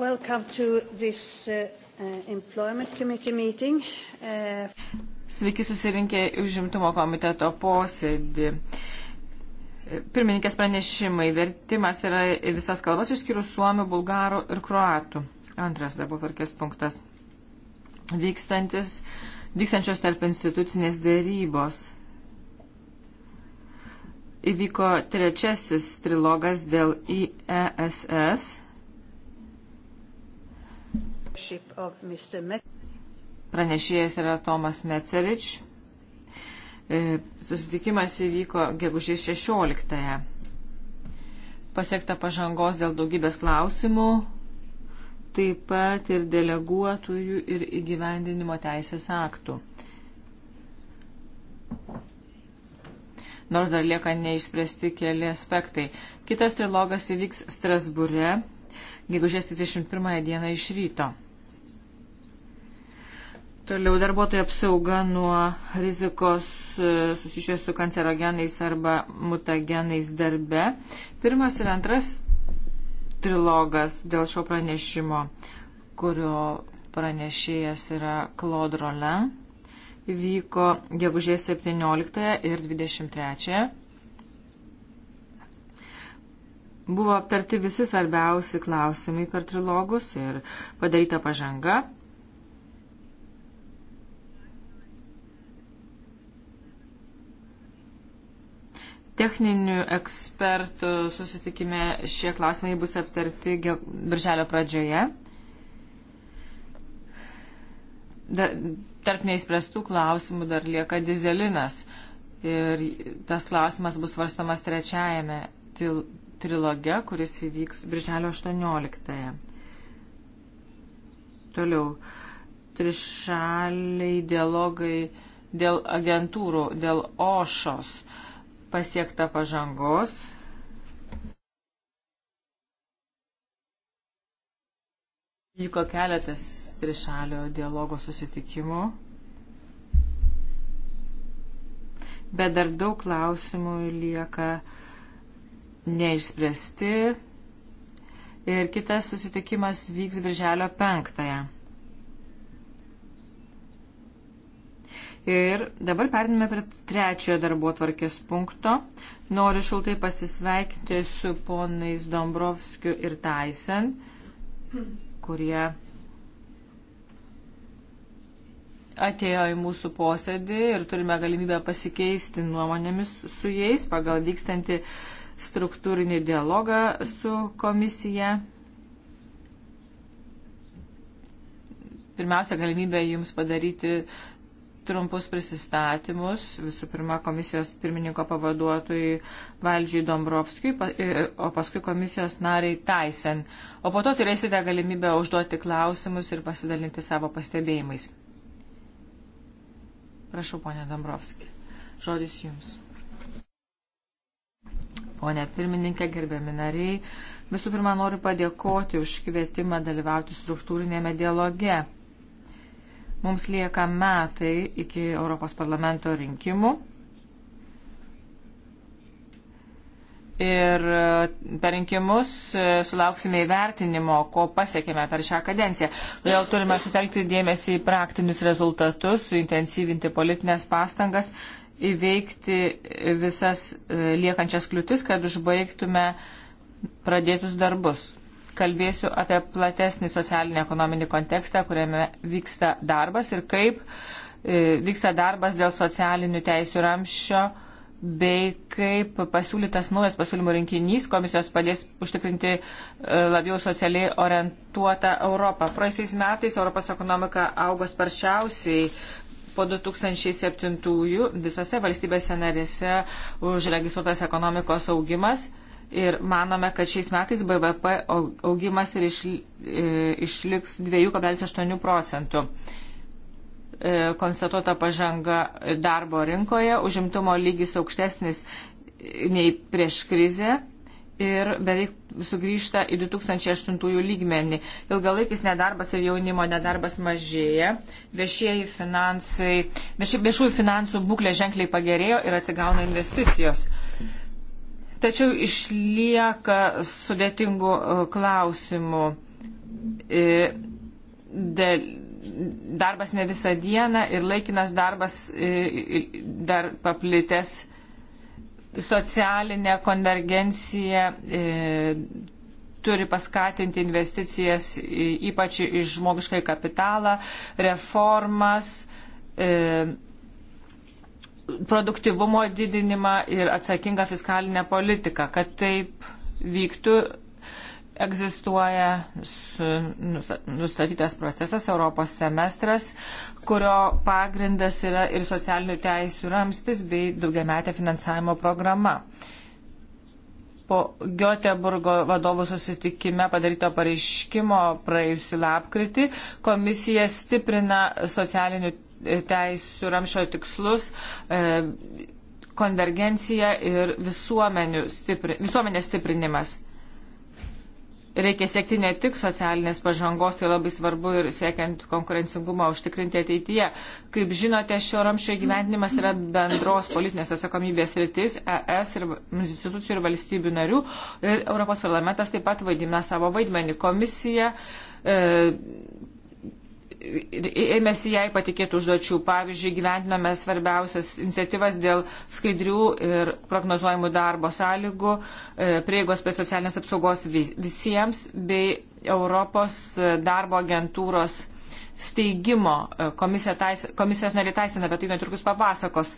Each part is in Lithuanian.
Welcome to this uh, uh, employment committee meeting. Uh... Sveiki susirinkę užimtumo komiteto posėdį. Pirmininkės pranešimai. Vertimas yra visas kalbas išskyrus suomių, bulgarų ir kroatų. Antras darbo tvarkės punktas. Vykstantis, vykstančios tarp institucinės dėrybos įvyko trečiasis trilogas dėl IESS Pranešėjas yra Tomas Mecerič. E, susitikimas įvyko gegužės 16-ąją. Pasiekta pažangos dėl daugybės klausimų, taip pat ir deleguotųjų ir įgyvendinimo teisės aktų. nors dar lieka neišspręsti keli aspektai. Kitas trilogas įvyks Strasbūre, gegužės 31 dieną iš ryto. Toliau darbuotojų apsauga nuo rizikos e, susijusios su kancerogenais arba mutagenais darbe. Pirmas ir antras trilogas dėl šio pranešimo, kurio pranešėjas yra Claude Roland, vyko gegužės 17 ir 23. Buvo aptarti visi svarbiausi klausimai per trilogus ir padaryta pažanga techninių ekspertų susitikime šie klausimai bus aptarti birželio pradžioje. Da, tarp neįspręstų klausimų dar lieka dizelinas ir tas klausimas bus varstamas trečiajame til, triloge, kuris įvyks birželio 18-ąją. Toliau. Trišaliai dialogai dėl agentūrų, dėl ošos. Uh, pasiekta pažangos. Vyko keletas trišalio dialogo susitikimų, bet dar daug klausimų lieka neišspręsti ir kitas susitikimas vyks birželio penktąją. Ir dabar perinime prie trečiojo darbo tvarkės punkto. Noriu šiltai pasisveikti su ponais Dombrovskiu ir Tyson, kurie atėjo į mūsų posėdį ir turime galimybę pasikeisti nuomonėmis su jais pagal vykstantį struktūrinį dialogą su komisija. Pirmiausia, galimybė jums padaryti uh, trumpus prisistatymus, visų pirma komisijos pirmininko pavaduotojui Valdžiui Dombrovskijui, e, o paskui komisijos nariai Taisen. O po to turėsite galimybę užduoti klausimus ir pasidalinti savo pastebėjimais. Prašau, ponė Dombrovski, žodis jums. Pone pirmininkė, gerbiami nariai, visų pirma noriu padėkoti už kvietimą dalyvauti struktūrinėme dialoge Mums lieka metai iki Europos parlamento rinkimų. Ir e, per rinkimus e, sulauksime įvertinimo, ko pasiekėme per šią kadenciją. Todėl turime sutelkti dėmesį į praktinius rezultatus, suintensyvinti politinės pastangas, įveikti visas e, liekančias kliūtis, kad užbaigtume pradėtus darbus kalbėsiu apie platesnį socialinį ekonominį kontekstą, kuriame vyksta darbas ir kaip e, vyksta darbas dėl socialinių teisių ramščio bei kaip pasiūlytas naujas pasiūlymų rinkinys komisijos padės užtikrinti e, labiau socialiai orientuotą Europą. Praėjusiais metais Europos ekonomika augo sparčiausiai po 2007-ųjų visose valstybėse narėse užregistruotas ekonomikos augimas ir manome, kad šiais metais BVP augimas ir e, išliks 2,8 procentų e, konstatuota pažanga darbo rinkoje, užimtumo lygis aukštesnis nei prieš krizę ir beveik sugrįžta į 2008 lygmenį. Ilgalaikis nedarbas ir jaunimo nedarbas mažėja, viešieji finansai, viešųjų finansų būklė ženkliai pagerėjo ir atsigauna investicijos. Mhm Tačiau išlieka sudėtingų e, klausimų. E, Dėl darbas ne visą dieną ir laikinas darbas e, dar paplitęs socialinė konvergencija turi paskatinti investicijas ypač į žmogiškai kapitalą, reformas, produktivumo didinimą ir atsakingą fiskalinę politiką. Kad taip vyktų, egzistuoja nustatytas procesas Europos semestras, kurio pagrindas yra ir socialinių teisų ramstis bei daugiametė finansavimo programa. Po Göteborgo vadovų susitikime padaryto pareiškimo praėjusį lapkritį komisija stiprina socialinių teisų ramšio tikslus, e, konvergencija ir stipri, visuomenės stiprinimas. Reikia siekti ne tik socialinės pažangos, tai labai svarbu ir siekiant konkurencingumą užtikrinti ateityje. Kaip žinote, šio ramščio gyvenimas yra bendros politinės atsakomybės rytis ES ir institucijų ir valstybių narių. Ir Europos parlamentas taip pat vaidina savo vaidmenį. Komisija e, ėmėsi jai patikėtų užduočių. Pavyzdžiui, gyventiname svarbiausias iniciatyvas dėl skaidrių ir prognozuojamų darbo sąlygų, e, prieigos prie socialinės apsaugos visiems bei Europos darbo agentūros steigimo. E, komisija tais, komisijos nariai taisina, bet tai netrukus papasakos.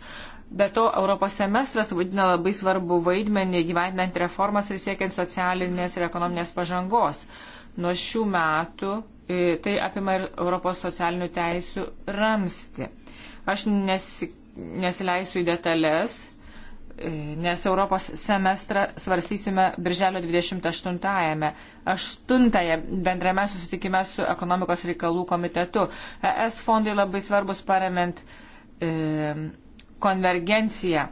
Be to, Europos semestras vadina labai svarbu vaidmenį gyventinant reformas ir siekiant socialinės ir ekonominės pažangos. Nuo šių metų E, tai apima ir Europos socialinių teisių ramsti. Aš nesi, nesileisiu į detalės, e, nes Europos semestrą svarstysime Birželio 28-ąją, 8-ąją bendrame susitikime su ekonomikos reikalų komitetu. ES fondai labai svarbus paremint e, konvergenciją.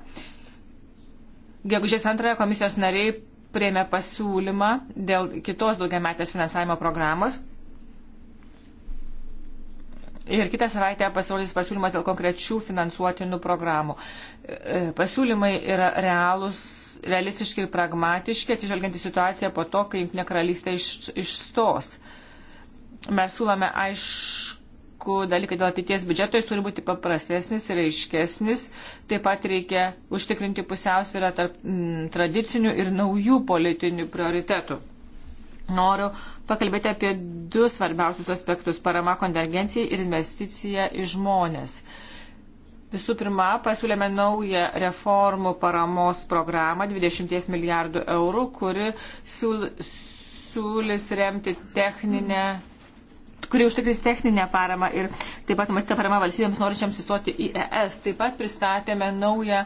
Gegužės 2-ąją komisijos nariai prieėmė pasiūlymą dėl kitos daugiametės finansavimo programos Ir kitą savaitę pasirodys pasiūlymas dėl konkrečių finansuotinų programų. E, e, pasiūlymai yra realūs, realistiški ir pragmatiški, atsižvelgiant į situaciją po to, kai Junktinė karalystė iš, išstos. Mes siūlome aišku dalykai dėl ateities biudžeto, jis turi būti paprastesnis ir aiškesnis. Taip pat reikia užtikrinti pusiausvyrą tarp m, tradicinių ir naujų politinių prioritetų. Noriu pakalbėti apie du svarbiausius aspektus - parama konvergencijai ir investicija į žmonės. Visų pirma, pasiūlėme naują reformų paramos programą 20 milijardų eurų, kuri siūl, siūlis remti techninę kuri užtikris techninę paramą ir taip pat matyta parama valstybėms norinčiams įstoti į ES. Taip pat pristatėme naują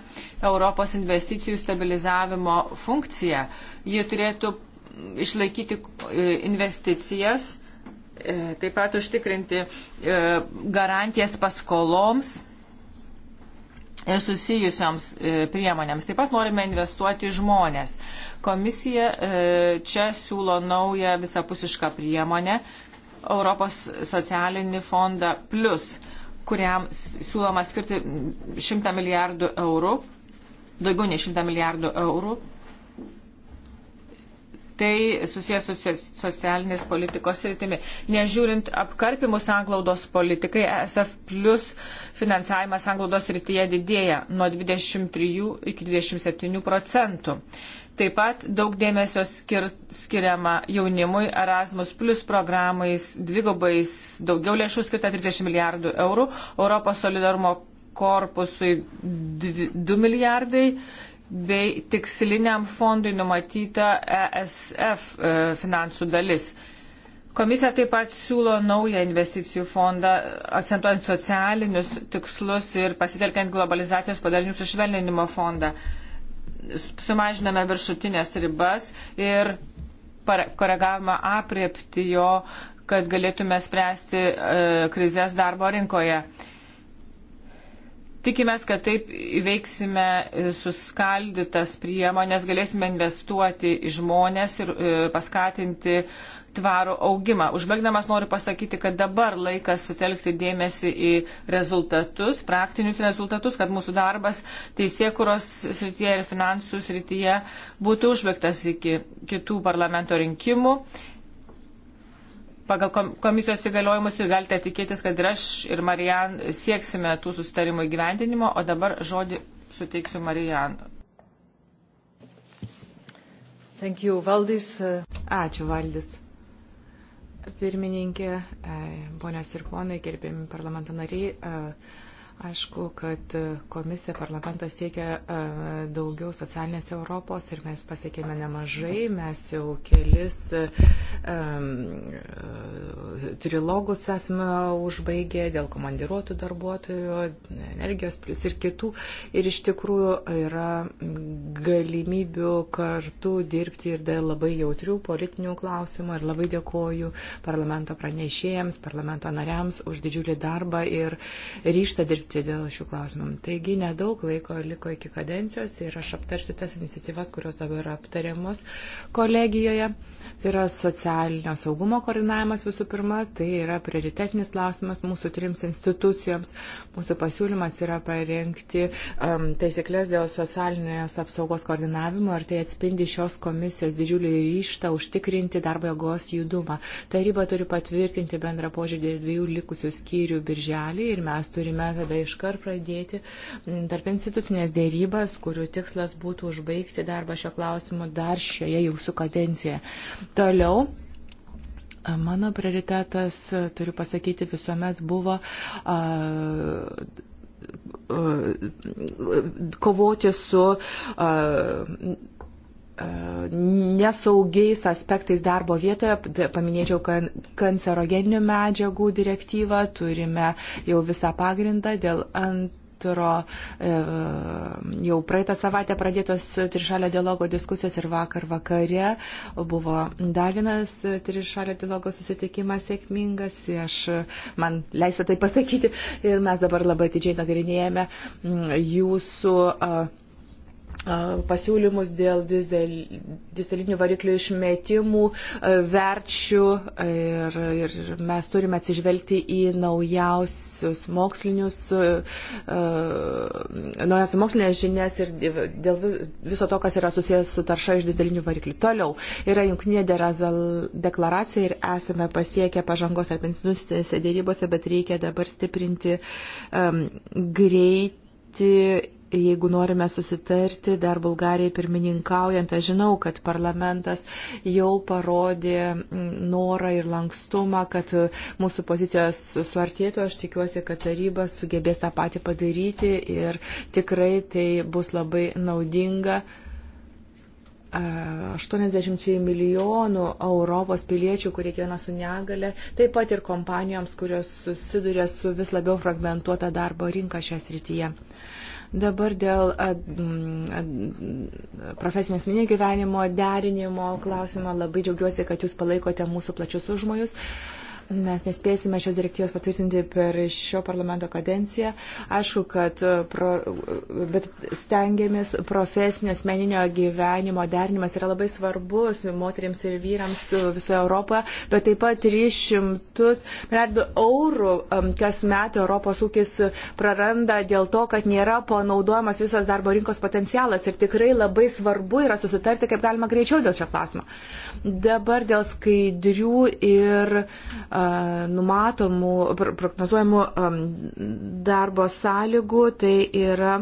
Europos investicijų stabilizavimo funkciją. Ji turėtų išlaikyti e, investicijas, e, taip pat užtikrinti e, garantijas paskoloms ir susijusioms priemonėms. Taip pat norime investuoti į žmonės. Komisija čia siūlo naują visapusišką priemonę Europos socialinį fondą plus, kuriam siūloma skirti 100 milijardų eurų, daugiau nei 100 milijardų eurų tai susijęs su socialinės politikos sritimi. Nežiūrint apkarpimų sanglaudos politikai, ESF plus finansavimas sanglaudos srityje didėja nuo 23 iki 27 procentų. Taip pat daug dėmesio skir, skiriama jaunimui Erasmus Plus programais, dvigubais daugiau lėšų skirta 30 milijardų eurų, Europos solidarumo korpusui 2 milijardai bei tiksliniam fondui numatyta ESF e, finansų dalis. Komisija taip pat siūlo naują investicijų fondą, akcentuojant socialinius tikslus ir pasitelkiant globalizacijos padarinių sušvelninimo fondą. Sumažiname viršutinės ribas ir koregavimą apriepti jo, kad galėtume spręsti e, krizės darbo rinkoje. E, Tikimės, kad taip įveiksime suskaldytas priemonės, galėsime investuoti į žmonės ir e, paskatinti tvarų augimą. Užbaigdamas noriu pasakyti, kad dabar laikas sutelkti dėmesį į rezultatus, praktinius rezultatus, kad mūsų darbas teisėkuros srityje ir finansų srityje būtų užbaigtas iki kitų parlamento rinkimų pagal komisijos įgaliojimus ir galite tikėtis, kad ir aš ir Marijan sieksime tų sustarimų įgyvendinimo, o dabar žodį suteiksiu Marijan. You, Valdys. Ačiū, Valdis. Pirmininkė, e, ponios ir ponai, gerbėmi parlamento nariai. Uh, Aišku, kad komisija, parlamentas siekia e, daugiau socialinės Europos ir mes pasiekėme nemažai. Mes jau kelis um, trilogus esame užbaigę dėl komandiruotų darbuotojų, energijos plus ir kitų. Ir iš tikrųjų yra galimybių kartu dirbti ir dėl labai jautrių politinių klausimų. Ir labai dėkoju parlamento pranešėjams, parlamento nariams už didžiulį darbą ir ryštą dirbti dirbti dėl šių klausimų. Taigi nedaug laiko liko iki kadencijos ir aš aptarsiu tas iniciatyvas, kurios dabar aptariamos kolegijoje. Tai yra socialinio saugumo koordinavimas visų pirma, tai yra prioritetinis klausimas mūsų trims institucijoms. Mūsų pasiūlymas yra parengti um, taisyklės dėl socialinės apsaugos koordinavimo ir tai atspindi šios komisijos didžiulį ryštą užtikrinti darbo jėgos judumą. Taryba turi patvirtinti bendrą požiūrį dėl dviejų likusių skyrių birželį ir mes turime tada iškart pradėti mm, tarp institucinės dėrybas, kurių tikslas būtų užbaigti darbą šio klausimu dar šioje jūsų kadencijoje. Toliau. Mano prioritetas, turiu pasakyti, visuomet buvo a, a, kovoti su a, nesaugiais aspektais darbo vietoje. Paminėčiau kancerogeninių medžiagų direktyvą, turime jau visą pagrindą dėl ant teatro, e, jau praeitą savaitę pradėtos trišalio dialogo diskusijos ir vakar vakare buvo dar vienas trišalio dialogo susitikimas sėkmingas, aš, man leista tai pasakyti, ir mes dabar labai atidžiai nagrinėjame jūsų pasiūlymus dėl dizel, dizelinių variklių išmetimų, verčių ir, ir mes turime atsižvelgti į naujausius mokslinius, naujas mokslinės žinias ir dėl viso to, kas yra susijęs su tarša iš dizelinių variklių. Toliau yra jungtinė derazal deklaracija ir esame pasiekę pažangos ar bent nusinėse dėrybose, bet reikia dabar stiprinti um, greitį jeigu norime susitarti dar Bulgarijai pirmininkaujant, aš žinau, kad parlamentas jau parodė mm, norą ir lankstumą, kad mūsų pozicijos suartėtų, aš tikiuosi, kad taryba sugebės tą patį padaryti ir tikrai tai bus labai naudinga. 80 milijonų Europos piliečių, kurie gyvena su negale, taip pat ir kompanijoms, kurios susiduria su vis labiau fragmentuota darbo rinka šią srityje. Dabar dėl ad, mm, ad, profesinės minė gyvenimo derinimo klausimą labai džiaugiuosi, kad jūs palaikote mūsų plačius užmojus. Uh, Mes nespėsime šios direktyvos patvirtinti per šio parlamento kadenciją. Aišku, kad e, pro, e, bet stengiamės profesinio asmeninio gyvenimo derinimas yra labai svarbus moteriams ir vyrams e, visoje Europoje, bet taip pat 300 milijardų eurų kas metų Europos ūkis praranda dėl to, kad nėra panaudojamas visas darbo rinkos potencialas ir tikrai labai svarbu yra susitarti, kaip galima greičiau dėl šio klausimo. Dabar dėl skaidrių ir numatomų, prognozuojamų darbo sąlygų, tai yra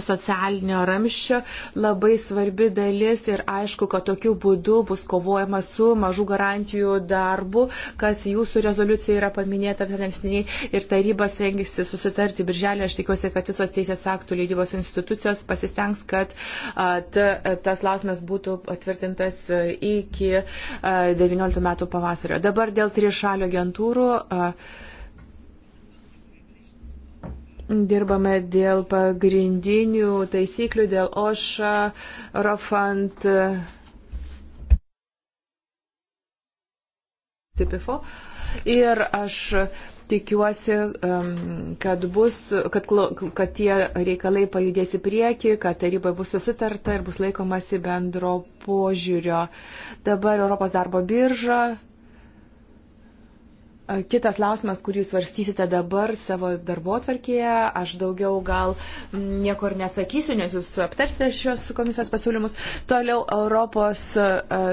socialinio ramščio labai svarbi dalis ir aišku, kad tokiu būdu bus kovojama su mažų garantijų darbu, kas jūsų rezoliucijoje yra paminėta finansiniai ir tarybas rengėsi susitarti birželį. Aš tikiuosi, kad visos teisės aktų leidybos institucijos pasistengs, kad t, tas lausmės būtų patvirtintas iki 19 metų pavasario. Dabar dėl trišalio agentūrų. A, dirbame dėl pagrindinių taisyklių, dėl OŠA, ROFANT, CPFO. Ir aš tikiuosi, kad, bus, kad, kad tie reikalai pajudės į priekį, kad taryba bus susitarta ir bus laikomasi bendro požiūrio. Dabar Europos darbo birža, Kitas klausimas, kurį jūs varstysite dabar savo darbo atvarkėje, aš daugiau gal nieko ir nesakysiu, nes jūs aptarsite šios komisijos pasiūlymus. Toliau Europos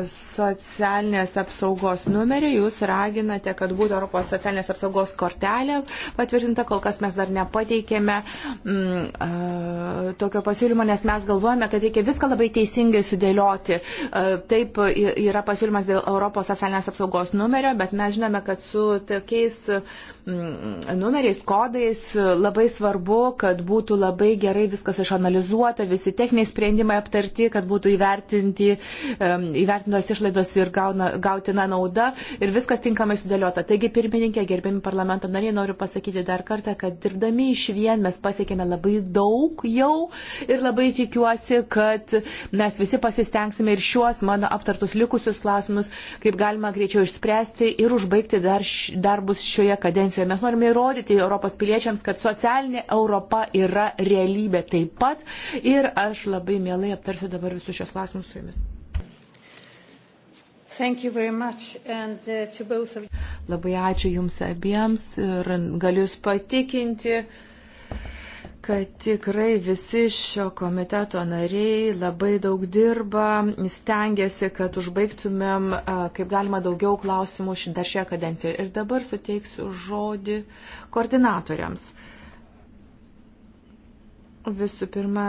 socialinės apsaugos numerį, jūs raginate, kad būtų Europos socialinės apsaugos kortelė patvirtinta, kol kas mes dar nepateikėme m, mm, a, tokio pasiūlymo, nes mes galvojame, kad reikia viską labai teisingai sudėlioti. A, taip yra pasiūlymas dėl Europos socialinės apsaugos numerio, bet mes žinome, kad su tokiais mm, numeriais, kodais. Labai svarbu, kad būtų labai gerai viskas išanalizuota, visi techniniai sprendimai aptarti, kad būtų įvertinti, įvertintos išlaidos ir gauna, gautina nauda ir viskas tinkamai sudėliota. Taigi, pirmininkė, gerbiami parlamento nariai, noriu pasakyti dar kartą, kad dirbdami iš vien mes pasiekėme labai daug jau ir labai tikiuosi, kad mes visi pasistengsime ir šiuos mano aptartus likusius klausimus, kaip galima greičiau išspręsti ir užbaigti dar š, darbus šioje kadencijoje. Mes norime įrodyti Europos piliečiams, kad socialinė Europa yra realybė taip pat. Ir aš labai mielai aptarsiu dabar visus šios klausimus su jumis. And, uh, of... Labai ačiū Jums abiems ir galiu Jūs patikinti kad tikrai visi šio komiteto nariai labai daug dirba, stengiasi, kad užbaigtumėm kaip galima daugiau klausimų dar šią kadenciją. Ir dabar suteiksiu žodį koordinatoriams. Visų pirma,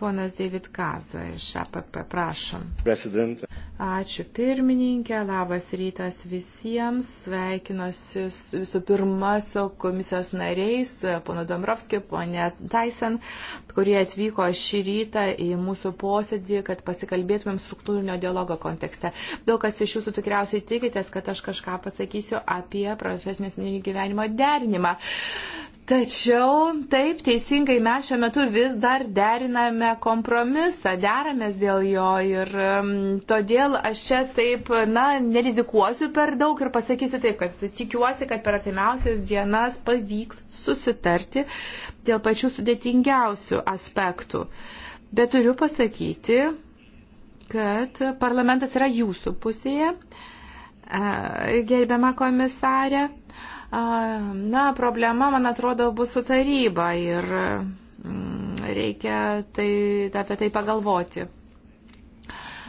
ponas David Kaza iš APP, prašom. President. Ačiū pirmininkė, labas rytas visiems, sveikinuosi visų pirma su komisijos nariais, pono Dombrovskiu, ponė Tyson, kurie atvyko šį rytą į mūsų posėdį, kad pasikalbėtumėm struktūrinio dialogo kontekste. Daug kas iš jūsų tikriausiai tikitės, kad aš kažką pasakysiu apie profesinės gyvenimo derinimą. Tačiau taip teisingai mes šiuo metu vis dar deriname kompromisą, deramės dėl jo ir um, todėl aš čia taip, na, nerizikuosiu per daug ir pasakysiu taip, kad tikiuosi, kad per artimiausias dienas pavyks susitarti dėl pačių sudėtingiausių aspektų. Bet turiu pasakyti, kad parlamentas yra jūsų pusėje, gerbiama komisarė Na, problema, man atrodo, bus su taryba ir mm, reikia tai, apie tai pagalvoti.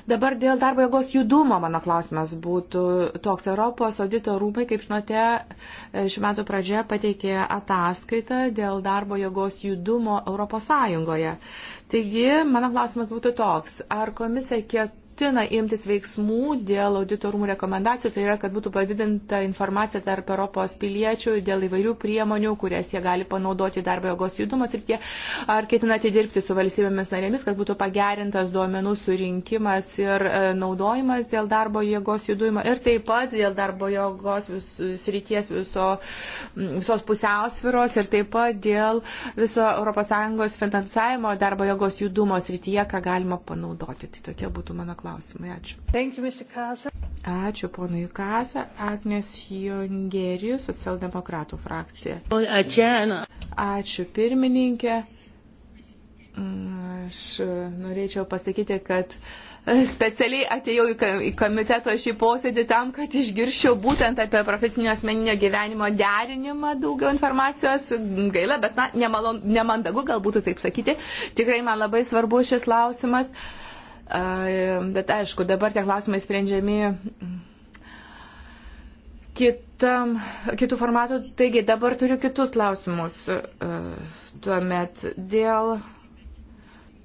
Dabar dėl darbo jėgos judumo mano klausimas būtų toks. Europos audito rūmai, kaip žinote, šiuo metu pradžioje pateikė ataskaitą dėl darbo jėgos judumo Europos Sąjungoje. Taigi, mano klausimas būtų toks. Ar komisija kiek būtina imtis veiksmų dėl auditorumų rekomendacijų, tai yra, kad būtų padidinta informacija tarp Europos piliečių dėl įvairių priemonių, kurias jie gali panaudoti darbo jėgos judumo srityje, ar ketinate dirbti su valstybėmis narėmis, kad būtų pagerintas duomenų surinkimas ir e, naudojimas dėl darbo jėgos judumo ir taip pat dėl darbo jėgos vis, srities viso, visos pusiausviros ir taip pat dėl viso ES finansavimo darbo jėgos judumo srityje, ką galima panaudoti. Tai tokie būtų mano klausimai klausimai. Ačiū. Thank you, Ačiū ponui Kasa, Agnes Jongerijų, socialdemokratų frakcija. Ačiū pirmininkė. Mm, aš norėčiau pasakyti, kad e, specialiai atėjau į komiteto šį posėdį tam, kad išgirščiau būtent apie profesinio asmeninio gyvenimo derinimą daugiau informacijos. Gaila, bet na, nemalon, nemandagu galbūt taip sakyti. Tikrai man labai svarbu šis klausimas. Uh, Bet aišku, dabar tie klausimai sprendžiami kitam, kitų formatų. Taigi, dabar turiu kitus klausimus. Tuomet dėl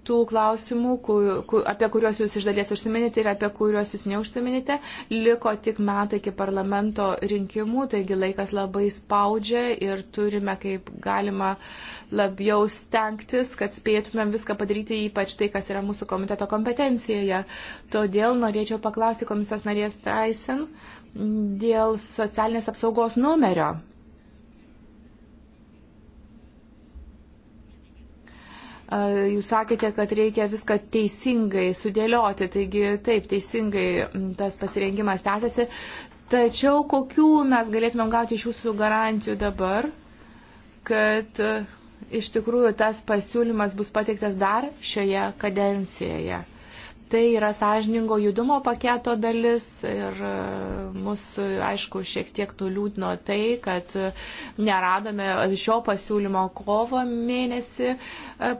tų klausimų, kur, kur, apie kuriuos jūs iš dalies užsiminėte ir apie kuriuos jūs neužsiminėte. Liko tik metai iki parlamento rinkimų, taigi laikas labai spaudžia ir turime kaip galima labiau stengtis, kad spėtumėm viską padaryti, ypač tai, kas yra mūsų komiteto kompetencijoje. Todėl norėčiau paklausti komisijos narės Taisen dėl socialinės apsaugos numerio. Jūs sakėte, kad reikia viską teisingai sudėlioti, taigi taip, teisingai tas pasirengimas tęsiasi. Tačiau kokių mes galėtumėm gauti iš jūsų garantijų dabar, kad e, iš tikrųjų tas pasiūlymas bus pateiktas dar šioje kadencijoje? tai yra sąžiningo judumo paketo dalis ir e, mus, aišku, šiek tiek nuliūdino tai, kad neradome šio pasiūlymo kovo mėnesį e,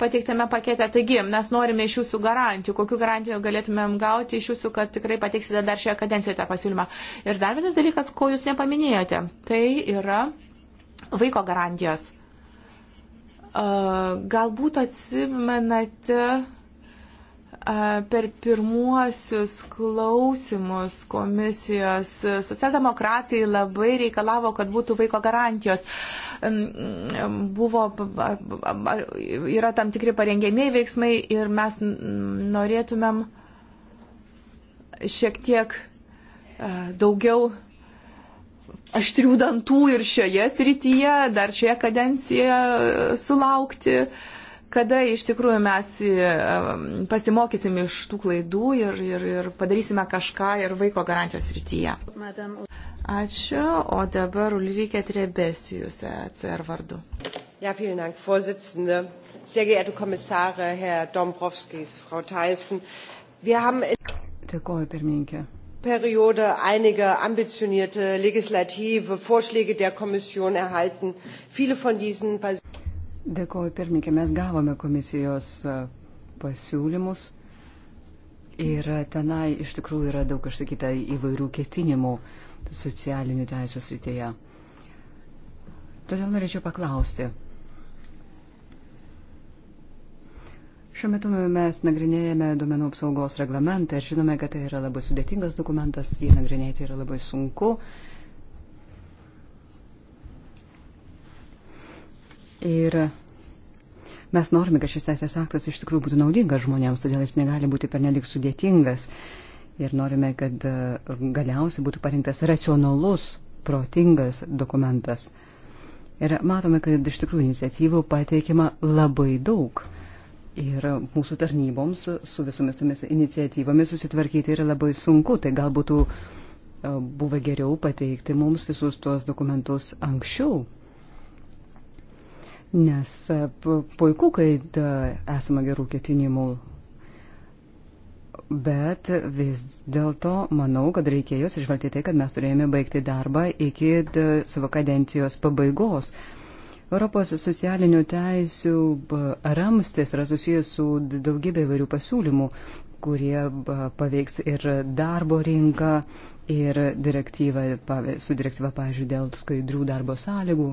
pateiktame pakete. Taigi, mes norime iš jūsų garantijų, kokiu garantijų galėtumėm gauti iš jūsų, kad tikrai pateiksite dar šioje kadencijoje tą pasiūlymą. Ir dar vienas dalykas, ko jūs nepaminėjote, tai yra vaiko garantijos. E, galbūt atsimenate Per pirmuosius klausimus komisijos socialdemokratai labai reikalavo, kad būtų vaiko garantijos. Buvo, yra tam tikri parengėmiai veiksmai ir mes norėtumėm šiek tiek daugiau aštrių dantų ir šioje srityje, dar šioje kadencijoje sulaukti. Uh, kada iš tikrųjų mes e, pasimokysim iš tų klaidų ir, ir, ir padarysime kažką ir vaiko garantijos rytyje. Ačiū, o dabar Ulrike Trebesijus, e CR vardu. Ja, vielen Dank, Vorsitzende. Sehr geehrte Kommissare, Herr Dombrovskis, Frau Theissen. Wir haben in Dėkoju, pirmininkė. Periode einige ambitionierte legislative Vorschläge der Kommission erhalten. Viele von diesen basieren Dėkoju, pirmininkė, mes gavome komisijos pasiūlymus ir tenai iš tikrųjų yra daug išsakyta įvairių ketinimų socialinių teisų srityje. Todėl norėčiau paklausti. Šiuo metu mes nagrinėjame duomenų apsaugos reglamentą ir žinome, kad tai yra labai sudėtingas dokumentas, jį nagrinėti yra labai sunku. Uh, Ir mes norime, kad šis teisės aktas iš tikrųjų būtų naudingas žmonėms, todėl jis negali būti pernelik sudėtingas. Ir norime, kad e, galiausiai būtų parinktas racionalus, protingas dokumentas. Ir matome, kad iš tikrųjų iniciatyvų pateikiama labai daug. Ir mūsų tarnyboms su visomis tomis iniciatyvomis susitvarkyti yra labai sunku. Tai galbūt e, buvo geriau pateikti mums visus tuos dokumentus anksčiau nes e, puiku, kai e, esama gerų ketinimų, bet vis dėlto manau, kad reikėjo išvalgti tai, kad mes turėjome baigti darbą iki e, savo kadencijos pabaigos. Europos socialinių teisių ramstis yra susijęs su daugybė įvairių pasiūlymų, kurie paveiks ir darbo rinką, ir direktyvą, su direktyva, pavyzdžiui, dėl skaidrių darbo sąlygų.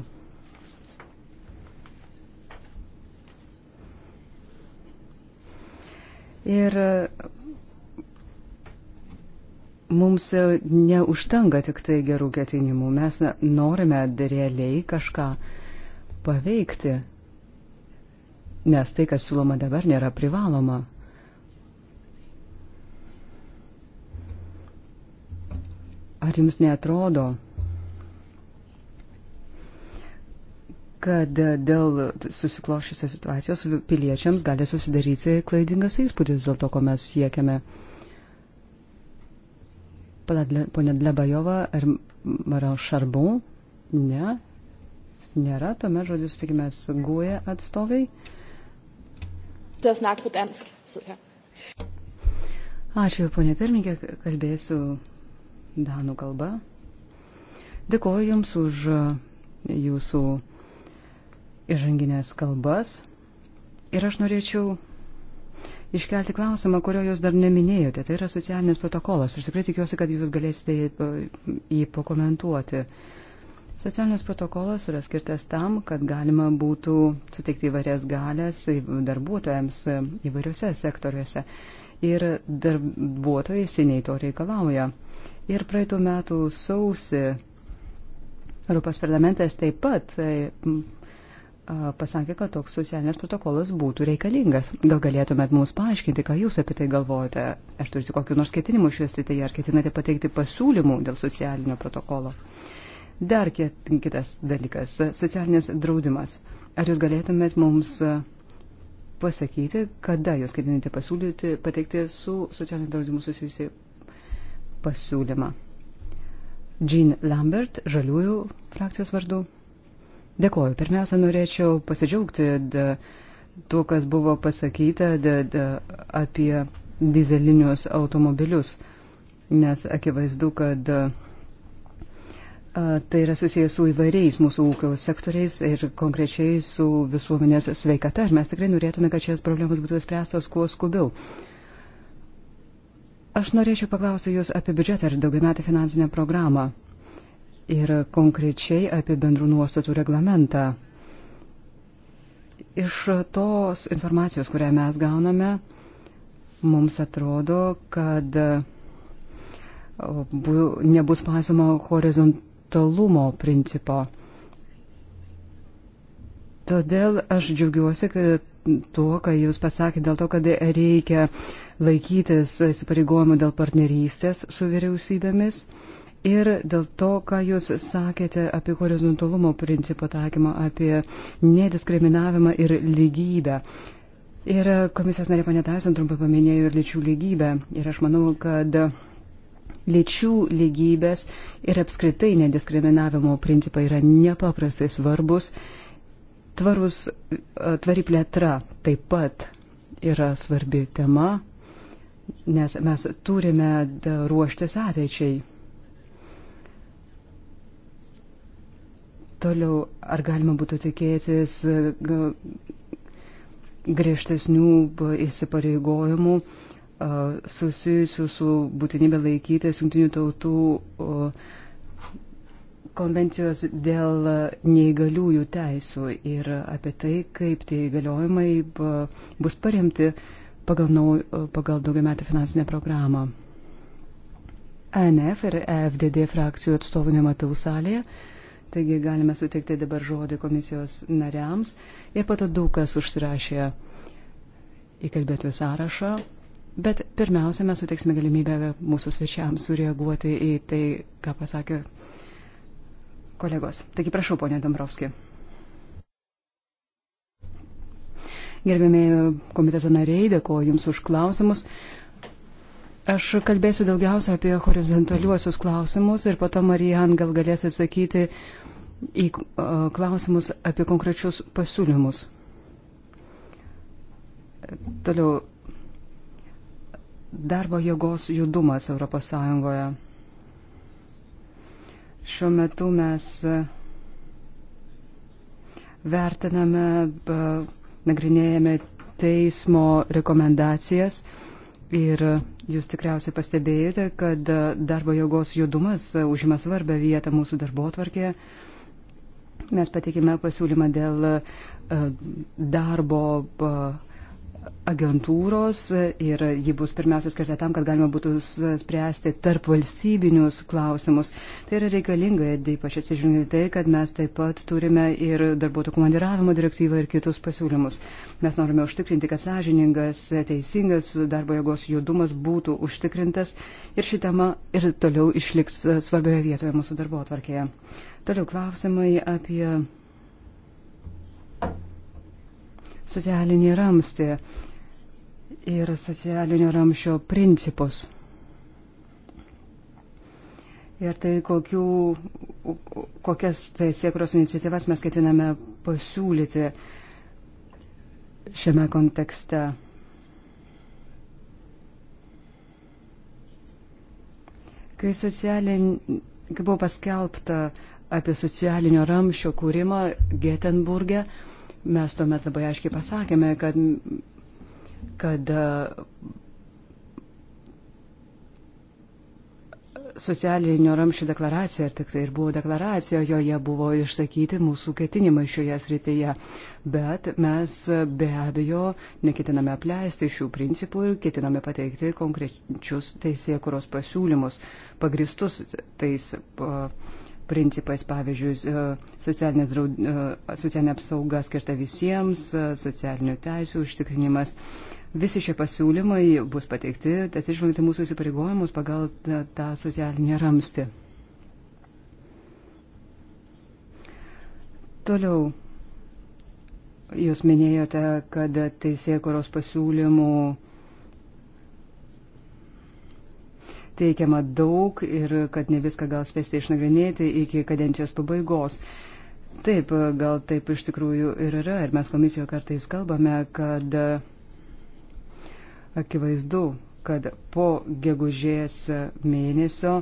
Ir mums neužtenka tik tai gerų ketinimų. Mes norime realiai kažką paveikti, nes tai, kas siūloma dabar, nėra privaloma. Ar jums netrodo, kad dėl susiklošusios situacijos piliečiams gali susidaryti klaidingas įspūdis dėl to, ko mes siekiame. Pone Dlebajova ar Mara Šarbon? Ne, nėra. Tuomet žodžius tikimės guoja e atstovai. Ačiū, ponė pirmininkė, kalbėsiu danų kalba. Dėkuoju Jums už Jūsų įžanginės kalbas. Ir aš norėčiau iškelti klausimą, kurio jūs dar neminėjote. Tai yra socialinis protokolas. Aš tikrai tikiuosi, kad jūs galėsite jį pakomentuoti. Socialinis protokolas yra skirtas tam, kad galima būtų suteikti įvairias galės darbuotojams įvairiuose sektoriuose. Ir darbuotojai seniai to reikalauja. Ir praeitų metų sausi Europos parlamentas taip pat pasakė, kad toks socialinės protokolas būtų reikalingas. Gal galėtumėt mums paaiškinti, ką jūs apie tai galvojate? Ar turite kokiu nors ketinimu šioje srityje, ar ketinate pateikti pasiūlymų dėl socialinio protokolo? Dar kitas dalykas - socialinis draudimas. Ar jūs galėtumėt mums pasakyti, kada jūs ketinate pasiūlyti, pateikti su socialiniu draudimu susijusi pasiūlymą? Jean Lambert, žaliųjų frakcijos vardu. Dėkoju. Pirmiausia, norėčiau pasidžiaugti tuo, kas buvo pasakyta da, da, apie dizelinius automobilius, nes akivaizdu, kad a, tai yra susijęs su įvairiais mūsų ūkio sektoriais ir konkrečiai su visuomenės sveikata ir mes tikrai norėtume, kad šias problemas būtų spręstos kuo skubiau. Aš norėčiau paklausti Jūs apie biudžetą ir daugiametę finansinę programą ir konkrečiai apie bendrų nuostatų reglamentą. Iš tos informacijos, kurią mes gauname, mums atrodo, kad nebus paisoma horizontalumo principo. Todėl aš džiaugiuosi tuo, ką Jūs pasakėte, dėl to, kad reikia laikytis įsipareigojimų dėl partnerystės su vyriausybėmis. Ir dėl to, ką Jūs sakėte apie horizontalumo principo taikymą, apie nediskriminavimą ir lygybę. Ir komisijos narė panetaisant trumpai paminėjo ir lyčių lygybę. Ir aš manau, kad lyčių lygybės ir apskritai nediskriminavimo principai yra nepaprastai svarbus. Tvarus, tvari plėtra taip pat yra svarbi tema, nes mes turime ruoštis ateičiai. Toliau, ar galima būtų tikėtis e, griežtesnių įsipareigojimų susijusių su būtinybė laikytis jungtinių tautų konvencijos dėl neįgaliųjų teisų ir apie tai, kaip tie įgaliojimai bus paremti pagal, nau, pagal daugiametę finansinę programą. ANF ir e FDD frakcijų atstovų nematau salėje. Taigi galime sutikti dabar žodį komisijos nariams ir pato daug kas užsirašė į kalbėtojų sąrašą. Bet pirmiausia, mes suteiksime galimybę mūsų svečiams sureaguoti į tai, ką pasakė kolegos. Taigi prašau, ponė Dombrovski. Gerbėmiai komiteto nariai, dėkuoju Jums už klausimus. Aš kalbėsiu daugiausia apie horizontaliuosius klausimus ir po to Marijan gal galės atsakyti į klausimus apie konkrečius pasiūlymus. Toliau, darbo jėgos judumas ES. Šiuo metu mes vertiname, nagrinėjame teismo rekomendacijas ir Jūs tikriausiai pastebėjote, kad darbo jėgos judumas užima svarbę vietą mūsų darbo atvarkėje. Mes pateikėme pasiūlymą dėl e, darbo e, agentūros ir ji bus pirmiausia skirta tam, kad galima būtų spręsti tarp valstybinius klausimus. Tai yra reikalinga, ypač atsižvelgiant tai, kad mes taip pat turime ir darbuotojų komandiravimo direktyvą ir kitus pasiūlymus. Mes norime užtikrinti, kad sąžiningas, teisingas darbo jėgos judumas būtų užtikrintas ir ši tema ir toliau išliks e, svarbioje vietoje mūsų darbo atvarkėje. Toliau klausimai apie socialinį ramstį ir socialinio ramšio principus. Ir tai kokių, kokias teisėkros tai iniciatyvas mes ketiname pasiūlyti šiame kontekste. Kai, socialin, kai buvo paskelbta apie socialinio ramščio kūrimą Getenburgė, mes tuomet labai aiškiai pasakėme, kad, kad e, socialinio ramščio deklaracija, ir tik tai ir buvo deklaracija, joje buvo išsakyti mūsų ketinimai šioje srityje. Bet mes e, be abejo neketiname apleisti šių principų ir ketiname pateikti konkrečius teisėkuros pasiūlymus, pagristus tais. Uh, principais, pavyzdžiui, draud, e, e, socialinė apsauga skirta visiems, e, socialinių teisų užtikrinimas. Visi šie pasiūlymai bus pateikti, atsižvelgiant į mūsų įsipareigojimus pagal tą socialinį ramstį. Toliau, jūs minėjote, kad teisėkoros pasiūlymų teikiama daug ir kad ne viską gal spėsite išnagrinėti iki kadencijos pabaigos. Taip, gal taip iš tikrųjų ir yra. Ir mes komisijoje kartais kalbame, kad akivaizdu, kad po gegužės mėnesio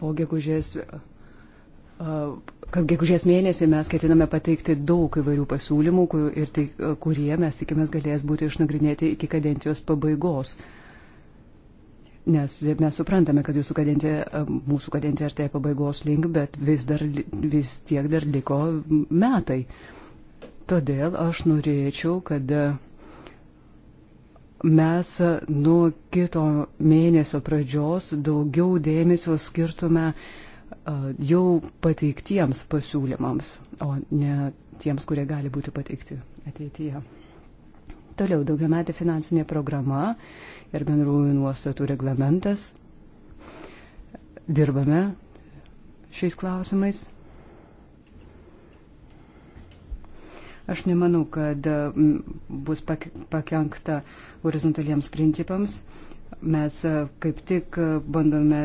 po gegužės kad gegužės mėnesį mes ketiname pateikti daug įvairių pasiūlymų, kur, ir tai, e, kurie mes tikimės galės būti išnagrinėti iki kadencijos pabaigos. Nes mes suprantame, kad jūsų kadencija, e, mūsų kadencija artėja pabaigos link, bet vis, dar, vis tiek dar liko metai. Todėl aš norėčiau, kad e, mes nuo kito mėnesio pradžios daugiau dėmesio skirtume uh, jau pateiktiems pasiūlymams, o ne tiems, kurie gali būti pateikti ateityje. Toliau daugiametė finansinė programa ir bendrųjų nuostatų reglamentas. Dirbame šiais klausimais. Aš nemanau, kad bus pakenkta horizontaliems principams Mes e, kaip tik e, bandome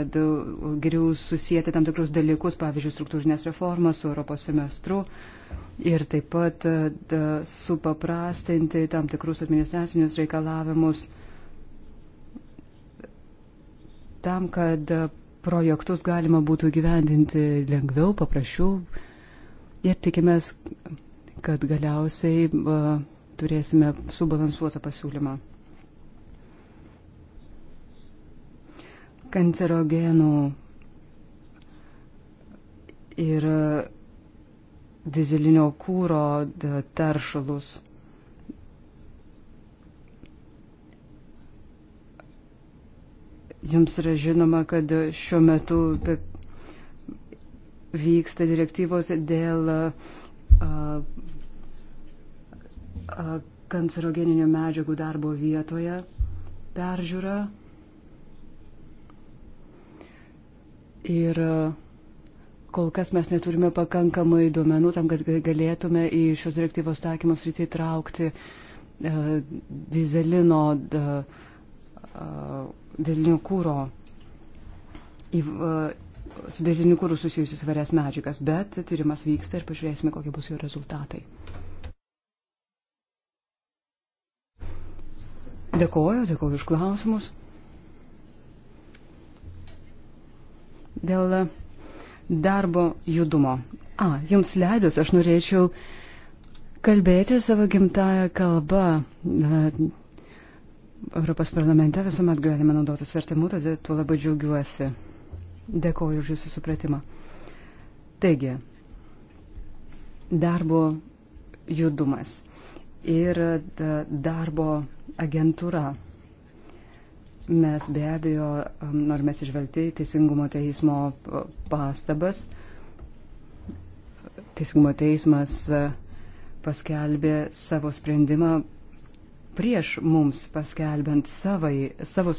geriau susijęti tam tikrus dalykus, pavyzdžiui, struktūrinės reformas su Europos semestru ir taip pat e, da, supaprastinti tam tikrus administracinius reikalavimus tam, kad projektus galima būtų gyvendinti lengviau, paprasčiau. Ir tikimės, kad galiausiai uh, turėsime subalansuotą pasiūlymą. kancerogenų ir dizelinio kūro taršalus. Jums yra žinoma, kad šiuo metu vyksta direktyvos dėl kancerogeninių medžiagų darbo vietoje peržiūra. Ir e, kol kas mes neturime pakankamai duomenų tam, kad galėtume į šios direktyvos taikymo sritį įtraukti uh, e, dizelino, uh, dizelinio kūro, į, uh, su dizeliniu kūru susijusius varias medžiagas, bet tyrimas vyksta ir pažiūrėsime, kokie bus jo rezultatai. Dėkoju, dėkoju už klausimus. dėl darbo judumo. A, jums leidus, aš norėčiau kalbėti savo gimtają kalbą. Europos parlamente visuomet galime naudotis vertimu, todėl tuo labai džiaugiuosi. Dėkoju už jūsų supratimą. Taigi, darbo judumas ir darbo agentūra Mes be abejo um, norime atsižvelgti Teisingumo teismo uh, pastabas. Teisingumo teismas uh, paskelbė savo sprendimą prieš mums paskelbent savai, savo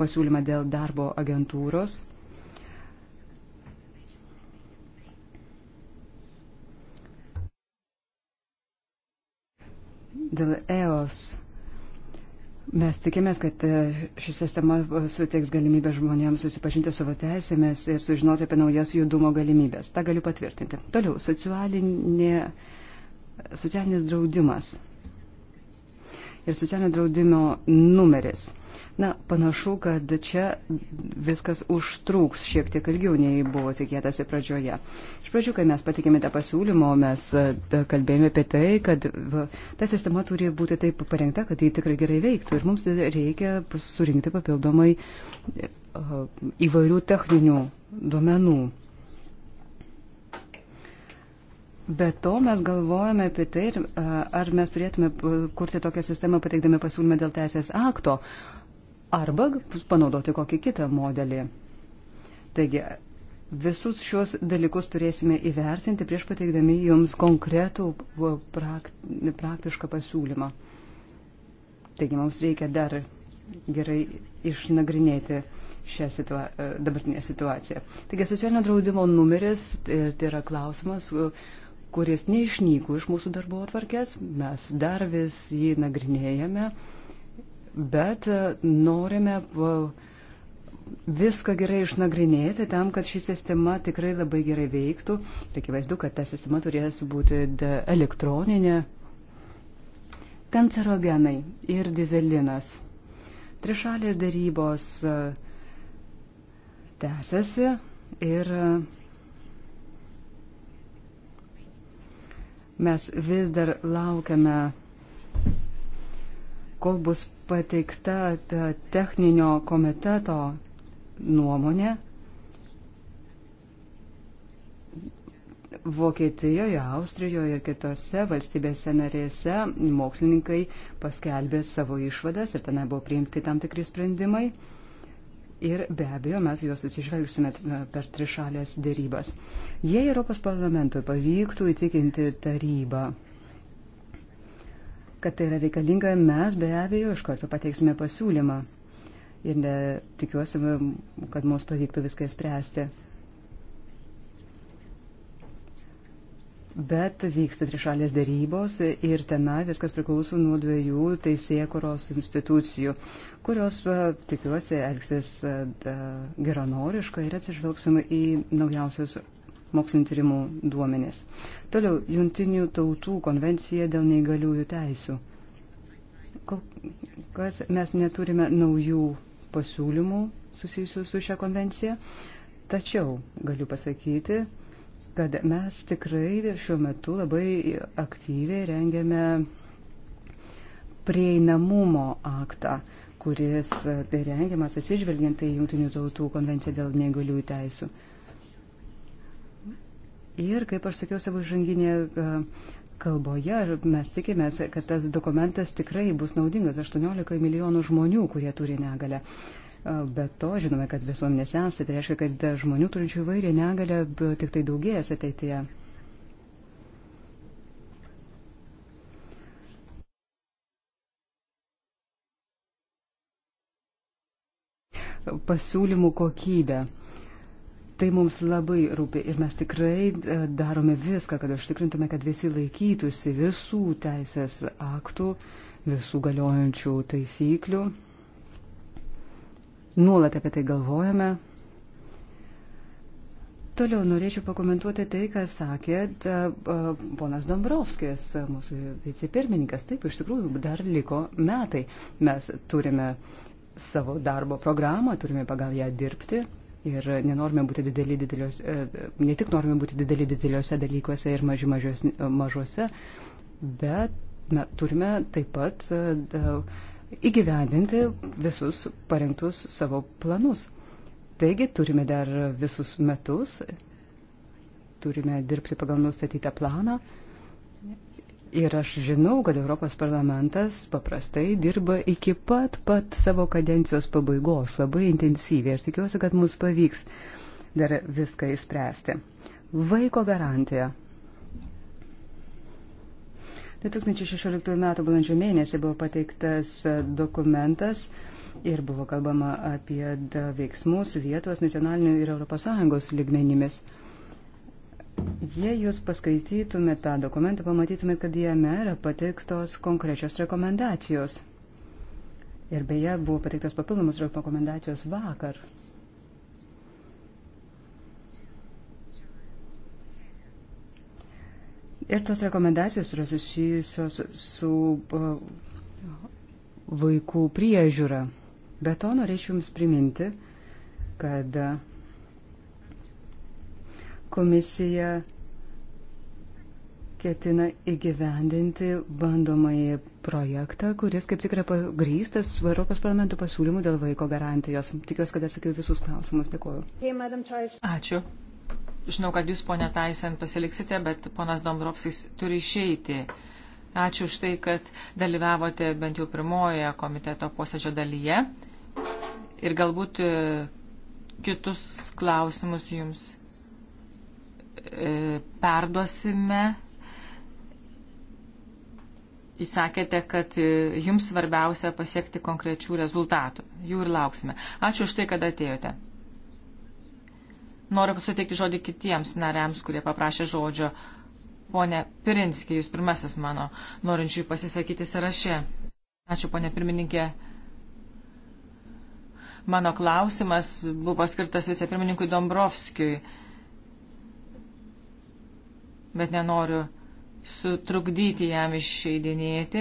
pasiūlymą dėl darbo agentūros. Dėl EOS Mes tikimės, kad e, ši sistema e, suteiks galimybę žmonėms susipažinti savo teisėmis ir sužinoti apie naujas judumo galimybės. Ta galiu patvirtinti. Toliau, socialinė, socialinis draudimas ir socialinio draudimo numeris. Na, panašu, kad čia viskas užtruks šiek tiek ilgiau, nei buvo tikėtasi pradžioje. Iš pradžių, kai mes patikėme tą pasiūlymą, mes e, kalbėjome apie tai, kad va, ta sistema turi būti taip parengta, kad tai tikrai gerai veiktų ir mums reikia surinkti papildomai e, įvairių techninių duomenų. Be to mes galvojame apie tai, e, ar mes turėtume kurti tokią sistemą pateikdami pasiūlymą dėl teisės akto, arba panaudoti kokį kitą modelį. Taigi, visus šios dalykus turėsime įvertinti prieš pateikdami jums konkretų praktišką pasiūlymą. Taigi, mums reikia dar gerai išnagrinėti šią situa e, dabartinę situaciją. Taigi, socialinio draudimo numeris tai, tai yra klausimas, e, kuris neišnyko iš mūsų darbo atvarkės, mes dar vis jį nagrinėjame bet e, norime e, viską gerai išnagrinėti tam, kad ši sistema tikrai labai gerai veiktų. Reikia vaizdu, kad ta sistema turės būti elektroninė. Kancerogenai ir dizelinas. Trišalės darybos e, tęsiasi ir mes vis dar laukiame, kol bus pateikta techninio komiteto nuomonė Vokietijoje, Austrijoje ir kitose valstybėse narėse mokslininkai paskelbė savo išvadas ir ten buvo priimti tam tikri sprendimai. Ir be abejo, mes juos atsižvelgsime per trišalės dėrybas. Jei Europos parlamentui pavyktų įtikinti tarybą kad tai yra reikalinga, mes be abejo iš karto pateiksime pasiūlymą. Ir ne, tikiuosi, kad mums pavyktų viską spręsti. Bet vyksta trišalės dėrybos ir tenai viskas priklauso nuo dviejų teisėkuros institucijų, kurios, tikiuosi, elgsis geranoriškai ir atsižvelgsim į naujausius mokslinio tyrimų duomenys. Toliau, Junktinių tautų konvencija dėl neįgaliųjų teisų. Kol kas mes neturime naujų pasiūlymų susijusių su šia konvencija, tačiau galiu pasakyti, kad mes tikrai šiuo metu labai aktyviai rengiame prieinamumo aktą, kuris e, rengiamas atsižvelgiant į Junktinių tautų konvenciją dėl neįgaliųjų teisų. Ir, kaip aš sakiau savo žanginėje e, kalboje, mes tikimės, kad tas dokumentas tikrai bus naudingas 18 milijonų žmonių, kurie turi negalę. E, be to, žinome, kad visuomenė sensta, tai reiškia, kad žmonių turinčių įvairią negalę tik tai daugės ateityje. Pasiūlymų kokybė. Tai mums labai rūpi ir mes tikrai e, darome viską, kad užtikrintume, kad visi laikytųsi visų teisės aktų, visų galiojančių taisyklių. Nuolat apie tai galvojame. Toliau norėčiau pakomentuoti tai, ką sakė da, e, e, ponas Dombrovskis, mūsų vicepirmininkas. Taip, iš tikrųjų, dar liko metai. Mes turime savo darbo programą, turime pagal ją dirbti Ir nenorime būti dideli dideliuose, ne tik norime būti dideli dideliuose dalykuose ir maži mažios, e, mažuose, bet na, turime taip pat e, įgyvendinti visus parengtus savo planus. Taigi turime dar visus metus, turime dirbti pagal nustatytą planą Ir aš žinau, kad Europos parlamentas paprastai dirba iki pat pat savo kadencijos pabaigos labai intensyviai. Aš tikiuosi, kad mums pavyks dar viską įspręsti. Vaiko garantija. 2016 m. balandžio mėnesį buvo pateiktas dokumentas ir buvo kalbama apie veiksmus vietos nacionalinių ir ES lygmenimis. Jei jūs paskaitytumėt tą dokumentą, pamatytumėt, kad jame yra pateiktos konkrečios rekomendacijos. Ir beje, buvo pateiktos papildomos rekomendacijos vakar. Ir tos rekomendacijos yra susijusios su vaikų priežiūra. Be to norėčiau Jums priminti, kad komisija ketina įgyvendinti bandomąjį projektą, kuris kaip tik yra pagrystas su Europos parlamento pasiūlymu dėl vaiko garantijos. Tikiuosi, kad atsakiau visus klausimus. Dėkuoju. Ačiū. Žinau, kad jūs, ponia Taisen, pasiliksite, bet ponas Dombrovskis turi išeiti. Ačiū už tai, kad dalyvavote bent jau pirmoje komiteto posėdžio dalyje. Ir galbūt e, kitus klausimus jums E, perduosime. Jūs sakėte, kad e, jums svarbiausia pasiekti konkrečių rezultatų. Jų ir lauksime. Ačiū už tai, kad atėjote. Noriu suteikti žodį kitiems nariams, kurie paprašė žodžio. Pone Pirinski, jūs pirmasis mano norinčių pasisakyti sąraše. Ačiū, ponė pirmininkė. Mano klausimas buvo skirtas vicepirmininkui Dombrovskijui bet nenoriu sutrukdyti jam išeidinėti.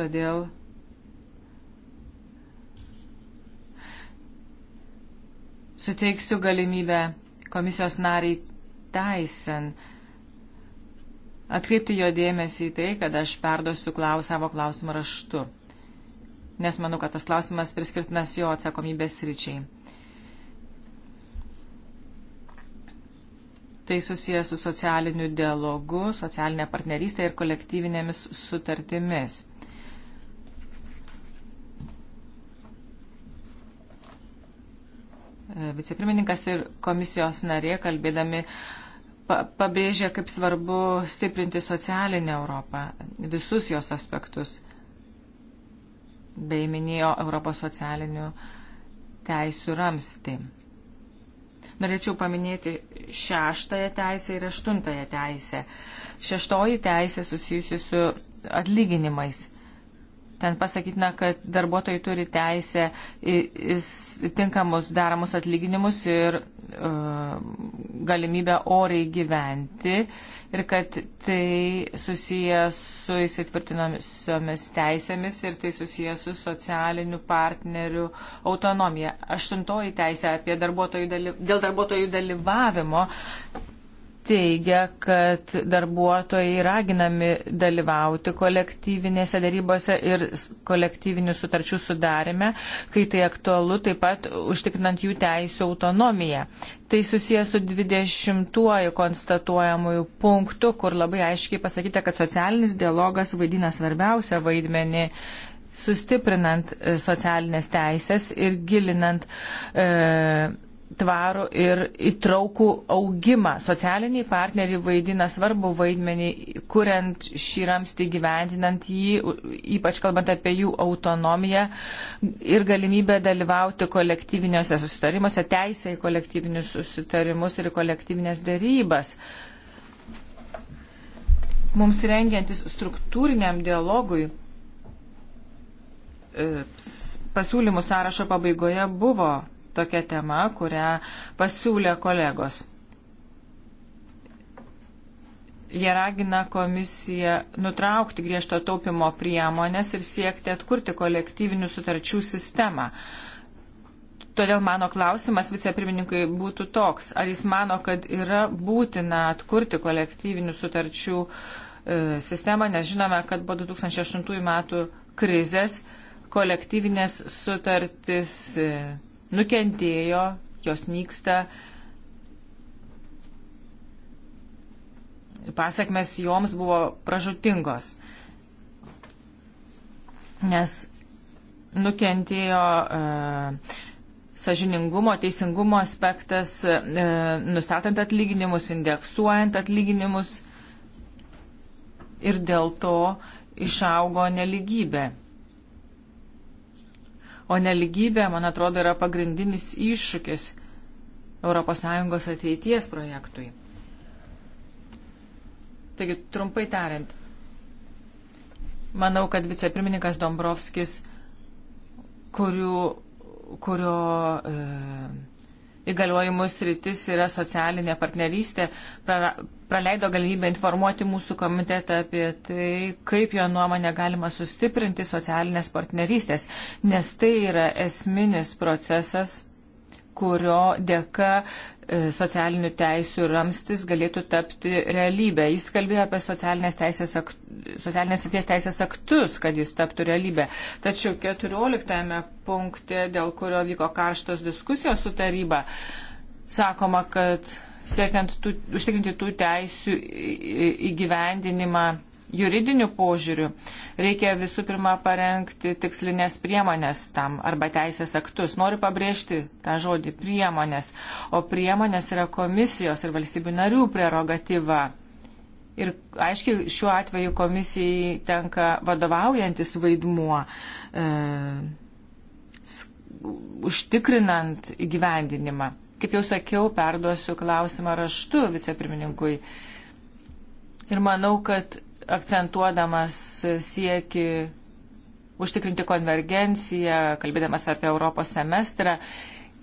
Todėl suteiksiu galimybę komisijos nariai Taisen atkreipti jo dėmesį į tai, kad aš perdosiu klaus, savo klausimą raštu, nes manau, kad tas klausimas priskirtinas jo atsakomybės ryčiai. Tai susijęs su socialiniu dialogu, socialinė partnerystė ir kolektyvinėmis sutartimis. Vicepirmininkas ir komisijos narė kalbėdami pabrėžė, kaip svarbu stiprinti socialinę Europą, visus jos aspektus, bei minėjo Europos socialinių teisų ramsti. Norėčiau paminėti šeštąją teisę ir aštuntąją teisę. Šeštoji teisė susijusi su atlyginimais. Ten pasakytina, kad darbuotojai turi teisę į, į tinkamus deramus atlyginimus ir uh, galimybę oriai gyventi ir kad tai susijęs su įsitvirtinomis teisėmis ir tai susijęs su socialiniu partneriu autonomija. Aštuntoji teisė apie darbuotojų dalyv... dėl darbuotojų dalyvavimo teigia, kad darbuotojai raginami dalyvauti kolektyvinėse darybose ir kolektyvinių sutarčių sudarime, kai tai aktualu, taip pat užtikrinant jų teisų autonomiją. Tai susijęs su 20-uoju konstatuojamųjų punktu, kur labai aiškiai pasakyta, kad socialinis dialogas vaidina svarbiausią vaidmenį sustiprinant e, socialinės teisės ir gilinant e, tvarų ir įtraukų augimą. Socialiniai partneriai vaidina svarbu vaidmenį, kuriant šį ramstį, gyvendinant jį, ypač kalbant apie jų autonomiją ir galimybę dalyvauti kolektyviniuose susitarimuose, teisę į kolektyvinius susitarimus ir kolektyvinės dėrybas. Mums rengiantis struktūriniam dialogui e, pasiūlymų sąrašo pabaigoje buvo tokia tema, kurią pasiūlė kolegos. Jie ragina komisiją nutraukti griežto taupimo priemonės ir siekti atkurti kolektyvinių sutarčių sistemą. Todėl mano klausimas vicepirmininkai būtų toks, ar jis mano, kad yra būtina atkurti kolektyvinių sutarčių e, sistemą, nes žinome, kad po 2008 metų krizės kolektyvinės sutartis. E, nukentėjo, jos nyksta. Pasakmes joms buvo pražutingos, nes nukentėjo uh, sažiningumo, teisingumo aspektas, uh, nustatant atlyginimus, indeksuojant atlyginimus ir dėl to išaugo neligybė. O neligybė, man atrodo, yra pagrindinis iššūkis ES ateities projektui. Taigi, trumpai tariant, manau, kad vicepirmininkas Dombrovskis, kurių, kurio e, įgaliojimus rytis yra socialinė partnerystė, pra, praleido galimybę informuoti mūsų komitetą apie tai, kaip jo nuomonė galima sustiprinti socialinės partnerystės, nes tai yra esminis procesas kurio dėka E, socialinių teisių ramstis galėtų tapti realybę. Jis kalbėjo apie socialinės, teisės akt, socialinės srities teisės aktus, kad jis taptų realybę. Tačiau 14 punkte, dėl kurio vyko karštos diskusijos su taryba, sakoma, kad siekiant tų, užtikrinti tų teisių įgyvendinimą juridiniu požiūriu reikia visų pirma parengti tikslinės priemonės tam arba teisės aktus. Noriu pabrėžti tą žodį priemonės, o priemonės yra komisijos ir valstybių narių prerogatyva. Ir aiškiai šiuo atveju komisijai tenka vadovaujantis vaidmuo, e, užtikrinant įgyvendinimą. Kaip jau sakiau, perduosiu klausimą raštu vicepirmininkui. Ir manau, kad akcentuodamas sieki užtikrinti konvergenciją, kalbėdamas apie Europos semestrą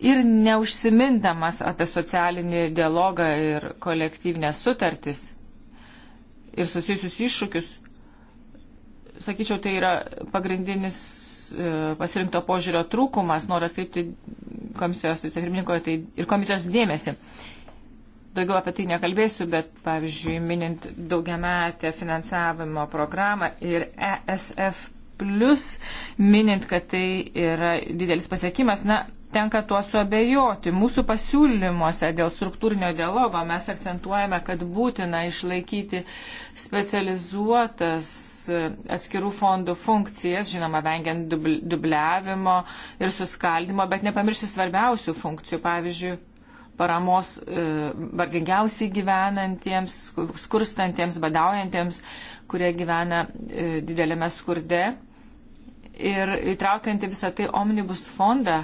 ir neužsimindamas apie socialinį dialogą ir kolektyvinės sutartis ir susijusius iššūkius, sakyčiau, tai yra pagrindinis e, pasirinkto požiūrio trūkumas, noriu atkreipti komisijos vicepirmininkoje tai ir komisijos dėmesį. Uh, Daugiau apie tai nekalbėsiu, bet, pavyzdžiui, minint daugiametę finansavimo programą ir ESF, minint, kad tai yra didelis pasiekimas, na, tenka tuo suabejoti. Mūsų pasiūlymuose dėl struktūrinio dialogo mes akcentuojame, kad būtina išlaikyti specializuotas atskirų fondų funkcijas, žinoma, vengiant dubliavimo ir suskaldimo, bet nepamiršti svarbiausių funkcijų, pavyzdžiui, paramos e, vargingiausiai gyvenantiems, skurstantiems, badaujantiems, kurie gyvena e, didelėme skurde. Ir įtraukianti visą tai omnibus fondą,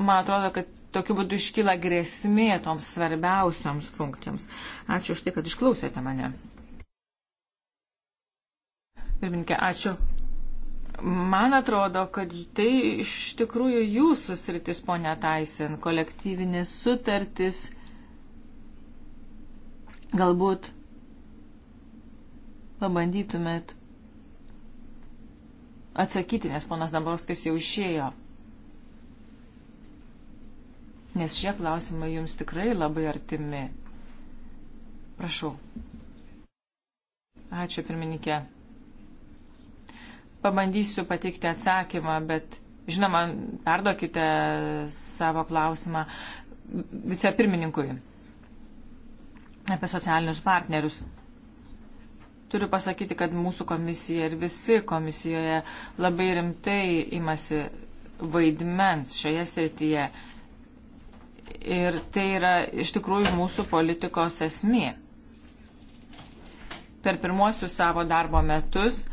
man atrodo, kad tokiu būdu iškyla grėsmė toms svarbiausioms funkcijoms. Ačiū už tai, kad išklausėte mane. Pirminkė, ačiū. Man atrodo, kad tai iš tikrųjų jūsų sritis, ponia Taisen, kolektyvinės sutartis, galbūt pabandytumėt atsakyti, nes ponas Dambrovskis jau išėjo. Nes šie klausimai jums tikrai labai artimi. Prašau. Ačiū, pirmininkė. Pabandysiu pateikti atsakymą, bet žinoma, perduokite savo klausimą vicepirmininkui apie socialinius partnerius. Turiu pasakyti, kad mūsų komisija ir visi komisijoje labai rimtai imasi vaidmens šioje srityje. Ir tai yra iš tikrųjų mūsų politikos esmė. Per pirmuosius savo darbo metus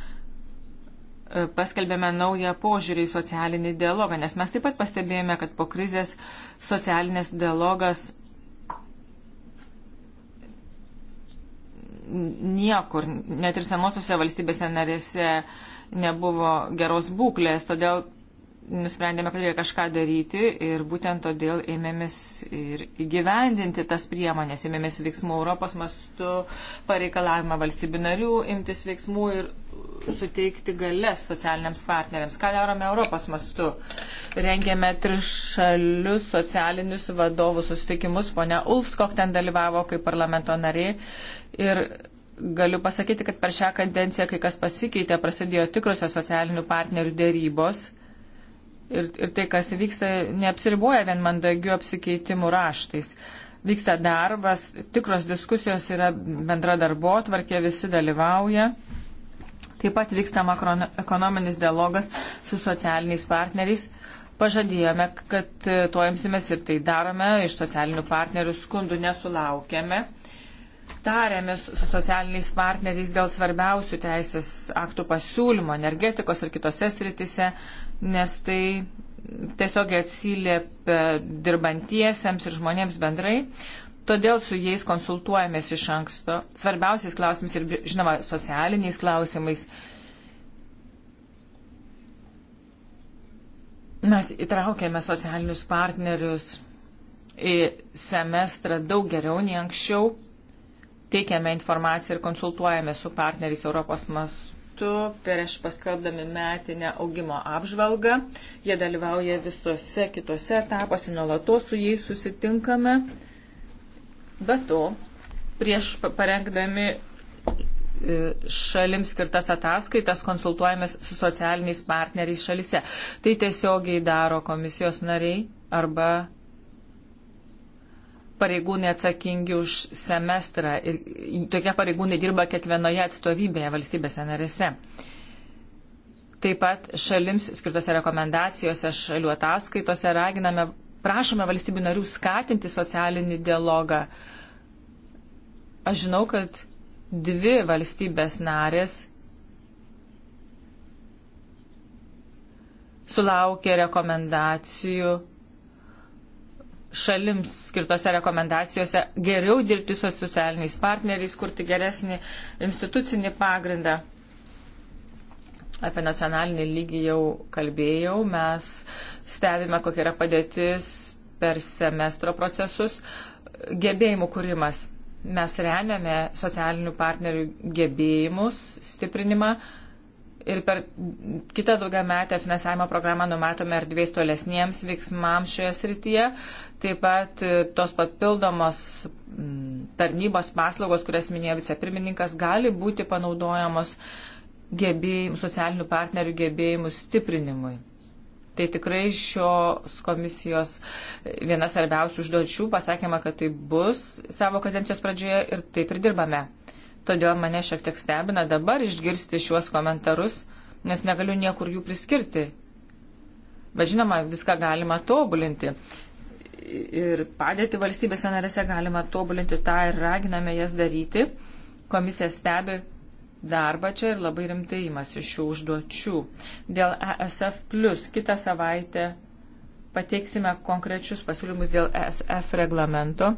E, paskelbėme naują požiūrį į socialinį dialogą, nes mes taip pat pastebėjome, kad po krizės socialinis dialogas niekur, net ir senosiuose valstybėse narėse nebuvo geros būklės, todėl nusprendėme, kad reikia kažką daryti ir būtent todėl ėmėmės ir įgyvendinti tas priemonės, ėmėmės veiksmų Europos mastu, pareikalavimą valstybių narių imtis veiksmų ir suteikti galės socialiniams partneriams. Ką darome Europos mastu? Rengėme trišalius socialinius vadovų susitikimus, ponia Ulfskok ten dalyvavo kaip parlamento nariai ir galiu pasakyti, kad per šią kadenciją kai kas pasikeitė, prasidėjo tikrosios socialinių partnerių dėrybos ir, ir tai, kas vyksta, neapsiriboja vien mandagių apsikeitimų raštais. Vyksta darbas, tikros diskusijos yra bendra darbo tvarkė, visi dalyvauja. Taip pat vyksta makroekonominis dialogas su socialiniais partneriais. Pažadėjome, kad e, to imsimės ir tai darome, iš socialinių partnerių skundų nesulaukėme tarėmės su socialiniais partneriais dėl svarbiausių teisės aktų pasiūlymo energetikos ir kitose sritise, nes tai tiesiog atsiliepia dirbantiesiems ir žmonėms bendrai. Todėl su jais konsultuojamės iš anksto, svarbiausiais klausimais ir, žinoma, socialiniais klausimais. Mes įtraukėme socialinius partnerius į semestrą daug geriau nei anksčiau teikiame informaciją ir konsultuojame su partneriais Europos mastu prieš paskelbdami metinę augimo apžvalgą. Jie dalyvauja visose kitose etapuose, nuolatos su jais susitinkame. Be to, prieš parengdami e, šalims skirtas ataskaitas konsultuojamės su socialiniais partneriais šalise. Tai tiesiogiai daro komisijos nariai arba pareigūnai atsakingi už semestrą ir tokie pareigūnai dirba kiekvienoje atstovybėje valstybėse narėse. Taip pat šalims skirtose rekomendacijose, šalių ataskaitose raginame, prašome valstybių narių skatinti socialinį dialogą. Aš žinau, kad dvi valstybės narės sulaukė rekomendacijų šalims skirtose rekomendacijose geriau dirbti su socialiniais partneriais, kurti geresnį institucinį pagrindą. Apie nacionalinį lygį jau kalbėjau, mes stebime, kokia yra padėtis per semestro procesus, gebėjimų kūrimas. Mes remiame socialinių partnerių gebėjimus, stiprinimą, uh, ir per kitą daugia metę finansavimo programą numatome erdvės tolesniems veiksmams šioje srityje. Taip pat e, tos papildomos tarnybos paslaugos, kurias minėjo vicepirmininkas, gali būti panaudojamos gebėjim, socialinių partnerių gebėjimų stiprinimui. Tai tikrai šios komisijos e, viena svarbiausių užduočių pasakėme, kad tai bus savo kadencijos pradžioje ir taip ir dirbame. Todėl mane šiek tiek stebina dabar išgirsti šiuos komentarus, nes negaliu niekur jų priskirti. Bet žinoma, viską galima tobulinti. Ir padėti valstybėse narėse galima tobulinti tą ir raginame jas daryti. Komisija stebi darbą čia ir labai rimtai imasi šių užduočių. Dėl ESF plus kitą savaitę pateiksime konkrečius pasiūlymus dėl ESF reglamento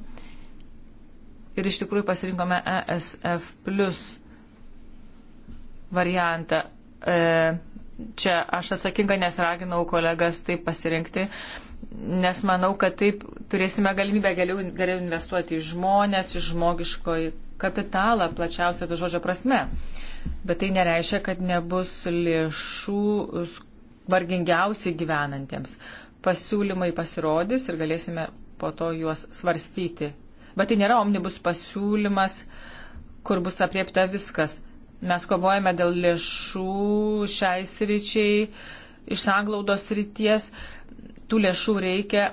ir iš tikrųjų pasirinkome ESF plus variantą. E, čia aš atsakinga, nes raginau kolegas taip pasirinkti, nes manau, kad taip turėsime galimybę geriau, geriau investuoti į žmonės, į žmogiškoj kapitalą plačiausia to žodžio prasme. Bet tai nereiškia, kad nebus lėšų vargingiausiai gyvenantiems. Pasiūlymai pasirodys ir galėsime po to juos svarstyti bet tai nėra omnibus pasiūlymas, kur bus apriepta viskas. Mes kovojame dėl lėšų šiai sričiai, iš anglaudos srities. Tų lėšų reikia,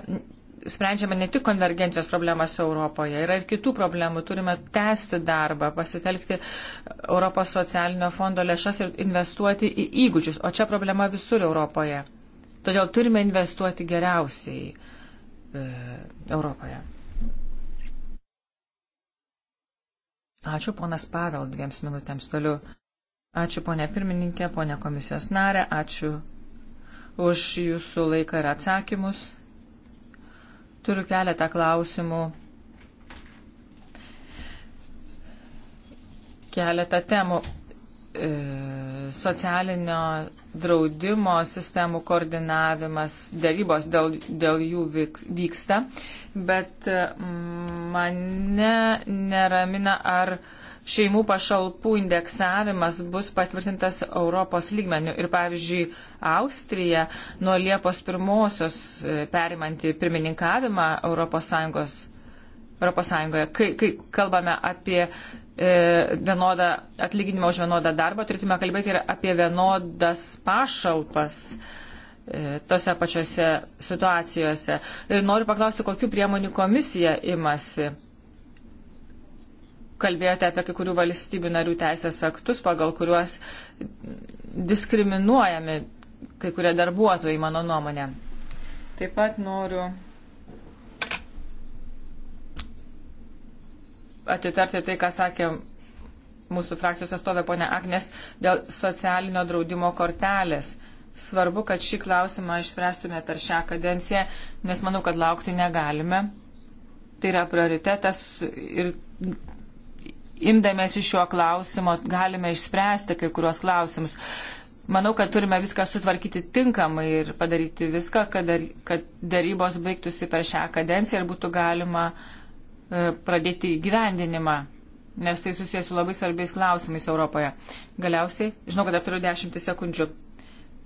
sprendžiama ne tik konvergencijos problemas Europoje, yra ir kitų problemų. Turime tęsti darbą, pasitelkti Europos socialinio fondo lėšas ir investuoti į įgūdžius. O čia problema visur Europoje. Todėl turime investuoti geriausiai e, Europoje. Ačiū, ponas Pavel, dviems minutėms toliau. Ačiū, ponė pirmininkė, ponė komisijos narė, ačiū už jūsų laiką ir atsakymus. Turiu keletą klausimų. Keletą temų. E, socialinio draudimo sistemų koordinavimas, darybos dėl, dėl jų vyksta, bet e, mane neramina, ar šeimų pašalpų indeksavimas bus patvirtintas Europos lygmenių. Ir pavyzdžiui, Austrija nuo Liepos pirmosios e, perimanti pirmininkavimą Europos Sąjungos Europos Sąjungoje, kai, kai kalbame apie E, vienodą atlyginimą už vienodą darbą, turėtume kalbėti ir apie vienodas pašalpas e, tose pačiose situacijose. Ir noriu paklausti, kokiu priemonių komisija imasi. Kalbėjote apie kai kurių valstybių narių teisės aktus, pagal kuriuos diskriminuojami kai kurie darbuotojai, mano nuomonė. Taip pat noriu atitarti tai, ką sakė mūsų frakcijos atstovė ponė Agnes dėl socialinio draudimo kortelės. Svarbu, kad šį klausimą išspręstume per šią kadenciją, nes manau, kad laukti negalime. Tai yra prioritetas ir imdamėsi šio klausimo galime išspręsti kai kurios klausimus. Manau, kad turime viską sutvarkyti tinkamai ir padaryti viską, kad, dar, kad darybos baigtųsi per šią kadenciją ir būtų galima uh, E, pradėti gyvendinimą, nes tai susijęs su labai svarbiais klausimais Europoje. Galiausiai, žinau, kad dar turiu dešimtį sekundžių,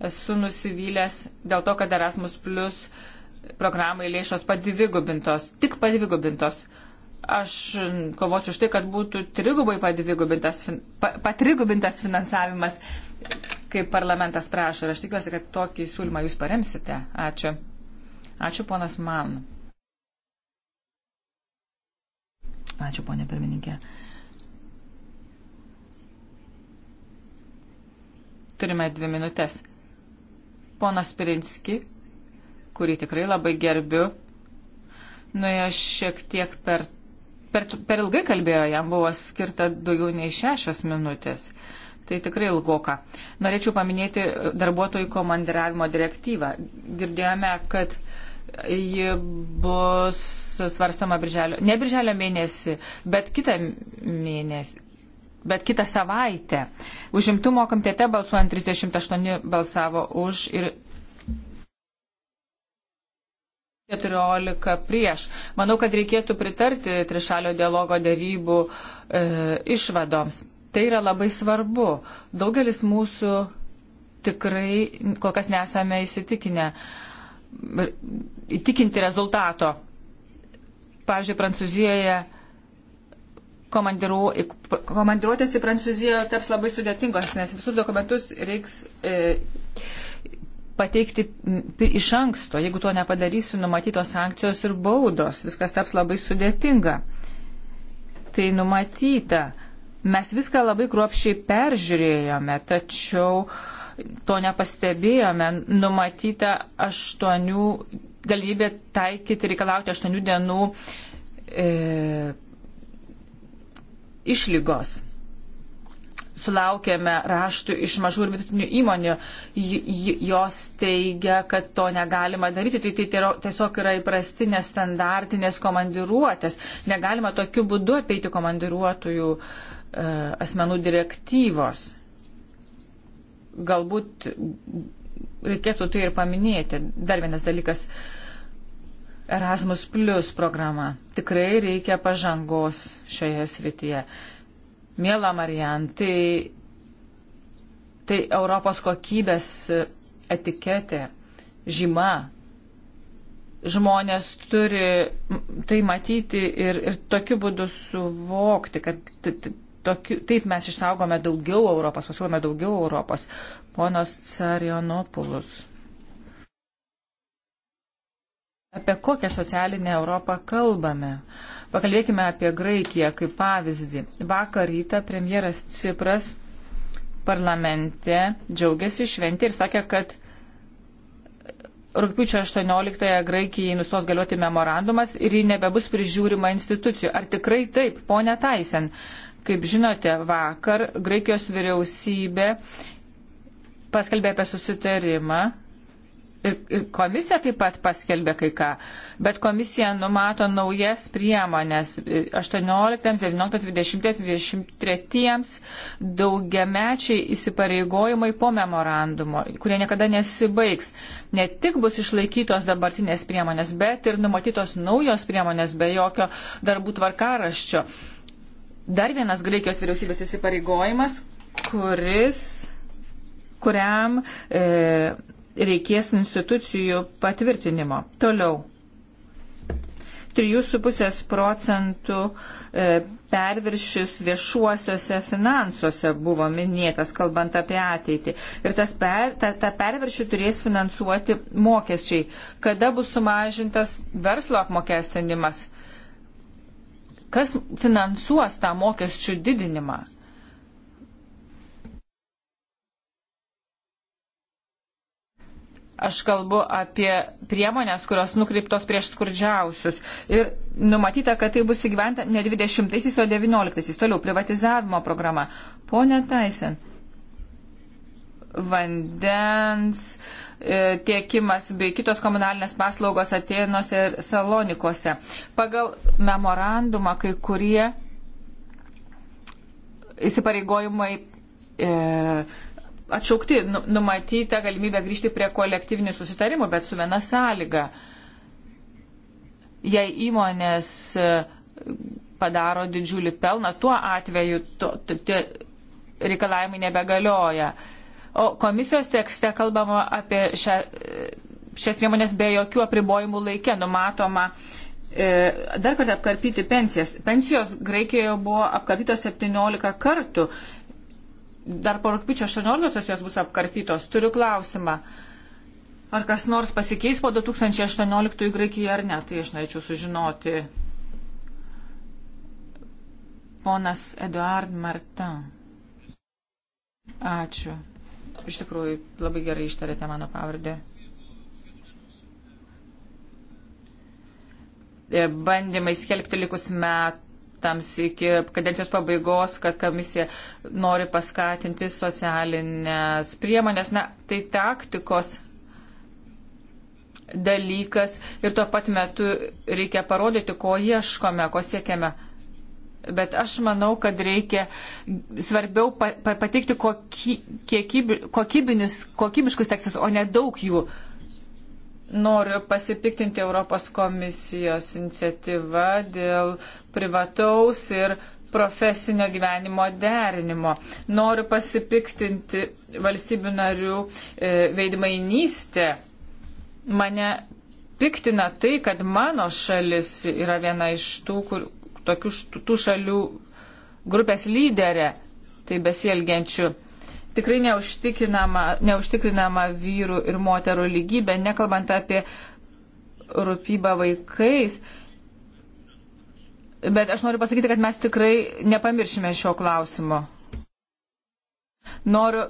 esu nusivylęs dėl to, kad Erasmus Plus programai lėšos padvigubintos, tik padvigubintos. Aš kovočiu už tai, kad būtų trigubai padvigubintas, pa, patrigubintas finansavimas, kaip parlamentas prašo. Ir aš tikiuosi, kad tokį siūlymą jūs paremsite. Ačiū. Ačiū, ponas Man. Ačiū, ponė pirmininkė. Turime dvi minutės. Ponas Pirinski, kurį tikrai labai gerbiu, nuėjo šiek tiek per, per, per ilgai kalbėjo, jam buvo skirta daugiau nei šešios minutės. Tai tikrai ilgoka. Norėčiau paminėti darbuotojų komandiravimo direktyvą. Girdėjome, kad Ji bus svarstama birželio, ne birželio mėnesį, bet kitą mėnesį. Bet kitą savaitę užimtumo komitete balsuojant 38 balsavo už ir 14 prieš. Manau, kad reikėtų pritarti trišalio dialogo dėrybų e, išvadoms. Tai yra labai svarbu. Daugelis mūsų tikrai kol kas nesame įsitikinę įtikinti rezultato. Pavyzdžiui, Prancūzijoje komandiru, komandiruotės į Prancūziją taps labai sudėtingos, nes visus dokumentus reiks e, pateikti iš anksto. Jeigu to nepadarysi, numatytos sankcijos ir baudos. Viskas taps labai sudėtinga. Tai numatyta. Mes viską labai kruopšiai peržiūrėjome, tačiau to nepastebėjome. Numatyta aštuonių galimybė taikyti reikalauti 8 dienų e, išlygos. Sulaukėme raštų iš mažų ir vidutinių įmonių. J jos teigia, kad to negalima daryti. Tai, tai tiesiog yra įprastinės standartinės komandiruotės. Negalima tokiu būdu apeiti komandiruotųjų e, asmenų direktyvos. Galbūt reikėtų tai ir paminėti. Dar vienas dalykas. Erasmus Plus programa. Tikrai reikia pažangos šioje srityje. Mėla Marijan, tai, tai Europos kokybės etiketė, žyma. Žmonės turi tai matyti ir, ir tokiu būdu suvokti, kad tokiu, taip mes išsaugome daugiau Europos, pasiūlome daugiau Europos. Ponas Carianopulus. Apie kokią socialinę Europą kalbame? Pakalbėkime apie Graikiją kaip pavyzdį. Vakar rytą premjeras Cipras parlamente džiaugiasi šventi ir sakė, kad rūpiučio 18-ąją Graikijai nustos galioti memorandumas ir ji nebebus prižiūrima institucijų. Ar tikrai taip, ponia Taisen? Kaip žinote, vakar Graikijos vyriausybė paskelbė apie susitarimą. Ir, ir komisija taip pat paskelbė kai ką, bet komisija numato naujas priemonės 18, 19, 20, 23 daugiamečiai įsipareigojimai po memorandumo, kurie niekada nesibaigs. Ne tik bus išlaikytos dabartinės priemonės, bet ir numatytos naujos priemonės be jokio darbų tvarkaraščio dar vienas Graikijos vyriausybės įsipareigojimas, kuris, kuriam e, reikės institucijų patvirtinimo. Toliau. 3,5 procentų e, perviršis viešuosiuose finansuose buvo minėtas, kalbant apie ateitį. Ir tas per, ta, ta perviršį turės finansuoti mokesčiai. Kada bus sumažintas verslo apmokestinimas? E, Kas finansuos tą mokesčių didinimą? Aš kalbu apie priemonės, kurios nukreiptos prieš skurdžiausius. Ir numatyta, kad tai bus įgyventa ne 20-aisiais, o 19-aisiais. Toliau privatizavimo programa. Pone Taisen, vandens e, tiekimas bei kitos komunalinės paslaugos Atenuose ir Salonikuose. Pagal memorandumą kai kurie įsipareigojimai e, atšaukti, nu, numatyta galimybė grįžti prie kolektyvinių susitarimų, bet su viena sąlyga. Jei įmonės e, padaro didžiulį pelną, tuo atveju to, to, tie reikalavimai nebegalioja. E, O komisijos tekste kalbama apie šią, šias priemonės be jokių apribojimų laikė numatoma. E, dar kartą apkarpyti pensijas. Pensijos Graikijoje buvo apkarpytos 17 kartų. Dar po rūpiučio 18 jos bus apkarpytos. Turiu klausimą. Ar kas nors pasikeis po 2018 Graikijoje ar ne? Tai aš norėčiau sužinoti ponas Eduard Martin. Ačiū. Iš tikrųjų, labai gerai ištarėte mano pavardę. E, bandymai skelbti likus metams iki kadencijos pabaigos, kad komisija nori paskatinti socialinės priemonės. Na, tai taktikos dalykas ir tuo pat metu reikia parodyti, ko ieškome, ko siekiame bet aš manau, kad reikia svarbiau pa, pa, pateikti koky, kiekybi, kokybiškus tekstus, o ne daug jų. Noriu pasipiktinti Europos komisijos iniciatyvą dėl privataus ir profesinio gyvenimo derinimo. Noriu pasipiktinti valstybių narių e, veidmainystę. Mane piktina tai, kad mano šalis yra viena iš tų, kur, tokių tų šalių grupės lyderė, tai besielgiančių. Tikrai neužtikrinama, neužtikrinama vyrų ir moterų lygybė, nekalbant apie rūpybą vaikais. Bet aš noriu pasakyti, kad mes tikrai nepamiršime šio klausimo. Noriu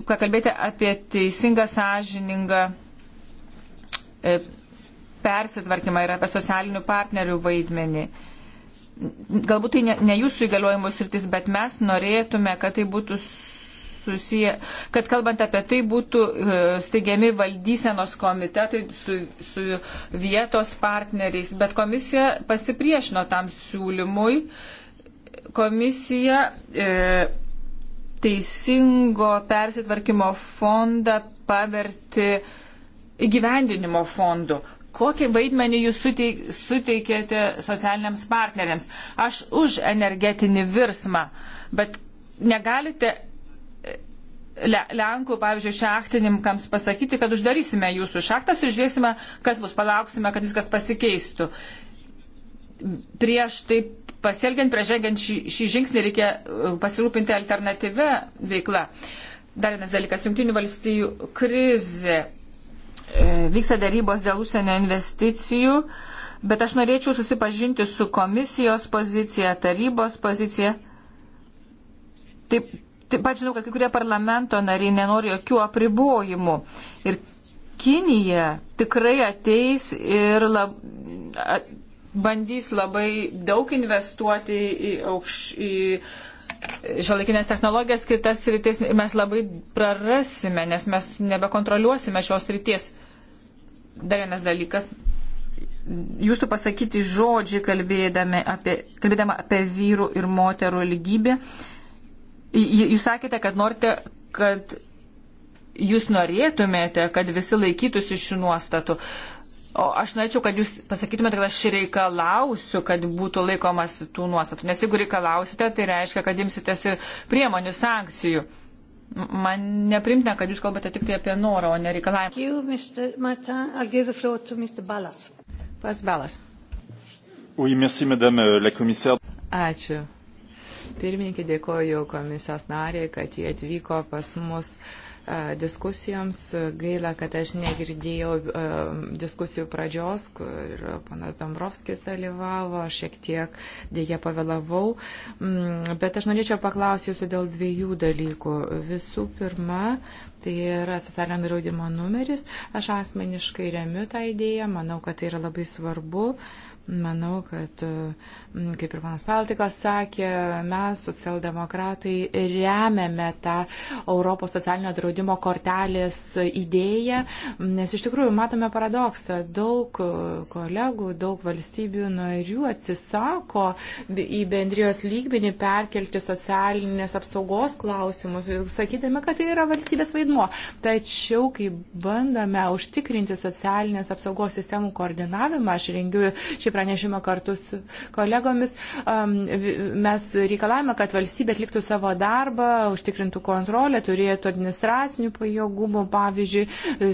e, kalbėti apie teisingą, sąžiningą e, persitvarkymą ir apie socialinių partnerių vaidmenį galbūt tai ne, ne jūsų įgaliojimų sritis, bet mes norėtume, kad tai būtų susiję, kad kalbant apie tai būtų e, steigiami valdysenos komitetai su, su vietos partneriais, bet komisija pasipriešino tam siūlymui. Komisija e, teisingo persitvarkymo fondą paverti įgyvendinimo fondu kokį vaidmenį jūs suteikėte socialiniams partneriams. Aš už energetinį virsmą, bet negalite e, Le Lenkų, pavyzdžiui, šachtininkams pasakyti, kad uždarysime jūsų šachtas ir žiūrėsime, kas bus, palauksime, kad viskas pasikeistų. Prieš taip pasielgiant, prieš žengiant šį, šį žingsnį reikia e, pasirūpinti alternatyvę veiklą. Dar vienas dalykas - jungtinių valstybių krizė E, vyksta darybos dėl užsienio investicijų, bet aš norėčiau susipažinti su komisijos pozicija, tarybos pozicija. Taip, taip pat žinau, kad kai kurie parlamento nariai nenori jokių apribojimų. Ir Kinija tikrai ateis ir lab, a, bandys labai daug investuoti į, aukš, į šiuolaikinės technologijas, kitas rytis mes labai prarasime, nes mes nebekontroliuosime šios ryties. Dar vienas dalykas. Jūsų pasakyti žodžiai, kalbėdami apie, kalbėdama apie vyrų ir moterų lygybę, jūs sakėte, kad norite, kad jūs norėtumėte, kad visi laikytųsi šių nuostatų. Uh, O aš norėčiau, kad jūs pasakytumėte, kad aš reikalausiu, kad būtų laikomas tų nuostatų. Nes jeigu reikalausite, tai reiškia, kad imsitės ir priemonių sankcijų. Man neprimtina, kad jūs kalbate tik tai apie norą, o ne reikalavimą. Pas Balas. Oui, merci, madame euh, la commissaire. Ačiū. Pirmininkė, dėkoju komisijos nariai, kad jie atvyko pas mus. Uh, diskusijoms. Gaila, kad aš negirdėjau diskusijų pradžios, kur panas Dombrovskis dalyvavo, aš šiek tiek dėja pavėlavau. Mm, bet aš norėčiau paklausti jūsų dėl dviejų dalykų. Visų pirma, tai yra socialinio draudimo numeris. Aš asmeniškai remiu tą idėją, manau, kad tai yra labai svarbu. Uh, Manau, kad, mm, kaip ir panas Paltikas sakė, mes, socialdemokratai, remiame tą Europos socialinio draudimo kortelės idėją, nes iš tikrųjų matome paradoksą. Daug kolegų, daug valstybių narių atsisako į bendrijos lygmenį perkelti socialinės apsaugos klausimus, sakydami, kad tai yra valstybės vaidmo. Tačiau, kai bandome užtikrinti socialinės apsaugos sistemų koordinavimą, aš rengiu šį pranešimą kartu su kolegomis. Mes reikalavome, kad valstybė atliktų savo darbą, užtikrintų kontrolę, turėtų administracinių pajėgumų, pavyzdžiui,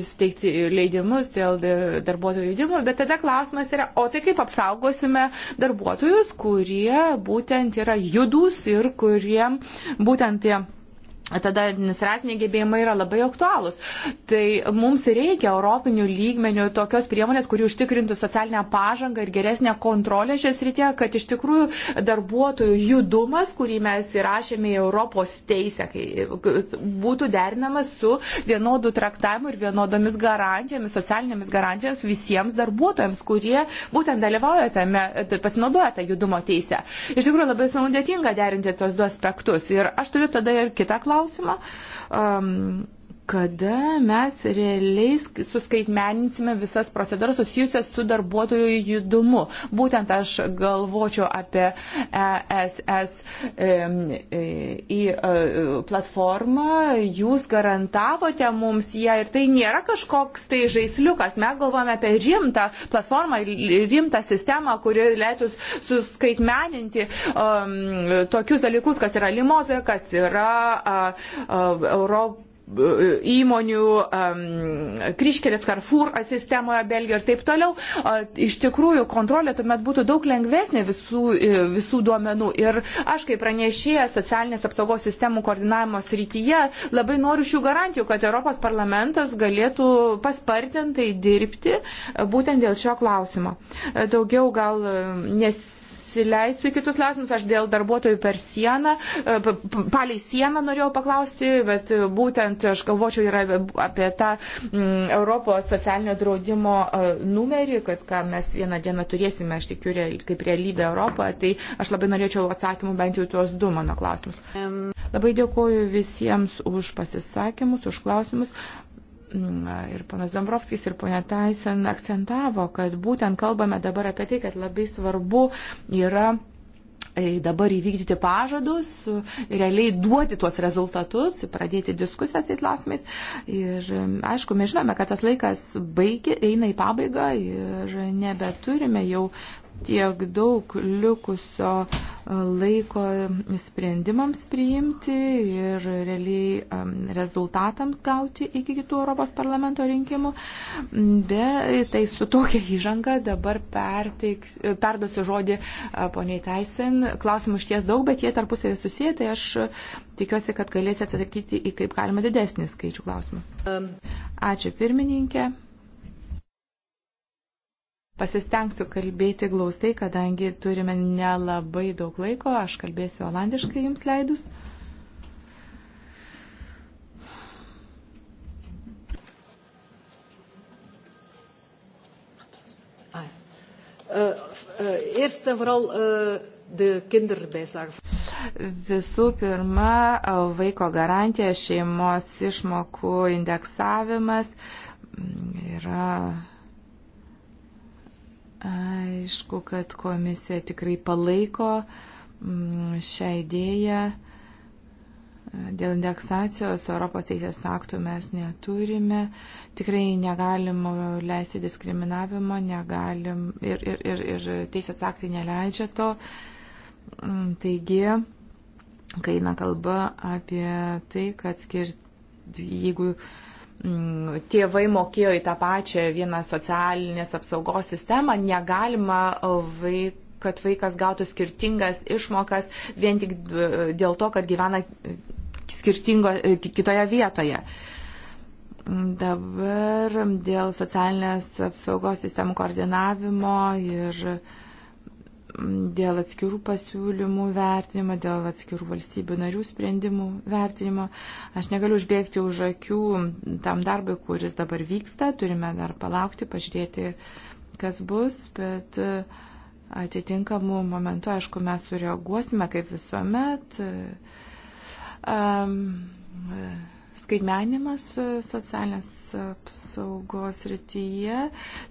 suteikti leidimus dėl darbuotojų judimo. Bet tada klausimas yra, o tai kaip apsaugosime darbuotojus, kurie būtent yra judus ir kuriem būtent tie tada administraciniai gebėjimai yra labai aktualūs. Tai mums reikia europinių lygmenių tokios priemonės, kuri užtikrintų socialinę pažangą ir geresnę kontrolę šią srityje, kad iš tikrųjų darbuotojų judumas, kurį mes įrašėme į Europos teisę, būtų derinamas su vienodu traktavimu ir vienodomis garantijomis, socialinėmis garantijomis visiems darbuotojams, kurie būtent dalyvauja tame, pasinaudoja tą judumo teisę. Iš tikrųjų labai sudėtinga derinti tos du aspektus. Ir aš turiu tada ir kitą klausimą klausimą. Um, kada mes realiai suskaitmeninsime visas procedūras susijusias su darbuotojų judumu. Būtent aš galvočiau apie ESS e, į e, platformą, jūs garantavote mums ją ir tai nėra kažkoks tai žaisliukas. Mes galvojame apie rimtą platformą, rimtą sistemą, kuri leistų suskaitmeninti um, tokius dalykus, kas yra limozė, kas yra uh, uh, Europos įmonių, kryškelės Carrefour sistemoje Belgijoje ir taip toliau. Iš tikrųjų, kontrolė tuomet būtų daug lengvesnė visų, e, visų duomenų. Ir aš, kaip pranešėja socialinės apsaugos sistemų koordinavimo srityje, labai noriu šių garantijų, kad Europos parlamentas galėtų paspartintai dirbti būtent dėl šio klausimo. Daugiau gal e, nes nusileisiu į kitus klausimus. Aš dėl darbuotojų per sieną, e, palei sieną norėjau paklausti, bet e, būtent aš galvočiau ir apie tą mm, Europos socialinio draudimo e, numerį, kad ką mes vieną dieną turėsime, aš tikiu, kaip realybė Europoje. Tai aš labai norėčiau atsakymų bent jau tuos du mano klausimus. Labai dėkuoju visiems už pasisakymus, už klausimus ir panas Dombrovskis, ir ponia Taisen akcentavo, kad būtent kalbame dabar apie tai, kad labai svarbu yra e, dabar įvykdyti pažadus, realiai duoti tuos rezultatus, pradėti diskusijas tais klausimais. Ir aišku, mes žinome, kad tas laikas baigė, eina į pabaigą ir nebeturime jau tiek daug likusio e, laiko sprendimams priimti ir realiai rezultatams gauti iki kitų Europos parlamento rinkimų. Be tai su tokia įžanga dabar perteiks, e, perduosiu žodį e, poniai Teisen. Klausimų iš ties daug, bet jie tarpusavį susiję, tai aš tikiuosi, kad galėsite atsakyti į kaip galima didesnį skaičių klausimų. Ačiū pirmininkė. Pasistengsiu kalbėti glaustai, kadangi turime nelabai daug laiko, aš kalbėsiu olandiškai jums leidus. Uh, uh, eerst en vooral uh, de kinderbijslag. Visų pirma, vaiko garantija, šeimos išmokų indeksavimas mm, yra Aišku, kad komisija tikrai palaiko mm, šią idėją. Dėl indeksacijos Europos teisės aktų mes neturime, tikrai negalim leisti diskriminavimo, negalim ir, ir, ir, ir teisės aktai neleidžia to. Mm, taigi, kai eina kalba apie tai, kad skirti, jeigu uh, Mm, tėvai mokėjo į tą pačią vieną socialinės apsaugos sistemą, negalima vaikų kad vaikas gautų skirtingas išmokas vien tik dėl to, kad gyvena skirtingo, kitoje vietoje. Dabar dėl socialinės apsaugos sistemų koordinavimo ir uh, dėl atskirų pasiūlymų vertinimo, dėl atskirų valstybių narių sprendimų vertinimo. Aš negaliu užbėgti už akių tam darbui, kuris dabar vyksta. Turime dar palaukti, pažiūrėti, kas bus, bet e, atitinkamų momentų, aišku, mes sureaguosime kaip visuomet. Um, skaitmenimas socialinės apsaugos rytyje.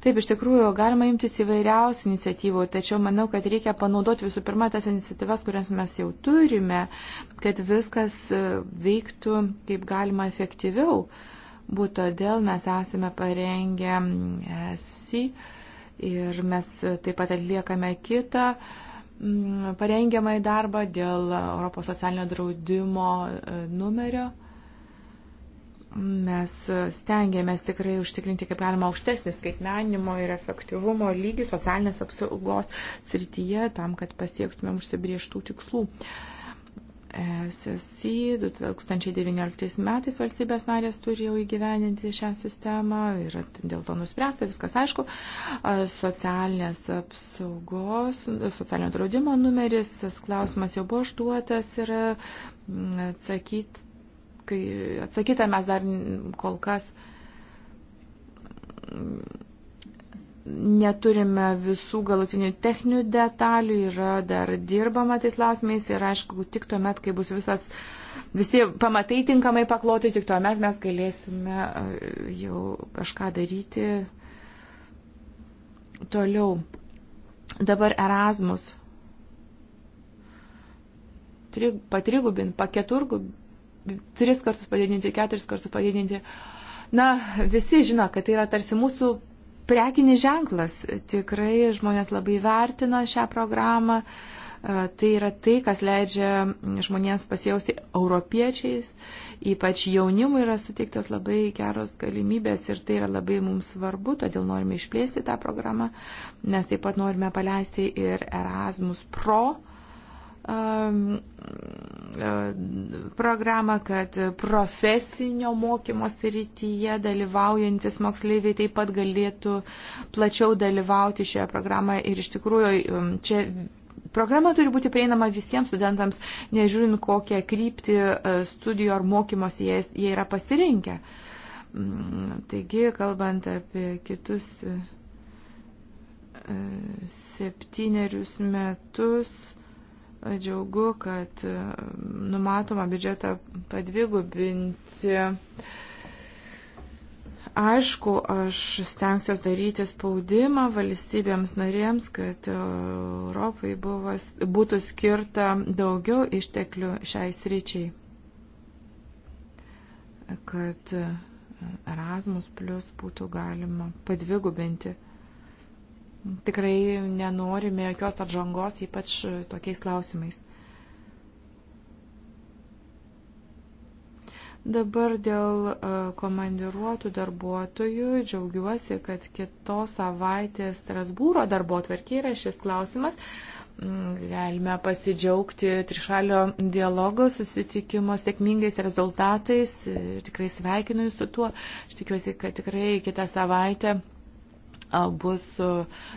Taip, iš tikrųjų, galima imtis įvairiausių iniciatyvų, tačiau manau, kad reikia panaudoti visų pirma tas iniciatyvas, kurias mes jau turime, kad viskas e, veiktų kaip galima efektyviau. Būtų todėl mes esame parengę esi ir mes taip pat atliekame kitą parengiamą į darbą dėl Europos socialinio draudimo e, numerio. Mes stengiamės tikrai užtikrinti kaip galima aukštesnį skaitmenimo ir efektyvumo lygį socialinės apsaugos srityje tam, kad pasiektumėm užsibrieštų tikslų. SSI 2019 metais valstybės narės turėjo įgyveninti šią sistemą ir dėl to nuspręsta, viskas aišku, socialinės apsaugos, socialinio draudimo numeris, tas klausimas jau buvo užduotas ir mm, atsakyti kai atsakyta mes dar kol kas neturime visų galutinių techninių detalių, yra dar dirbama tais lausmiais ir aišku, tik tuomet, kai bus visas, visi pamatai tinkamai pakloti, tik tuomet mes galėsime e, jau kažką daryti toliau. Dabar Erasmus patrigubint, paketurgubint tris kartus padidinti, keturis kartus padidinti. Na, visi žino, kad tai yra tarsi mūsų prekinis ženklas. Tikrai žmonės labai vertina šią programą. E, tai yra tai, kas leidžia žmonėms pasijausti europiečiais, ypač jaunimui yra suteiktos labai geros galimybės ir tai yra labai mums svarbu, todėl norime išplėsti tą programą. Mes taip pat norime paleisti ir Erasmus Pro Um, programą, kad profesinio mokymo srityje dalyvaujantis moksleiviai taip pat galėtų plačiau dalyvauti šioje programoje ir iš tikrųjų um, čia programa turi būti prieinama visiems studentams, nežiūrint kokią kryptį uh, studijų ar mokymosi jie, jie yra pasirinkę. Mm, taigi, kalbant apie kitus uh, septynerius metus džiaugu, kad e, numatoma biudžetą padvigubinti. Aišku, aš stengsiuosi daryti spaudimą valstybėms narėms, kad e, Europai buvo, būtų skirta daugiau išteklių šiai sričiai. Kad e, Erasmus plus būtų galima padvigubinti tikrai nenorime jokios atžangos, ypač e, tokiais klausimais. Dabar dėl e, komandiruotų darbuotojų džiaugiuosi, kad kitos savaitės Strasbūro darbo atvarkė yra šis klausimas. Mm, galime pasidžiaugti trišalio dialogo susitikimo sėkmingais rezultatais ir e, tikrai sveikinu jūs su tuo. Aš tikiuosi, kad tikrai kitą savaitę bus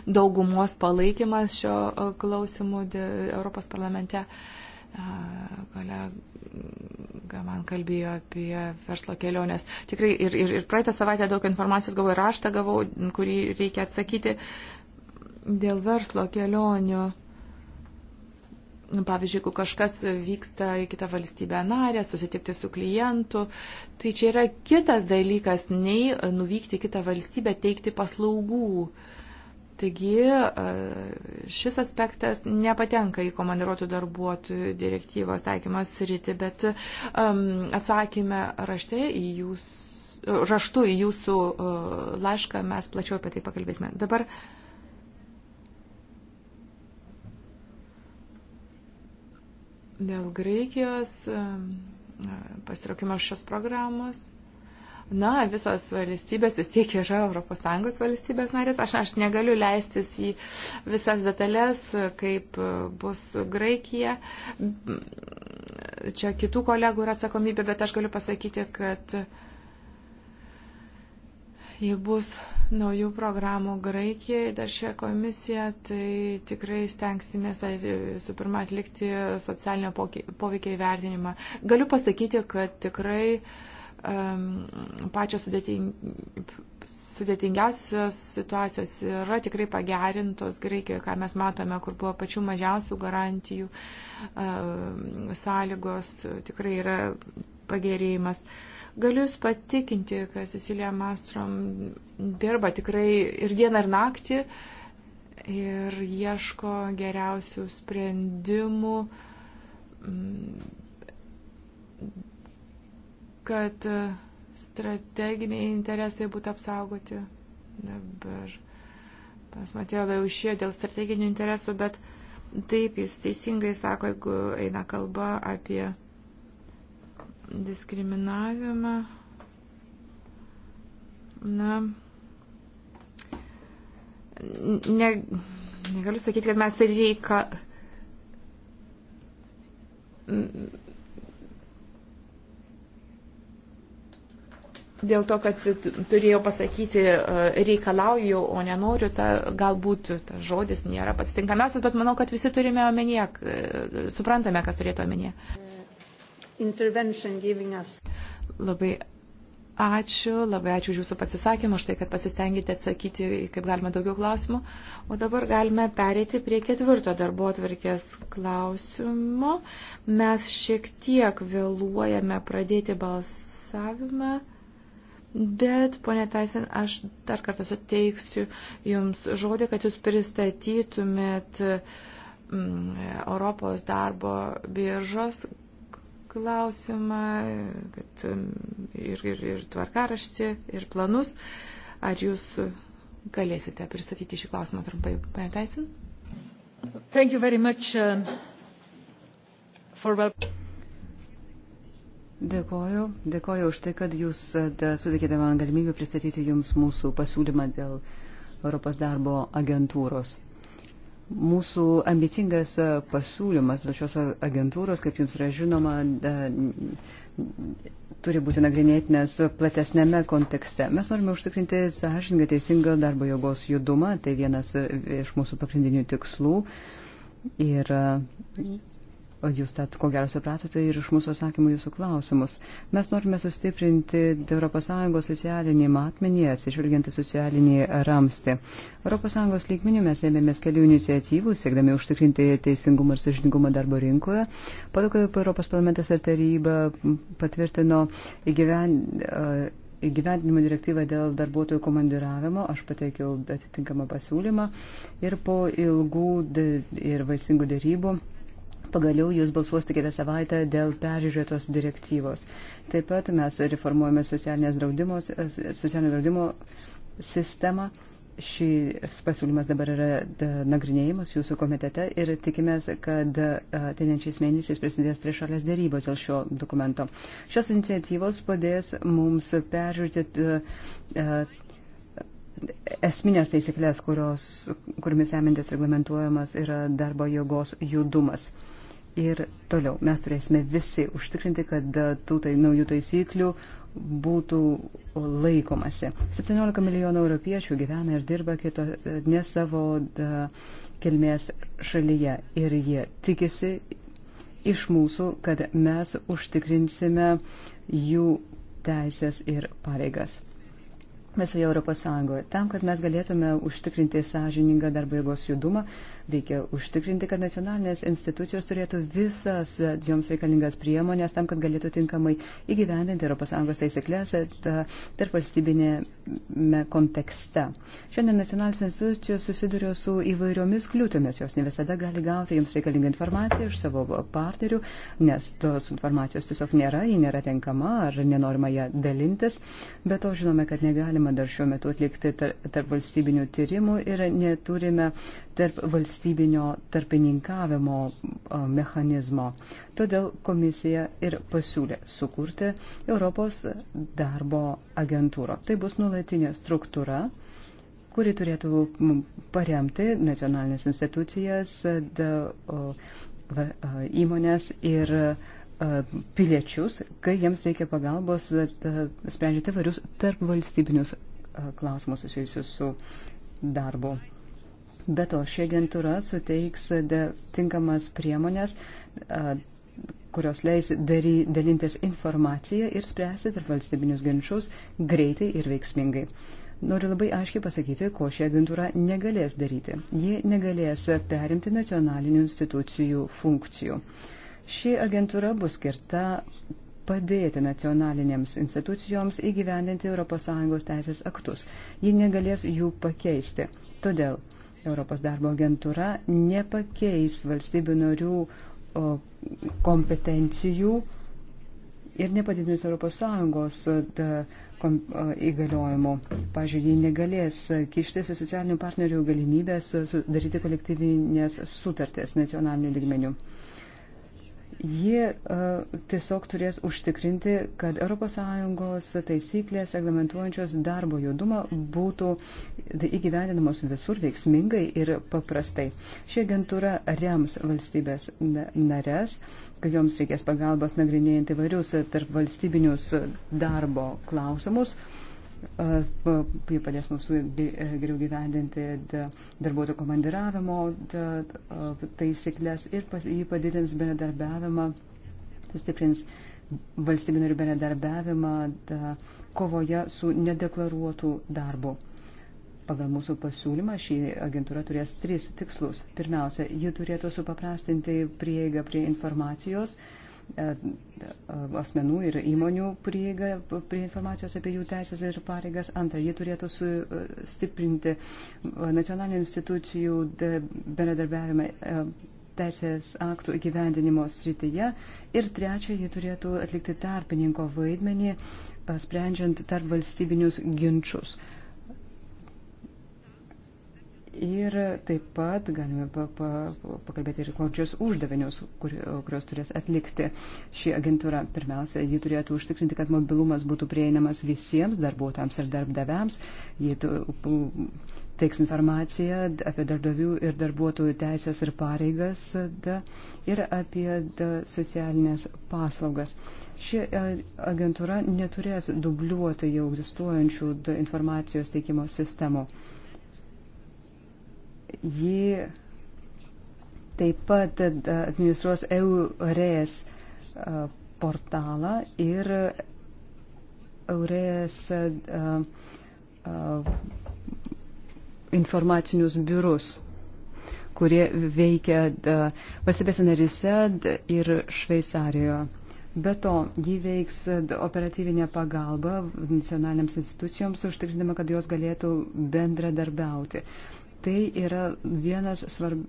daugumos palaikymas šio klausimų Europos parlamente. Kolega man kalbėjo apie verslo keliones. Tikrai ir, ir, ir praeitą savaitę daug informacijos gavau ir raštą gavau, kurį reikia atsakyti dėl verslo kelionių Pavyzdžiui, jeigu kažkas vyksta į kitą valstybę narę, susitikti su klientu, tai čia yra kitas dalykas, nei nuvykti į kitą valstybę, teikti paslaugų. Taigi e, šis aspektas nepatenka į komandiruotų darbuotojų direktyvos taikymas rytį, bet um, atsakymę rašte į jūs, raštu į jūsų uh, laišką mes plačiau apie tai pakalbėsime. Dabar uh, dėl Graikijos pasitraukimo šios programos. Na, visos valstybės vis tiek yra ES valstybės narės. Aš, aš negaliu leistis į visas detalės, kaip bus Graikija. Čia kitų kolegų yra atsakomybė, bet aš galiu pasakyti, kad ji bus naujų programų Graikijai dar šioje komisijoje, tai tikrai stengsimės visų pirma atlikti socialinio poveikio įvertinimą. Galiu pasakyti, kad tikrai um, pačios sudėting, sudėtingiausios situacijos yra tikrai pagerintos Graikijoje, ką mes matome, kur buvo pačių mažiausių garantijų um, sąlygos, tikrai yra pagerėjimas. Uh, Galiu Jūs patikinti, kad Cecilija Mastrom dirba tikrai ir dieną, ir naktį ir ieško geriausių sprendimų, mm, kad e, strateginiai interesai būtų apsaugoti. Dabar pas Matėjo Laušė dėl strateginių interesų, bet taip jis teisingai sako, jeigu eina kalba apie diskriminavimą. Na, ne, negaliu sakyti, kad mes reikia. Dėl to, kad turėjau pasakyti e, reikalauju, o nenoriu, ta, galbūt tas žodis nėra pats tinkamiausias, bet manau, kad visi turime omenyje, e, suprantame, kas turėtų omenyje intervention giving us. Labai ačiū, labai ačiū už Jūsų pasisakymą, už tai, kad pasistengėte atsakyti kaip galima daugiau klausimų. O dabar galime pereiti prie ketvirto darbo atvarkės klausimo. Mes šiek tiek vėluojame pradėti balsavimą. Bet, ponė Taisen, aš dar kartą suteiksiu Jums žodį, kad Jūs pristatytumėt mm, Europos darbo biržos klausimą kad um, ir, ir, ir tvarkaraštį, ir planus. Ar jūs galėsite pristatyti šį klausimą trumpai, pane Teisin? Um, for... Dėkoju, dėkoju už tai, kad jūs uh, sudėkite man galimybę pristatyti jums mūsų pasiūlymą dėl Europos darbo agentūros. Mūsų ambicingas e, pasiūlymas dėl šios agentūros, kaip jums yra žinoma, turi būti nagrinėtinės platesnėme kontekste. Mes norime užtikrinti sąžiningą, teisingą darbo jėgos judumą, tai vienas e, iš mūsų pagrindinių tikslų. Ir e, O jūs tad, ko gero, supratote ir iš mūsų atsakymų jūsų klausimus. Mes norime sustiprinti ES socialinį matmenį, atsižvelgiant į socialinį ramstį. ES lygmenių mes ėmėmės kelių iniciatyvų, siekdami užtikrinti teisingumą ir sažiningumą darbo rinkoje. Po to, kai Europos parlamentas ir taryba patvirtino įgyven, e, įgyvendinimo direktyvą dėl darbuotojų komandiravimo, aš pateikiau atitinkamą pasiūlymą ir po ilgų ir vaisingų dėrybų Pagaliau jūs balsuosite kitą savaitę dėl peržiūrėtos direktyvos. Taip pat mes reformuojame draudimo, socialinio draudimo sistemą. Šis pasiūlymas dabar yra e, nagrinėjimas jūsų komitete ir tikimės, kad e, ateinančiais mėnesiais prasidės trišalės dėrybos dėl šio dokumento. Šios iniciatyvos padės mums peržiūrėti e, esminės taisyklės, kuriomis remintis reglamentuojamas yra darbo jėgos judumas ir toliau. Mes turėsime visi užtikrinti, kad tų tai naujų taisyklių būtų laikomasi. 17 milijonų europiečių gyvena ir dirba kito, ne savo da, kilmės šalyje ir jie tikisi iš mūsų, kad mes užtikrinsime jų teisės ir pareigas visoje Europos Sąjungoje. Tam, kad mes galėtume užtikrinti sąžiningą darbo jėgos judumą, Reikia užtikrinti, kad nacionalinės institucijos turėtų visas e, joms reikalingas priemonės tam, kad galėtų tinkamai įgyvendinti ES taisyklės e, tarp valstybinėme kontekste. Šiandien nacionalinės institucijos susiduria su įvairiomis kliūtimis. Jos ne visada gali gauti jums reikalingą informaciją iš savo partnerių, nes tos informacijos tiesiog nėra, ji nėra tenkama ar nenorima ją dalintis. Bet to žinome, kad negalima dar šiuo metu atlikti tarp valstybinių tyrimų ir neturime tarp valstybinio tarpininkavimo mechanizmo. Todėl komisija ir pasiūlė sukurti Europos darbo agentūrą. Tai bus nulatinė struktūra kuri turėtų paremti nacionalinės institucijas, įmonės ir piliečius, kai jiems reikia pagalbos sprendžiate varius tarp valstybinius klausimus susijusius su darbu. Be to, ši agentūra suteiks tinkamas priemonės, kurios leis dary, dalintis informaciją ir spręsti tarp valstybinius ginčius greitai ir veiksmingai. Noriu labai aiškiai pasakyti, ko ši agentūra negalės daryti. Ji negalės perimti nacionalinių institucijų funkcijų. Ši agentūra bus skirta padėti nacionalinėms institucijoms įgyvendinti ES teisės aktus. Ji negalės jų pakeisti. Todėl Europos darbo agentūra nepakeis valstybių narių kompetencijų ir nepadidins ES įgaliojimų. Pavyzdžiui, jie negalės kištis į socialinių partnerių galimybės daryti kolektyvinės sutartės nacionalinių lygmenių. Jie uh, tiesiog turės užtikrinti, kad ES taisyklės reglamentuojančios darbo judumą būtų įgyvendinamos visur veiksmingai ir paprastai. Ši agentūra rems valstybės nares, kai joms reikės pagalbos nagrinėjant įvairius tarp valstybinius darbo klausimus. Uh, Jie padės mums e, geriau gyvendinti darbuotojų komandiravimo taisyklės ir jį padidins bendradarbiavimą, sustiprins valstybinio ir bendradarbiavimą kovoje su nedeklaruotų darbu. Pagal mūsų pasiūlymą šį agentūrą turės tris tikslus. Pirmiausia, ji turėtų supaprastinti prieigą prie informacijos, uh, E, asmenų ir įmonių prieigą prie informacijos apie jų teisės ir pareigas. Antra, ji turėtų sustiprinti e, e, nacionalinių institucijų bendradarbiavimą teisės aktų įgyvendinimo srityje. Ir trečia, ji turėtų atlikti tarpininko vaidmenį, sprendžiant tarp valstybinius ginčius. Uh, Ir taip pat galime pa, pa, pakalbėti ir kokius uždavinius, kur, kurios turės atlikti ši agentūra. Pirmiausia, ji turėtų užtikrinti, kad mobilumas būtų prieinamas visiems darbuotojams ir darbdaviams. Ji teiks informaciją apie darbdavių ir darbuotojų teisės ir pareigas da, ir apie da, socialinės paslaugas. Ši agentūra neturės dubliuoti jau egzistuojančių da, informacijos teikimo sistemų. Ji taip pat administruos EURES portalą ir EURES informacinius biurus kurie veikia valstybėse narise ir Šveicarijoje. Be to, jį veiks operatyvinė pagalba nacionaliniams institucijoms, užtikrindama, kad jos galėtų bendradarbiauti. Tai yra, vienas svarb...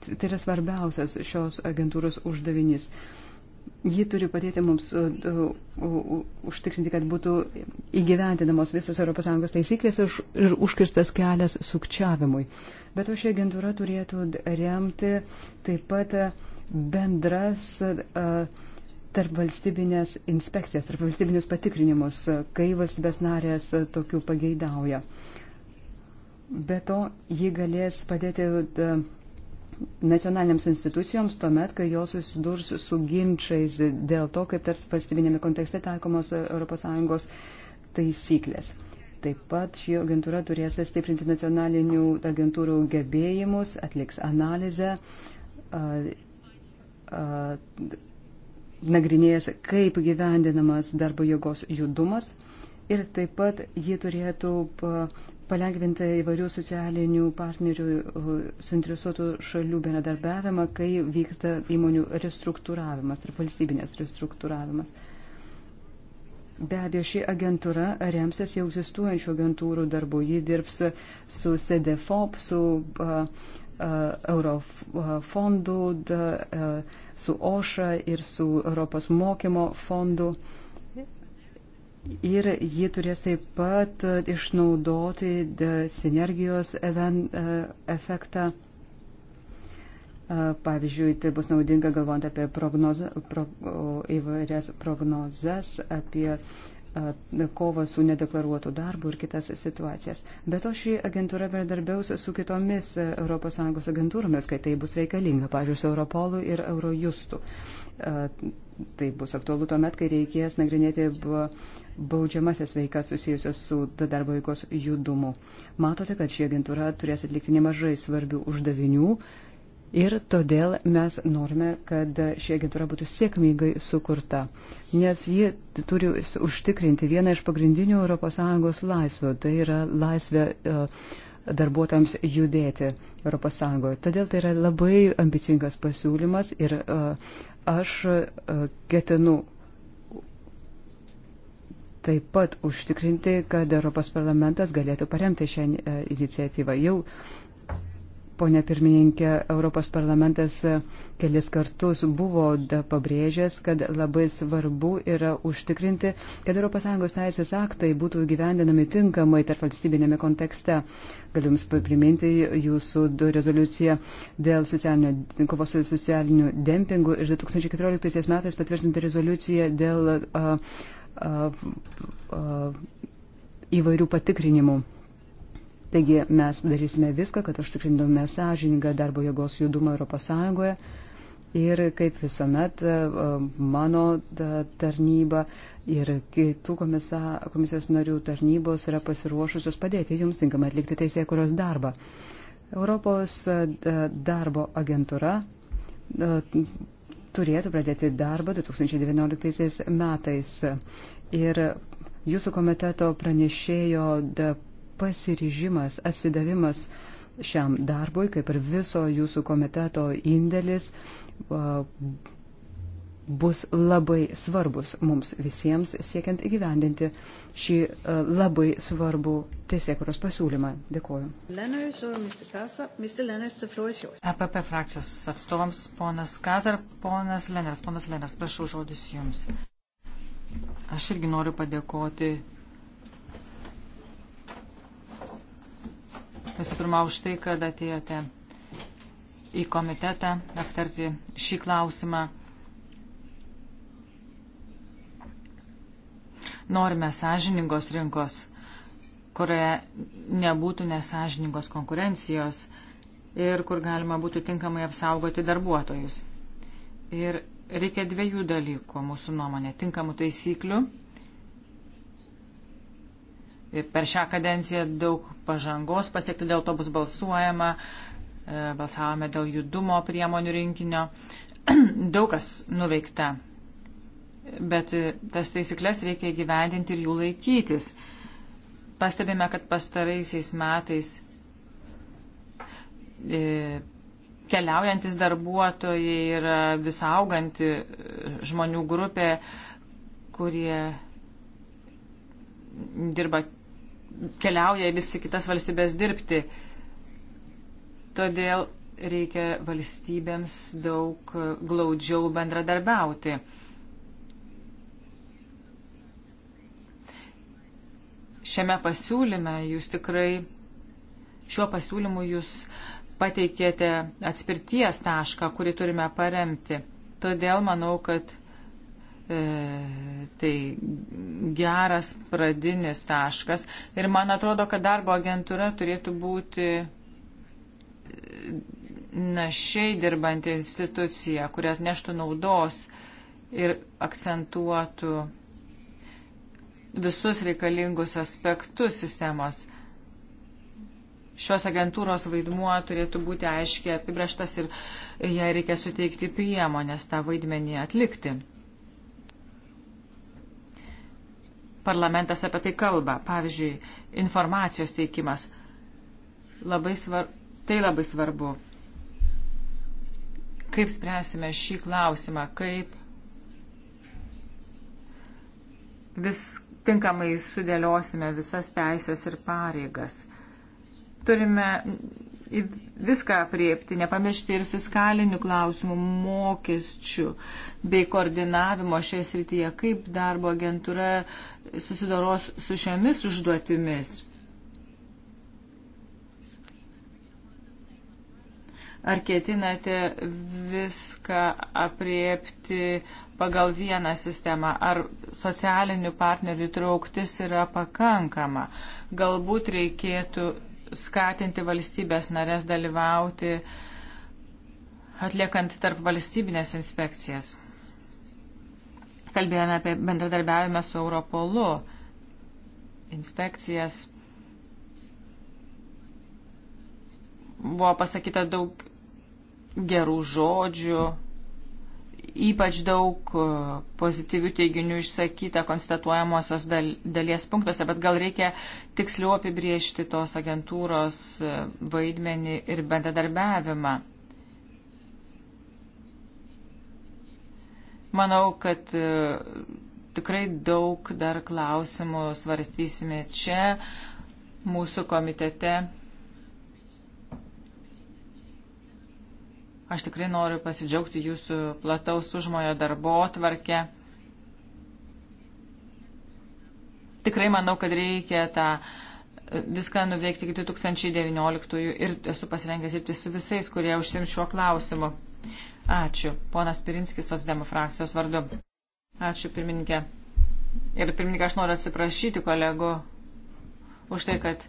tai yra svarbiausias šios agentūros uždavinys. Ji turi padėti mums užtikrinti, kad būtų įgyventinamos visos ES taisyklės ir užkirstas kelias sukčiavimui. Bet o ši agentūra turėtų remti taip pat bendras tarp valstybinės inspekcijas, tarp valstybinius patikrinimus, kai valstybės narės tokių pageidauja. Be to, ji galės padėti e, nacionaliniams institucijoms tuomet, kai jos susidurs su ginčiais dėl to, kaip tarp valstybinėme kontekste taikomos ES taisyklės. Taip pat ši agentūra turės stiprinti nacionalinių agentūrų gebėjimus, atliks analizę, a, a, nagrinėjęs, kaip gyvendinamas darbo jėgos judumas ir taip pat ji turėtų palengvinti įvairių socialinių partnerių uh, suinteresuotų šalių bendradarbiavimą, kai vyksta įmonių restruktūravimas, tarp valstybinės restruktūravimas. Be abejo, ši agentūra remsis jau egzistuojančių agentūrų darbu. Ji dirbs su CDFOP, su uh, uh, Eurofondu, uh, uh, su OŠA ir su Europos mokymo fondu. Uh, Ir ji turės taip pat e, išnaudoti sinergijos e, efektą. E, pavyzdžiui, tai bus naudinga galvojant apie prognoz, pro, įvairias prognozes, apie kovą su nedeklaruotu darbu ir kitas situacijas. Bet o ši agentūra bendradarbiaus su kitomis ES agentūromis, kai tai bus reikalinga, pavyzdžiui, su Europolu ir Eurojustu. Tai bus aktualu tuomet, kai reikės nagrinėti buvo baudžiamasias veikas susijusios su darbo veikos judumu. Matote, kad ši agentūra turės atlikti nemažai svarbių uždavinių ir todėl mes norime, kad ši agentūra būtų sėkmingai sukurta, nes ji turi užtikrinti vieną iš pagrindinių ES laisvių, tai yra laisvė e, darbuotojams judėti ES. Todėl tai yra labai ambicingas pasiūlymas ir e, aš e, ketinu taip pat užtikrinti, kad Europos parlamentas galėtų paremti šią e, iniciatyvą. Jau, ponė pirmininkė, Europos parlamentas e, kelis kartus buvo pabrėžęs, kad labai svarbu yra užtikrinti, kad ES teisės aktai būtų gyvendinami tinkamai tarp valstybinėme kontekste. Galiu Jums priminti Jūsų rezoliuciją dėl kovos su socialiniu dempingu ir 2014 metais patvirtinti rezoliuciją dėl uh, įvairių patikrinimų. Taigi mes darysime viską, kad užtikrintume sąžiningą darbo jėgos judumą ES. Ir kaip visuomet mano tarnyba ir kitų komisijos narių tarnybos yra pasiruošusios padėti jums tinkamai atlikti teisėjų kurios darbą. Europos darbo agentūra turėtų pradėti darbą 2019 metais. Ir jūsų komiteto pranešėjo pasiryžimas, atsidavimas šiam darbui, kaip ir viso jūsų komiteto indėlis, bus labai svarbus mums visiems siekiant įgyvendinti šį uh, labai svarbų teisėkuros pasiūlymą. Dėkuoju. EPP e frakcijos atstovams ponas Kazar, ponas Leners, ponas Leners, prašau žodis jums. Aš irgi noriu padėkoti visų pirma už tai, kad atėjote į komitetą aptarti šį klausimą. Norime sąžiningos rinkos, kurioje nebūtų nesažiningos konkurencijos ir kur galima būtų tinkamai apsaugoti darbuotojus. Ir reikia dviejų dalykų mūsų nuomonė - tinkamų taisyklių. Ir per šią kadenciją daug pažangos pasiekti, dėl to bus balsuojama, e, balsavome dėl judumo priemonių rinkinio. daug kas nuveikta bet e, tas taisyklės reikia gyvendinti ir jų laikytis. Pastebime, kad pastaraisiais metais e, keliaujantis darbuotojai yra visauganti e, žmonių grupė, kurie dirba, keliauja vis į kitas valstybės dirbti. Todėl reikia valstybėms daug glaudžiau bendradarbiauti. šiame pasiūlyme jūs tikrai, šiuo pasiūlymu jūs pateikėte atspirties tašką, kurį turime paremti. Todėl manau, kad e, tai geras pradinis taškas. Ir man atrodo, kad darbo agentūra turėtų būti e, našiai dirbanti institucija, kuri atneštų naudos ir akcentuotų visus reikalingus aspektus sistemos. Šios agentūros vaidmuo turėtų būti aiškiai apibrieštas ir jai reikia suteikti priemonės tą vaidmenį atlikti. Parlamentas apie tai kalba. Pavyzdžiui, informacijos teikimas. Labai svar... Tai labai svarbu. Kaip spręsime šį klausimą, kaip vis tinkamai sudėliosime visas teisės ir pareigas. Turime viską apriepti, nepamiršti ir fiskalinių klausimų, mokesčių bei koordinavimo šioje srityje, kaip darbo agentūra susidoros su šiomis užduotimis. Ar ketinate viską apriepti pagal vieną sistemą, ar socialinių partnerių trauktis yra pakankama. Galbūt reikėtų skatinti valstybės narės dalyvauti atliekant tarp valstybinės inspekcijas. Kalbėjome apie bendradarbiavimą su Europolu, inspekcijas. Buvo pasakyta daug gerų žodžių, Ypač daug e, pozityvių teiginių išsakyta konstatuojamosios dalies punktuose, bet gal reikia tiksliau apibriežti tos agentūros e, vaidmenį ir bendradarbiavimą. Manau, kad e, tikrai daug dar klausimų svarstysime čia, mūsų komitete Aš tikrai noriu pasidžiaugti jūsų plataus užmojo darbo tvarkę. Tikrai manau, kad reikia tą e, viską nuveikti iki 2019 ir esu pasirengęs dirbti su visais, kurie užsims šiuo klausimu. Ačiū. Ponas Pirinskis, Sosdemų frakcijos vardu. Ačiū, pirmininkė. Ir pirmininkė, aš noriu atsiprašyti kolegų už tai, kad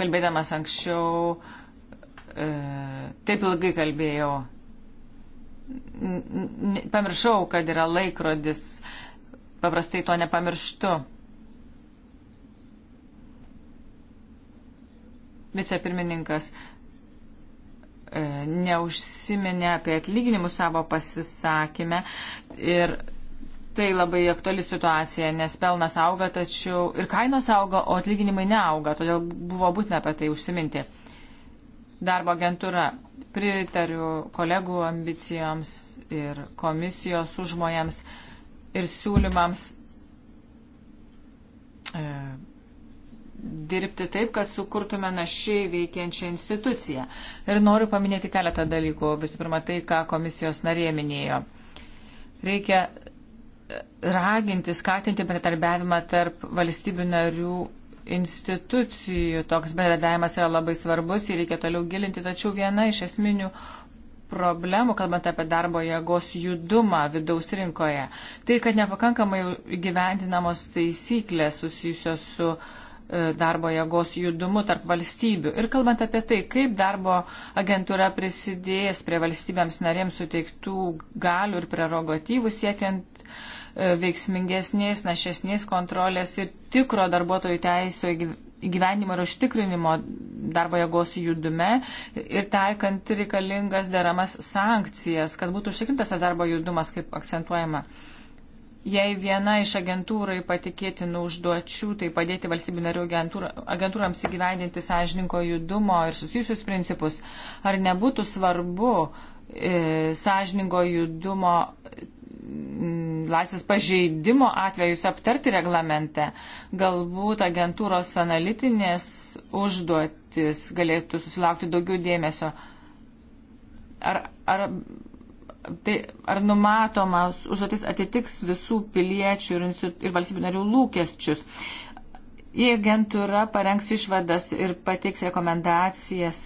kalbėdamas anksčiau uh, E, taip ilgai kalbėjau. Pamiršau, kad yra laikrodis. Paprastai to nepamirštu. Vicepirmininkas e, neužsiminė apie atlyginimus savo pasisakymę ir tai labai aktuali situacija, nes pelnas auga, tačiau ir kainos auga, o atlyginimai neauga, todėl buvo būtina apie tai užsiminti darbo agentūra. Pritariu kolegų ambicijoms ir komisijos užmojams ir siūlymams e, dirbti taip, kad sukurtume našiai veikiančią instituciją. Ir noriu paminėti keletą dalykų. Visų pirma, tai, ką komisijos narė minėjo. Reikia e, raginti, skatinti bendradarbiavimą tarp valstybių narių institucijų toks bendradavimas yra labai svarbus, jį reikia toliau gilinti, tačiau viena iš esminių problemų, kalbant apie darbo jėgos judumą vidaus rinkoje, tai kad nepakankamai gyvendinamos taisyklės susijusios su e, darbo jėgos judumu tarp valstybių. Ir kalbant apie tai, kaip darbo agentūra prisidės prie valstybėms narėms suteiktų galių ir prerogatyvų siekiant uh, E, veiksmingesnės, našesnės kontrolės ir tikro darbuotojų teisų įgyvenimo ir užtikrinimo darbo jėgos judume ir taikant reikalingas deramas sankcijas, kad būtų užtikrintas tas darbo judumas, kaip akcentuojama. Jei viena iš agentūrai patikėtinų užduočių, tai padėti valstybių narių agentūrams įgyvendinti sąžininko judumo ir susijusius principus, ar nebūtų svarbu e, sąžininko judumo laisvės pažeidimo atvejus aptarti reglamente. Galbūt agentūros analitinės užduotis galėtų susilaukti daugiau dėmesio. Ar, ar, tai, ar numatomas užduotis atitiks visų piliečių ir, ir valstybių narių lūkesčius? Jei agentūra parengs išvadas ir pateiks rekomendacijas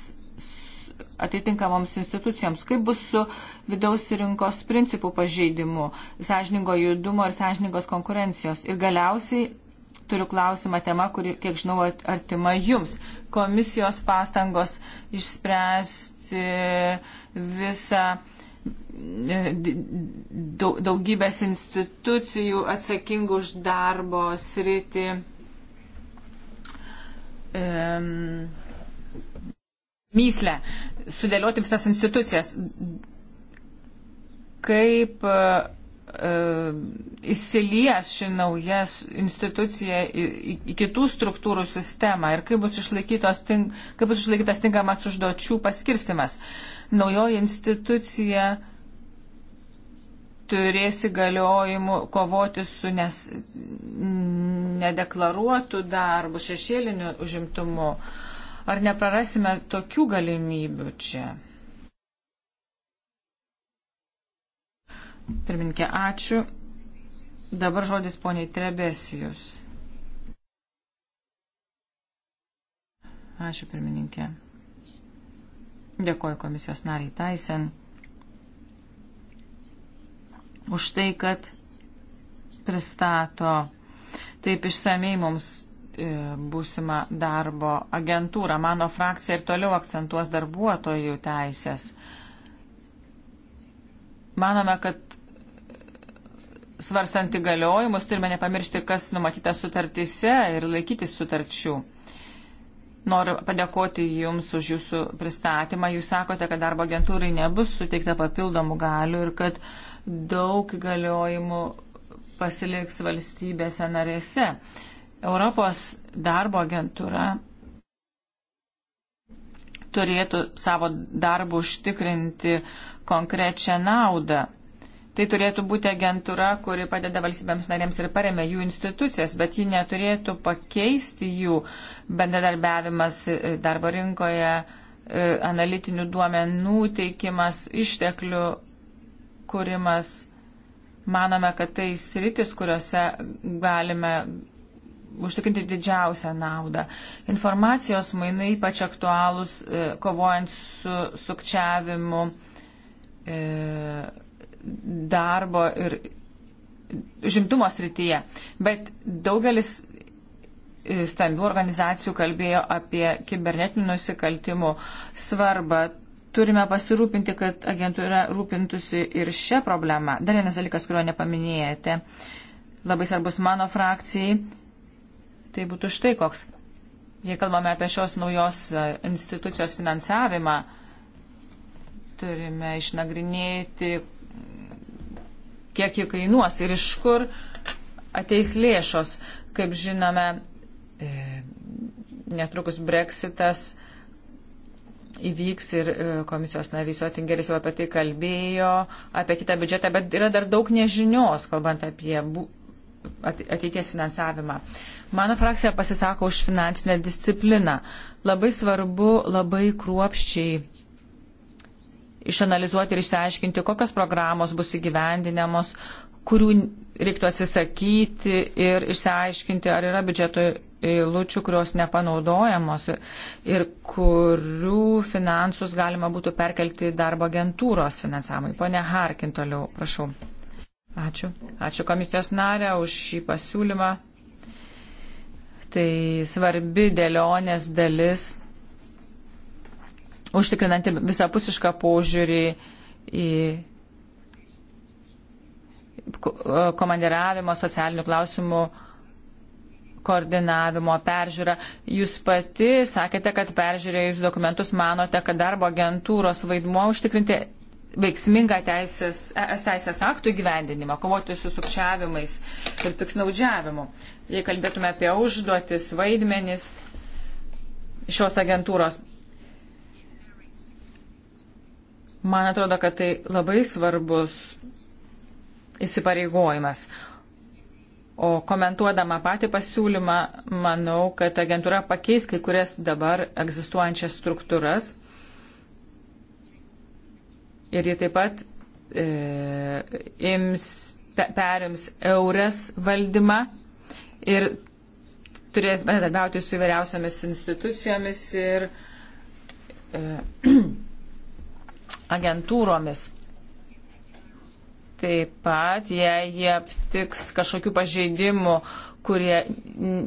atitinkamoms institucijoms. Kaip bus su vidaus rinkos principų pažeidimu, sąžiningo judumo ir sąžiningos konkurencijos. Ir galiausiai turiu klausimą tema, kuri, kiek žinau, artima jums. Komisijos pastangos išspręsti visą e, daugybės institucijų atsakingų už darbo sritį. Um, myslę, sudėlioti visas institucijas, kaip uh, įsilies ši nauja institucija į, į, į kitų struktūrų sistemą ir kaip bus, tink, kaip bus išlaikytas tinkamas užduočių paskirstimas. Naujoji institucija turės įgaliojimų kovoti su nes, nedeklaruotų darbų šešėliniu užimtumu. Uh, Ar neprarasime tokių galimybių čia? Pirminkė, ačiū. Dabar žodis poniai Trebesijus. Ačiū, pirmininkė. Dėkoju komisijos nariai Taisen už tai, kad pristato taip išsamei mums E, būsimą darbo agentūrą. Mano frakcija ir toliau akcentuos darbuotojų teisės. Manome, kad svarstant įgaliojimus turime nepamiršti, kas numatyta sutartyse ir laikytis sutarčių. Noriu padėkoti Jums už Jūsų pristatymą. Jūs sakote, kad darbo agentūrai nebus suteikta papildomų galių ir kad daug įgaliojimų pasiliks valstybėse narėse. Uh, Europos darbo agentūra turėtų savo darbų užtikrinti konkrečią naudą. Tai turėtų būti agentūra, kuri padeda valstybėms narėms ir paremia jų institucijas, bet ji neturėtų pakeisti jų bendradarbiavimas e, darbo rinkoje, e, analitinių duomenų teikimas, išteklių kūrimas. Manome, kad tai sritis, kuriuose galime užtikrinti didžiausią naudą. Informacijos mainai ypač aktualūs e, kovojant su sukčiavimu e, darbo ir žimtumo srityje. Bet daugelis e, stambių organizacijų kalbėjo apie kibernetinių nusikaltimų svarbą. Turime pasirūpinti, kad agentūra rūpintusi ir šią problemą. Dar vienas dalykas, kurio nepaminėjote, labai svarbus mano frakcijai tai būtų štai koks. Jei kalbame apie šios naujos e, institucijos finansavimą, turime išnagrinėti, kiek ji kainuos ir iš kur ateis lėšos. Kaip žinome, e, netrukus breksitas įvyks ir e, komisijos narys Otingeris jau apie tai kalbėjo, apie kitą biudžetą, bet yra dar daug nežinios, kalbant apie ateities finansavimą. Mano frakcija pasisako už finansinę discipliną. Labai svarbu labai kruopščiai išanalizuoti ir išsiaiškinti, kokios programos bus įgyvendinamos, kurių reiktų atsisakyti ir išsiaiškinti, ar yra biudžeto eilučių, kurios nepanaudojamos ir kurių finansus galima būtų perkelti darbo agentūros finansavimui. Pone Harkin, toliau, prašau. Ačiū. Ačiū komisijos narė už šį pasiūlymą tai svarbi dėlionės dalis, užtikrinanti visapusišką požiūrį į e, komandiravimo, socialinių klausimų koordinavimo peržiūra. Jūs pati sakėte, kad peržiūrėjus dokumentus manote, kad darbo agentūros vaidmuo užtikrinti veiksmingą teisės, e, es teisės aktų įgyvendinimą, kovoti su sukčiavimais ir piknaudžiavimu jei kalbėtume apie užduotis, vaidmenis šios agentūros. Man atrodo, kad tai labai svarbus įsipareigojimas. O komentuodama patį pasiūlymą, manau, kad agentūra pakeis kai kurias dabar egzistuojančias struktūras. Ir ji taip pat e, ims, pe, perims eures valdymą ir turės bendradarbiauti su įvairiausiamis institucijomis ir e, agentūromis. Taip pat, jei jie aptiks kažkokių pažeidimų, kurie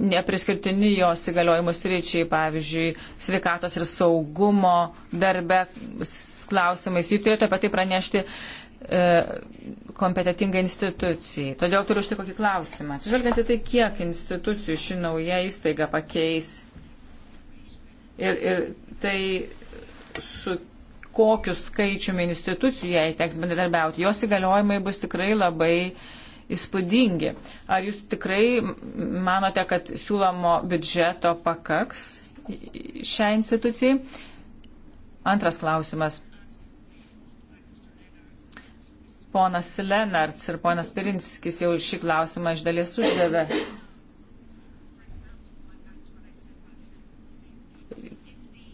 nepriskirtini jos įgaliojimus ryčiai, pavyzdžiui, sveikatos ir saugumo darbe klausimais, jį turėtų apie tai pranešti E, kompetitingai institucijai. Todėl turiu štai kokį klausimą. Atsižvelgiant į tai, kiek institucijų ši nauja įstaiga pakeis ir, ir tai su kokiu skaičiumi institucijų jai teks bendradarbiauti, jos įgaliojimai bus tikrai labai įspūdingi. Ar jūs tikrai manote, kad siūlomo biudžeto pakaks šiai institucijai? Antras klausimas Ponas Lenarts ir ponas Pirinskis jau šį klausimą iš dalies uždavė.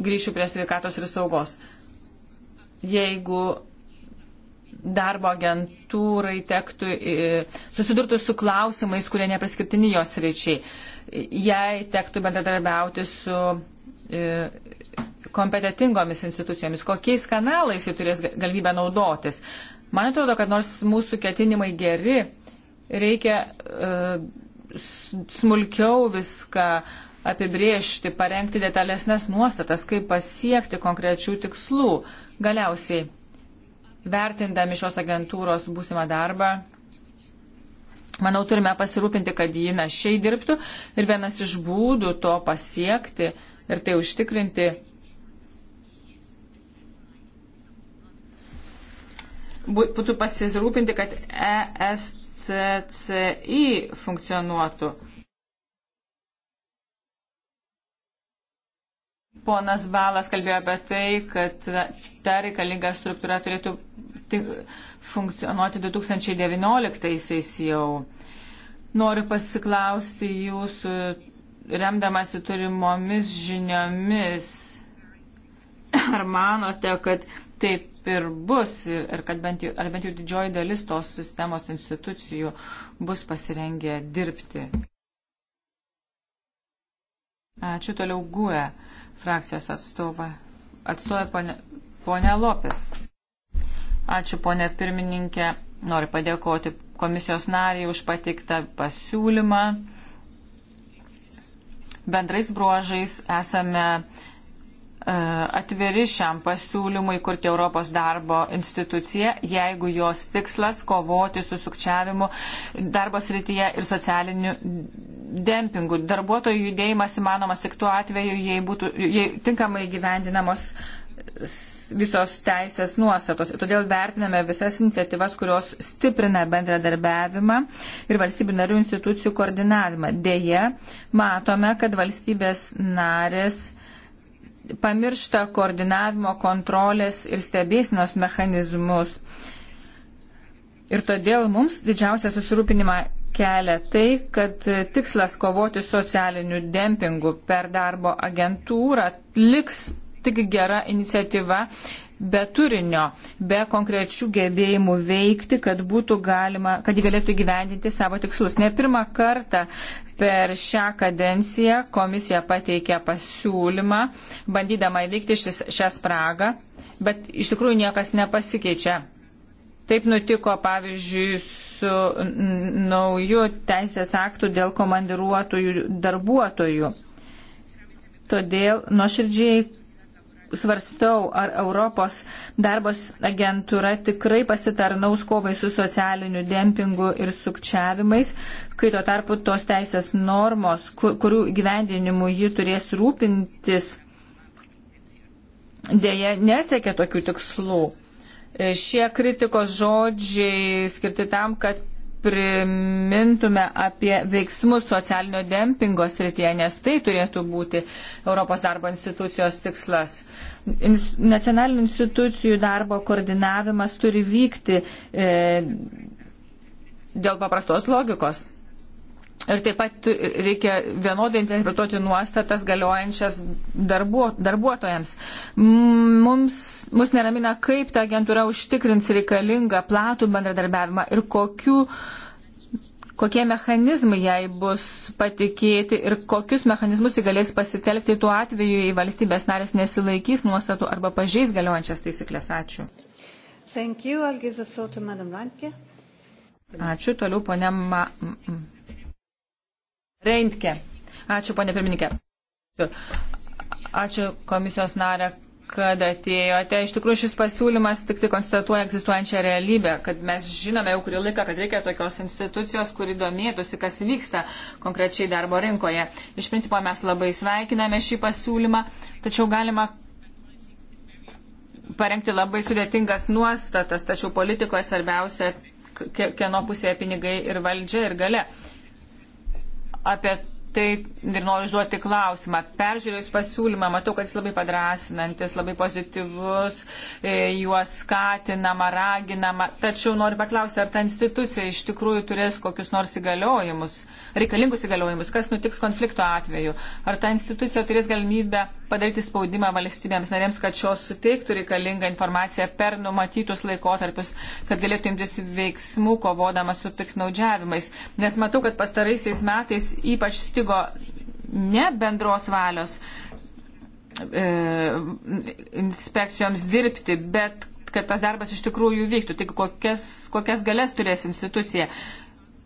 Grįšiu prie sveikatos ir saugos. Jeigu darbo agentūrai tektų e, susidurtų su klausimais, kurie nepriskirtini jos reičiai. Jai tektų bendradarbiauti su e, kompetitingomis institucijomis, kokiais kanalais jie turės galimybę naudotis. Man atrodo, kad nors mūsų ketinimai geri, reikia uh, smulkiau viską apibriežti, parengti detalesnės nuostatas, kaip pasiekti konkrečių tikslų. Galiausiai, vertindami šios agentūros būsimą darbą, manau, turime pasirūpinti, kad ji našiai dirbtų ir vienas iš būdų to pasiekti ir tai užtikrinti būtų pasizrūpinti, kad ESCCI funkcionuotų. Ponas Balas kalbėjo apie tai, kad ta reikalinga struktūra turėtų funkcionuoti 2019-aisiais jau. Noriu pasiklausti jūsų, remdamasi turimomis žiniomis, ar manote, kad taip ir bus, ir kad bent jau, bent jau didžioji dalis tos sistemos institucijų bus pasirengę dirbti. Ačiū toliau GUE frakcijos atstovą. Atstovė ponė, ponė Lopes. Ačiū ponė pirmininkė. Noriu padėkoti komisijos nariai už patiktą pasiūlymą. Bendrais bruožais esame E, atviri šiam pasiūlymui kurti Europos darbo instituciją, jeigu jos tikslas kovoti su sukčiavimu darbo srityje ir socialiniu dempingu. Darbuotojų judėjimas įmanomas tik tuo atveju, jei, būtų, jei tinkamai gyvendinamos visos teisės nuostatos. Todėl vertiname visas iniciatyvas, kurios stiprina bendradarbiavimą ir valstybių narių institucijų koordinavimą. Deja, matome, kad valstybės narės pamiršta koordinavimo, kontrolės ir stebėsinos mechanizmus. Ir todėl mums didžiausia susirūpinimą kelia tai, kad tikslas kovoti socialiniu dempingu per darbo agentūrą liks tik gera iniciatyva be turinio, be konkrečių gebėjimų veikti, kad būtų galima, kad jį galėtų gyvendinti savo tikslus. Ne pirmą kartą Per šią kadenciją komisija pateikė pasiūlymą, bandydama įveikti šis, šią spragą, bet iš tikrųjų niekas nepasikeičia. Taip nutiko, pavyzdžiui, su nauju teisės aktų dėl komandiruotojų darbuotojų. Todėl nuoširdžiai svarstau, ar Europos darbos agentūra tikrai pasitarnaus kovai su socialiniu dempingu ir sukčiavimais, kai tuo tarpu tos teisės normos, kur, kurių gyvendinimu ji turės rūpintis, dėja nesiekia tokių tikslų. Šie kritikos žodžiai skirti tam, kad primintume apie veiksmus socialinio dempingo srityje, nes tai turėtų būti Europos darbo institucijos tikslas. Nacionalinių institucijų darbo koordinavimas turi vykti e, dėl paprastos logikos. Ir taip pat reikia vienodai interpretuoti nuostatas galiojančias darbuo, darbuotojams. Mums, mus neramina, kaip ta agentūra užtikrins reikalingą platų bendradarbiavimą ir kokiu, kokie mechanizmai jai bus patikėti ir kokius mechanizmus jį galės pasitelkti tuo atveju, jei valstybės narės nesilaikys nuostatų arba pažeis galiojančias taisyklės. Ačiū. Ačiū. Toliau ponia Ma. Reintke. Ačiū, ponė pirmininkė. Ačiū komisijos narė, kad atėjote. Iš tikrųjų, šis pasiūlymas tik tai konstatuoja egzistuojančią realybę, kad mes žinome jau kurį laiką, kad reikia tokios institucijos, kuri domėtųsi, kas vyksta konkrečiai darbo rinkoje. Iš principo mes labai sveikiname šį pasiūlymą, tačiau galima parengti labai sudėtingas nuostatas, tačiau politikoje svarbiausia, kieno pusėje pinigai ir valdžia ir gale apie tai ir noriu užduoti klausimą. Peržiūrėjus pasiūlymą, matau, kad jis labai padrasinantis, labai pozityvus, e, juos skatinama, raginama. Tačiau noriu paklausti, ar ta institucija iš tikrųjų turės kokius nors įgaliojimus, reikalingus įgaliojimus, kas nutiks konflikto atveju. Ar ta institucija turės galimybę padaryti spaudimą valstybėms narėms, kad šios suteiktų reikalingą informaciją per numatytus laikotarpius, kad galėtų imtis veiksmų kovodama su piknaudžiavimais. Nes matau, kad pastaraisiais metais ypač stigo ne bendros valios e, inspekcijoms dirbti, bet kad tas darbas iš tikrųjų vyktų. Tik kokias, kokias galės turės institucija.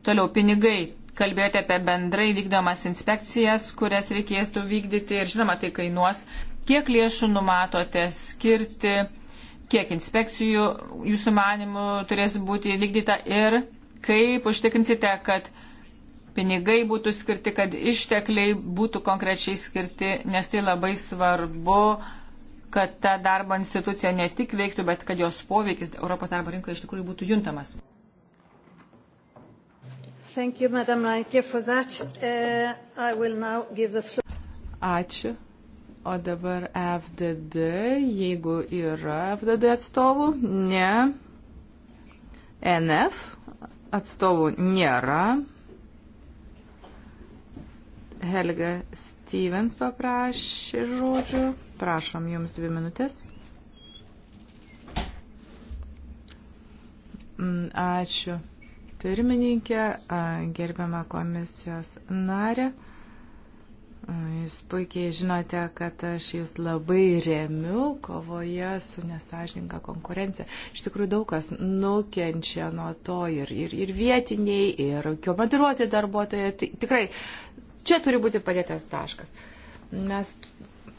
Toliau pinigai kalbėjote apie bendrai vykdomas inspekcijas, kurias reikėtų vykdyti ir žinoma, tai kainuos. Kiek lėšų numatote skirti, kiek inspekcijų jūsų manimų turės būti vykdyta ir kaip užtikrinsite, kad pinigai būtų skirti, kad ištekliai būtų konkrečiai skirti, nes tai labai svarbu, kad ta darbo institucija ne tik veiktų, bet kad jos poveikis Europos darbo rinkoje iš tikrųjų būtų juntamas. Thank you, Madam Rankė, for that. Uh, I will now give the floor. Ačiū. O dabar FDD, jeigu yra FDD atstovų, ne. NF atstovų nėra. Helga Stevens paprašė žodžių. Prašom, jums dvi minutės. Mm, ačiū pirmininkė, gerbiama komisijos narė. Jūs puikiai žinote, kad aš jūs labai remiu kovoje su nesažininka konkurencija. Iš tikrųjų daug kas nukenčia nuo to ir, ir, ir vietiniai, ir komandiruoti darbuotojai. Tai, tikrai čia turi būti padėtas taškas. Mes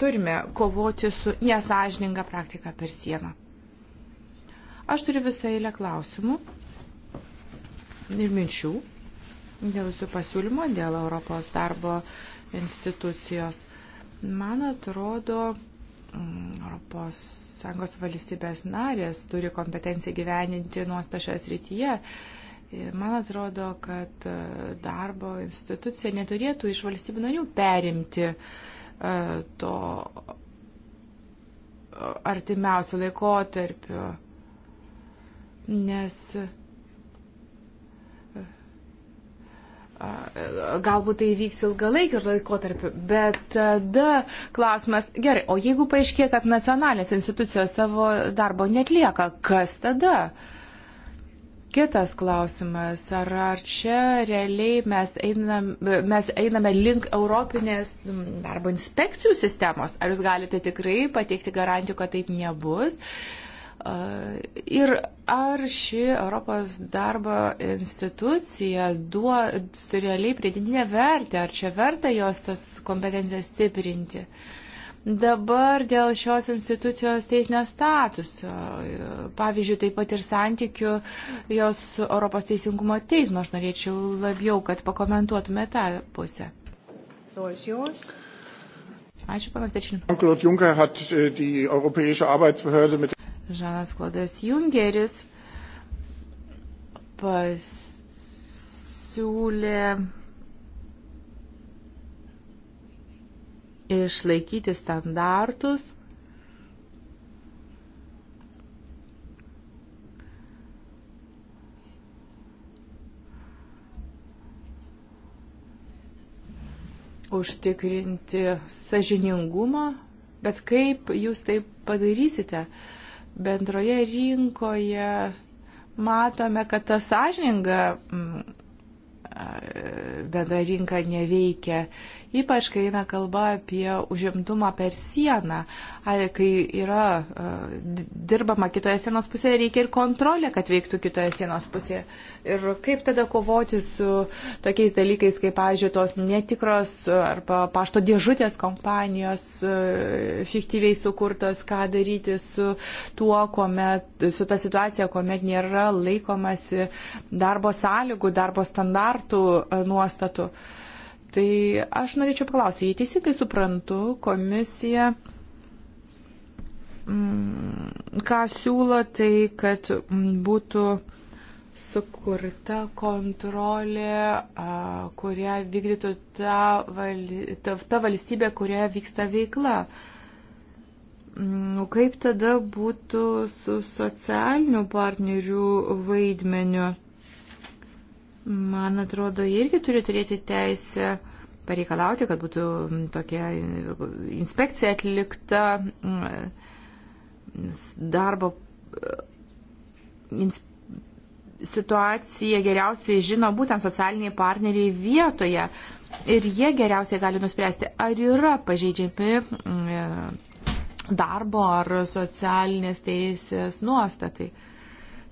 turime kovoti su nesažininga praktika per sieną. Aš turiu visą eilę klausimų ir minčių dėl jūsų pasiūlymo, dėl Europos darbo institucijos. Man atrodo, mm, Europos Sąjungos valstybės narės turi kompetenciją gyveninti nuostašęs rytyje. Man atrodo, kad e, darbo institucija neturėtų iš valstybių narių perimti e, to artimiausių laikotarpių, nes Galbūt tai vyks ilgalaikį laikotarpį, bet tada klausimas, gerai, o jeigu paaiškė, kad nacionalinės institucijos savo darbo netlieka, kas tada? Kitas klausimas, ar, ar čia realiai mes, einam, mes einame link Europinės darbo inspekcijų sistemos? Ar jūs galite tikrai pateikti garantijų, kad taip nebus? Uh, Ir ar ši Europos darbo institucija duo realiai pridinė vertė, ar čia verta jos tas kompetencijas stiprinti? Dabar dėl šios institucijos teisinio statuso, pavyzdžiui, taip pat ir santykių jos Europos teisingumo teismo, aš norėčiau labiau, kad pakomentuotume tą pusę. Ačiū, panas Dečin. Žanas Klodas Jungeris pasiūlė išlaikyti standartus užtikrinti sažiningumą, bet kaip jūs tai padarysite? Uh, bendroje rinkoje matome, kad ta sąžininga mm, bendra rinka neveikia ypač kai eina kalba apie užimtumą per sieną. Kai yra dirbama kitoje sienos pusėje, reikia ir kontrolė, kad veiktų kitoje sienos pusėje. Ir kaip tada kovoti su tokiais dalykais, kaip, pavyzdžiui, tos netikros arba pašto dėžutės kompanijos fiktyviai sukurtos, ką daryti su tuo, kuomet, su ta situacija, kuomet nėra laikomasi darbo sąlygų, darbo standartų nuostatų. Uh, Tai aš norėčiau paklausti, jei teisingai suprantu, komisija mm, ką siūlo, tai kad būtų sukurta kontrolė, kurią vykdytų ta, vali, ta, ta valstybė, kurioje vyksta veikla. Mm, kaip tada būtų su socialiniu partneriu vaidmeniu? Man atrodo, jie irgi turi turėti teisę pareikalauti, kad būtų mm, tokia e, inspekcija atlikta mm, darbo e, situacija geriausiai žino būtent socialiniai partneriai vietoje ir jie geriausiai gali nuspręsti, ar yra pažeidžiami mm, e, darbo ar socialinės teisės nuostatai.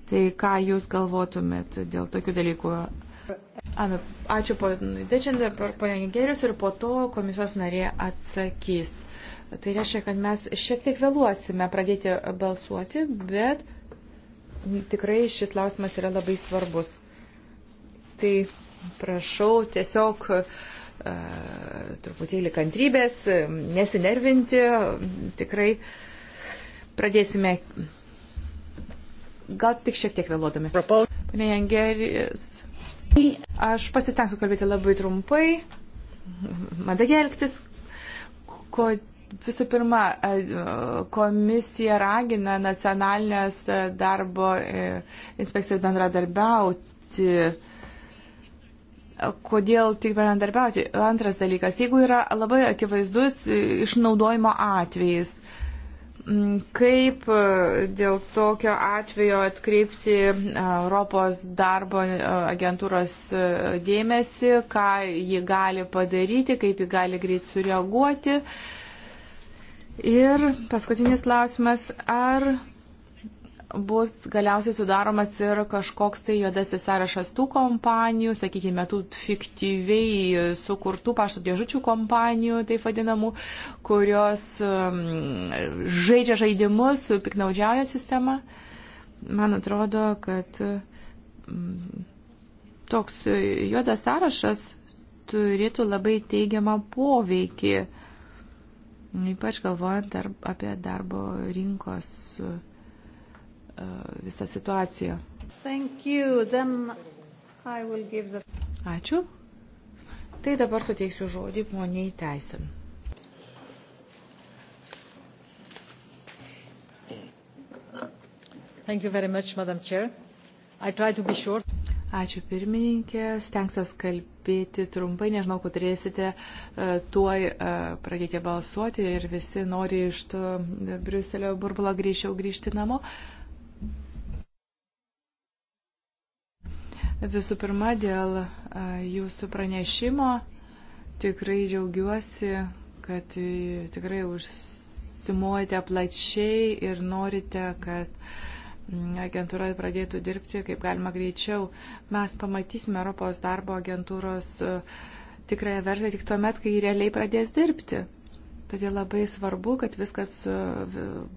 Tai ką jūs galvotumėt dėl tokių dalykų? Ana, ačiū ponui Dečendė, ponė Gerius ir po to komisijos narė atsakys. Tai reiškia, kad mes šiek tiek vėluosime pradėti balsuoti, bet tikrai šis klausimas yra labai svarbus. Tai prašau tiesiog uh, truputėlį kantrybės, nesinervinti, tikrai pradėsime gal tik šiek tiek vėluodami. Pane Jangeris, aš pasitengsiu kalbėti labai trumpai, madagiai elgtis. Ko, visų pirma, komisija ragina nacionalinės darbo e, inspekcijas bendradarbiauti kodėl tik bendradarbiauti. Antras dalykas, jeigu yra labai akivaizdus e, išnaudojimo atvejis, Kaip e, dėl tokio atvejo atkreipti e, Europos darbo e, agentūros dėmesį, ką ji gali padaryti, kaip ji gali greit sureaguoti. Ir paskutinis klausimas, ar bus galiausiai sudaromas ir kažkoks tai juodasis sąrašas tų kompanijų, sakykime, tų fiktyviai sukurtų pašto dėžučių kompanijų, taip vadinamų, kurios um, žaidžia žaidimus, piknaudžiauja sistemą. Man atrodo, kad um, toks juodas sąrašas turėtų labai teigiamą poveikį, ypač galvojant dar apie darbo rinkos E, visą situaciją. The... Ačiū. Tai dabar suteiksiu žodį poniai Teisin. Much, Ačiū pirmininkė, stengsas kalbėti trumpai, nežinau, kuo turėsite, e, tuoj e, pradėti balsuoti ir visi nori iš to Briuselio burbulo grįžčiau grįžti namo. Uh, Visų pirma, dėl jūsų pranešimo tikrai džiaugiuosi, kad e, tikrai užsimuojate plačiai ir norite, kad agentūra pradėtų dirbti kaip galima greičiau. Mes pamatysime Europos darbo agentūros e, tikrąją vertę tik tuo met, kai realiai pradės dirbti. Todėl labai svarbu, kad viskas e,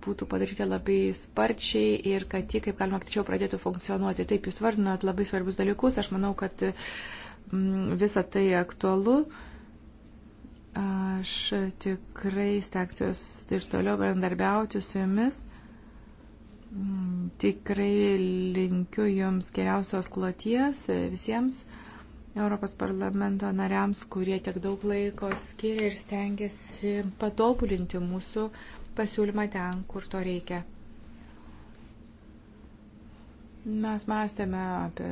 būtų padaryta labai sparčiai ir kad ji kaip galima greičiau pradėtų funkcionuoti. Taip, jūs vardinot labai svarbius dalykus, aš manau, kad visa tai aktualu. Aš tikrai stengsiuosi ir toliau bendarbiauti su jumis. Tikrai linkiu jums geriausios kloties visiems. Europos parlamento nariams, kurie tiek daug laiko skiria ir stengiasi patobulinti mūsų pasiūlymą ten, kur to reikia. Mes mąstėme apie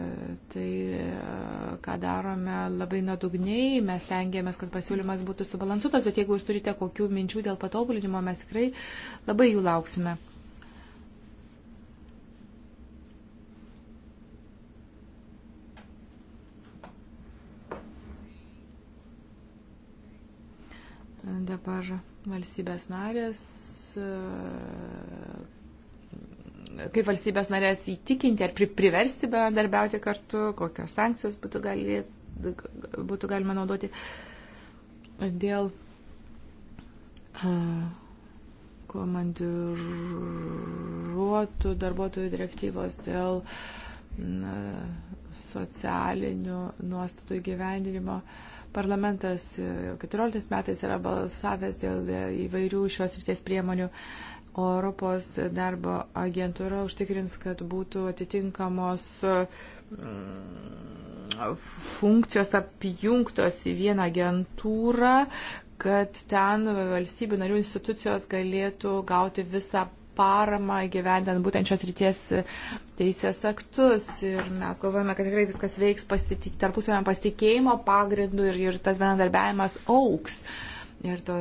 tai, ką darome labai nuodugniai, mes tengiamės, kad pasiūlymas būtų subalansuotas, bet jeigu jūs turite kokių minčių dėl patobulinimo, mes tikrai labai jų lauksime. Dabar valstybės narės e, kaip valstybės narės įtikinti ar pri, priversti bendarbiauti kartu, kokios sankcijos būtų, gali, būtų galima naudoti dėl e, komandiruotų darbuotojų direktyvos, dėl na, socialinių nuostatų įgyvendinimo. Uh, Parlamentas 14 e, metais yra balsavęs dėl įvairių šios ryties priemonių. Europos darbo agentūra užtikrins, kad būtų atitinkamos e, funkcijos apjungtos į vieną agentūrą, kad ten valstybių narių institucijos galėtų gauti visą paramą įgyvendant būtent šios ryties teisės aktus. Ir mes galvojame, kad tikrai viskas veiks pasitik, tarpusavio pasitikėjimo pagrindu ir, ir tas bendradarbiavimas auks. Ir to,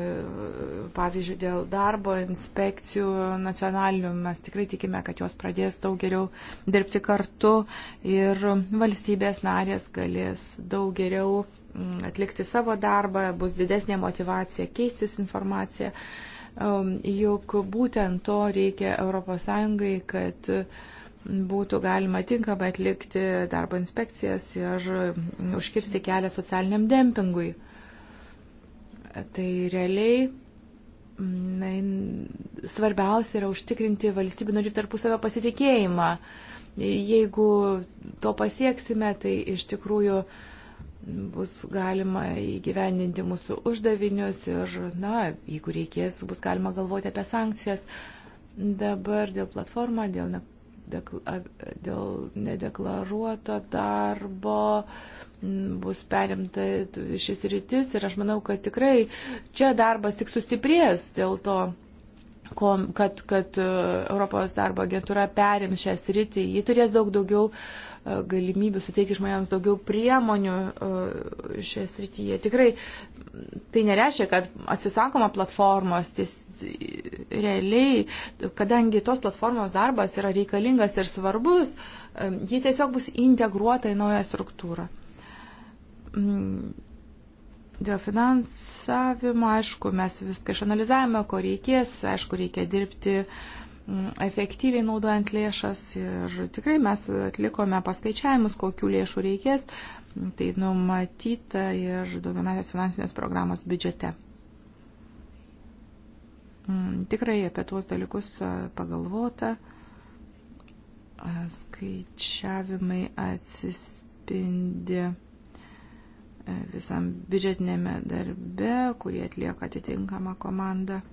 pavyzdžiui, dėl darbo inspekcijų nacionalinių mes tikrai tikime, kad jos pradės daug geriau dirbti kartu ir valstybės narės galės daug geriau mm, atlikti savo darbą, bus didesnė motivacija keistis informaciją. Uh, Ehm, juk būtent to reikia ES, kad būtų galima tinkamai atlikti darbo inspekcijas ir mm, užkirsti kelią socialiniam dempingui. Tai realiai mm, na, svarbiausia yra užtikrinti valstybių narių tarpusavio pasitikėjimą. Jeigu to pasieksime, tai iš tikrųjų uh, bus galima įgyvendinti mūsų uždavinius ir, na, jeigu reikės, bus galima galvoti apie sankcijas. Dabar dėl platformą, dėl, ne, dekla, dėl nedeklaruoto darbo bus perimta šis rytis ir aš manau, kad tikrai čia darbas tik sustiprės dėl to kad, kad e, Europos darbo agentūra perims šią sritį, ji turės daug daugiau uh, E, galimybių suteikti žmonėms daugiau priemonių e, šioje srityje. Tikrai tai nereiškia, kad atsisakoma platformos. Ties, realiai, kadangi tos platformos darbas yra reikalingas ir svarbus, e, ji tiesiog bus integruota į naują struktūrą. Mm, dėl finansavimo, aišku, mes viską išanalizavome, ko reikės, aišku, reikia dirbti uh, efektyviai naudojant lėšas ir tikrai mes atlikome paskaičiavimus, kokių lėšų reikės, tai numatyta ir daugiametės finansinės programos biudžete. Mm, tikrai apie tuos dalykus e, pagalvota, e, skaičiavimai atsispindi e, visam biudžetinėme darbe, kurį atlieka atitinkama komanda.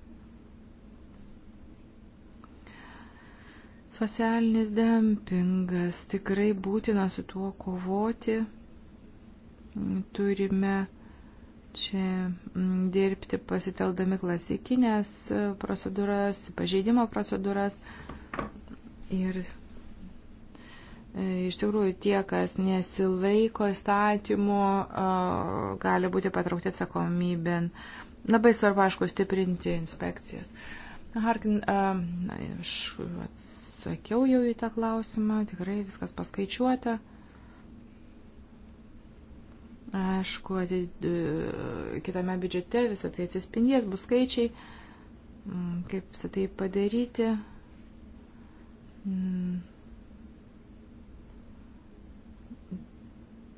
Socialinis dempingas tikrai būtina su tuo kovoti. Turime čia mm, dirbti pasiteldami klasikinės e, procedūras, pažeidimo procedūras. Ir e, iš tikrųjų tie, kas nesilaiko įstatymų, e, gali būti patraukti atsakomybėn. Labai svarbu, aišku, stiprinti inspekcijas. Harkin, iš atsakiau jau į tą klausimą, tikrai viskas paskaičiuota. Aišku, e, kitame biudžete visą tai atsispindės, bus skaičiai, mm, kaip visą tai padaryti. Mm.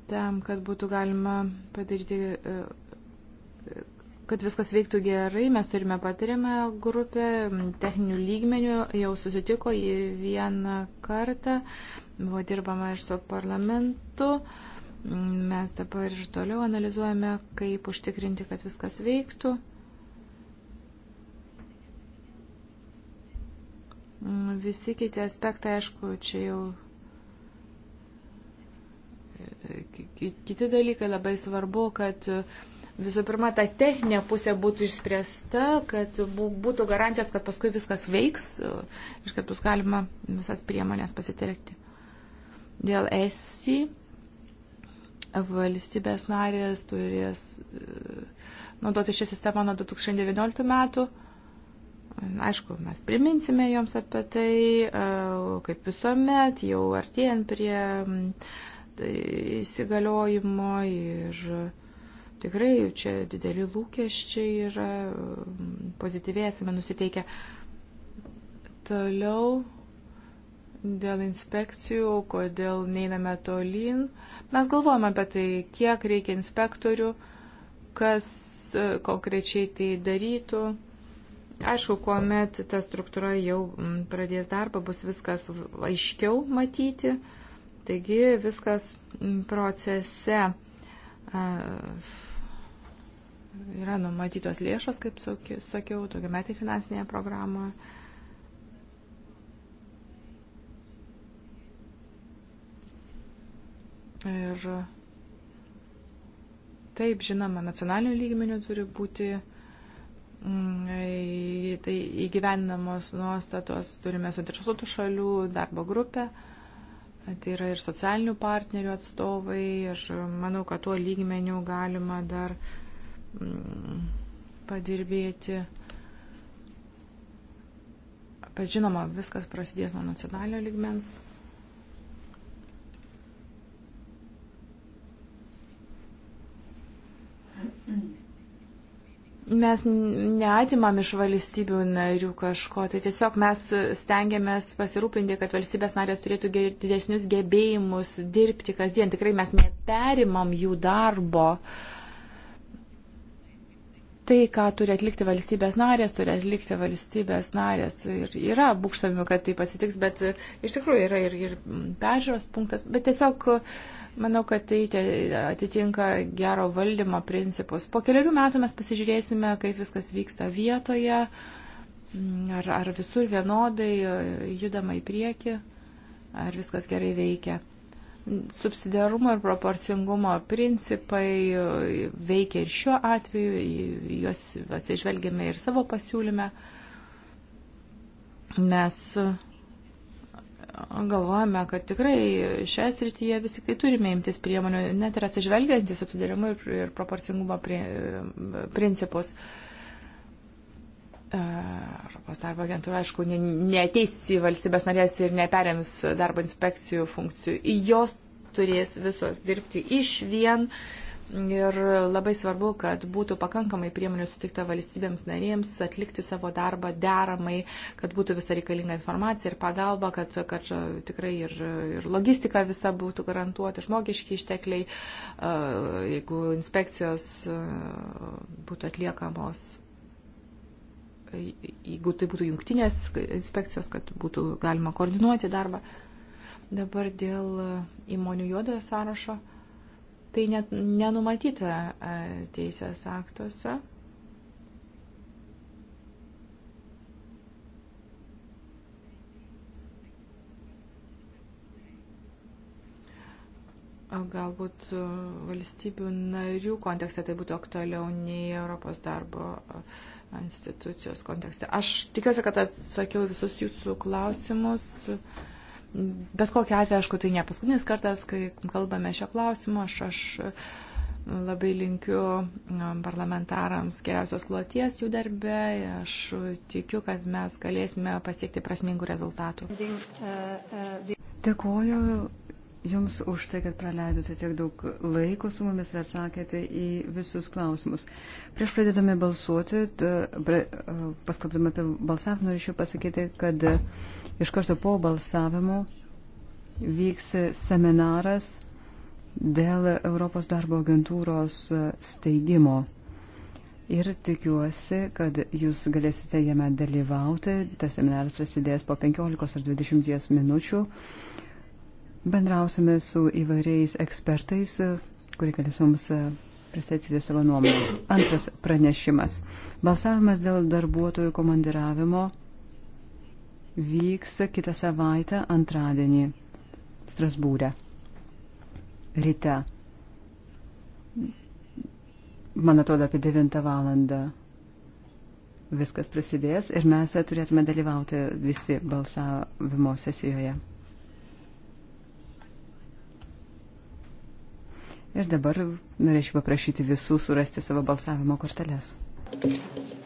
Tam, kad būtų galima padaryti e, e, Kad viskas veiktų gerai, mes turime patariamą grupę techninių lygmenių, jau susitiko į vieną kartą, buvo dirbama ir su parlamentu. Mes dabar ir toliau analizuojame, kaip užtikrinti, kad viskas veiktų. Visi kiti aspektai, aišku, čia jau e, e, kiti dalykai labai svarbu, kad uh, visų pirma ta techninė pusė būtų išspręsta, kad būtų garantijos, kad paskui viskas veiks uh, ir kad bus galima visas priemonės pasitelkti. Dėl esi valstybės narės turės uh, naudoti šią sistemą nuo 2019 metų. Aišku, mes priminsime joms apie tai, uh, kaip visuomet, jau artėjant prie mm, tai įsigaliojimo ir. Tai Tikrai čia dideli lūkesčiai yra mm, pozityviai esame nusiteikę. Toliau dėl inspekcijų, kodėl neiname tolyn. Mes galvojame apie tai, kiek reikia inspektorių, kas e, konkrečiai tai darytų. Aišku, kuomet ta struktūra jau mm, pradės darbą, bus viskas aiškiau matyti. Taigi viskas mm, procese Yra numatytos lėšos, kaip sakiau, tokia metai finansinėje programoje. Ir taip, žinoma, nacionalinių lygmenių turi būti mm, tai įgyvendinamos nuostatos, turime suinteresuotų šalių darbo grupę. Tai yra ir socialinių partnerių atstovai. Aš manau, kad tuo lygmeniu galima dar mm, padirbėti. Bet žinoma, viskas prasidės nuo nacionalinio ligmens. Mm-hmm. Mes neatimam iš valstybių narių kažko, tai tiesiog mes stengiamės pasirūpinti, kad valstybės narės turėtų didesnius gebėjimus dirbti kasdien. Tikrai mes neperimam jų darbo. Tai, ką turi atlikti valstybės narės, turi atlikti valstybės narės. Ir yra būkštavimų, kad taip atsitiks, bet iš tikrųjų yra ir, ir peržiūros punktas. Bet tiesiog uh, Manau, kad tai atitinka gero valdymo principus. Po keliarių metų mes pasižiūrėsime, kaip viskas vyksta vietoje, mm, ar, ar visur vienodai judama į priekį, ar viskas gerai veikia subsidiarumo ir proporcingumo principai veikia ir šiuo atveju, juos atsižvelgėme ir savo pasiūlyme. Mes galvojame, kad tikrai šioje srityje vis tik tai turime imtis priemonių, net ir atsižvelgiant į subsidiarimą ir, ir proporcingumo pri, principus. E, Europos darbo agentūra, aišku, neteis į valstybės narės ir neperėms darbo inspekcijų funkcijų. Jos turės visos dirbti iš vien. Uh, Ir labai svarbu, kad būtų pakankamai priemonių sutikta valstybėms narėms atlikti savo darbą deramai, kad būtų visa reikalinga informacija ir pagalba, kad, kad tikrai ir, ir logistika visa būtų garantuota, žmogiški ištekliai, jeigu inspekcijos būtų atliekamos, jeigu tai būtų jungtinės inspekcijos, kad būtų galima koordinuoti darbą. Dabar dėl įmonių juodojo sąrašo tai net nenumatyta e, teisės aktuose. galbūt e, valstybių narių kontekste tai būtų aktualiau nei Europos darbo e, institucijos kontekste. Aš tikiuosi, kad atsakiau visus jūsų klausimus. Uh, Bet kokia atveju, aišku, tai ne paskutinis kartas, kai kalbame šio klausimu, aš, aš labai linkiu parlamentarams geriausios kloties jų darbę, aš tikiu, kad mes galėsime pasiekti prasmingų rezultatų. E, e, Dėkuoju Jums už tai, kad praleidote tiek daug laiko su mumis ir atsakėte į visus klausimus. Prieš pradėdami balsuoti, e, paskelbdami apie balsavimą, norėčiau pasakyti, kad iš karto po balsavimo vyks seminaras dėl Europos darbo agentūros steigimo. Ir tikiuosi, kad jūs galėsite jame dalyvauti. Tas seminaras prasidės po 15 ar 20 minučių bendrausime su įvairiais ekspertais, kurie galės mums e, pristatyti savo nuomonę. Antras pranešimas. Balsavimas dėl darbuotojų komandiravimo vyks kitą savaitę antradienį Strasbūrė. Ryte. Man atrodo, apie 9 valandą viskas prasidės ir mes turėtume dalyvauti visi balsavimo sesijoje. Ir dabar norėčiau paprašyti visų surasti savo balsavimo korteles. Thank you.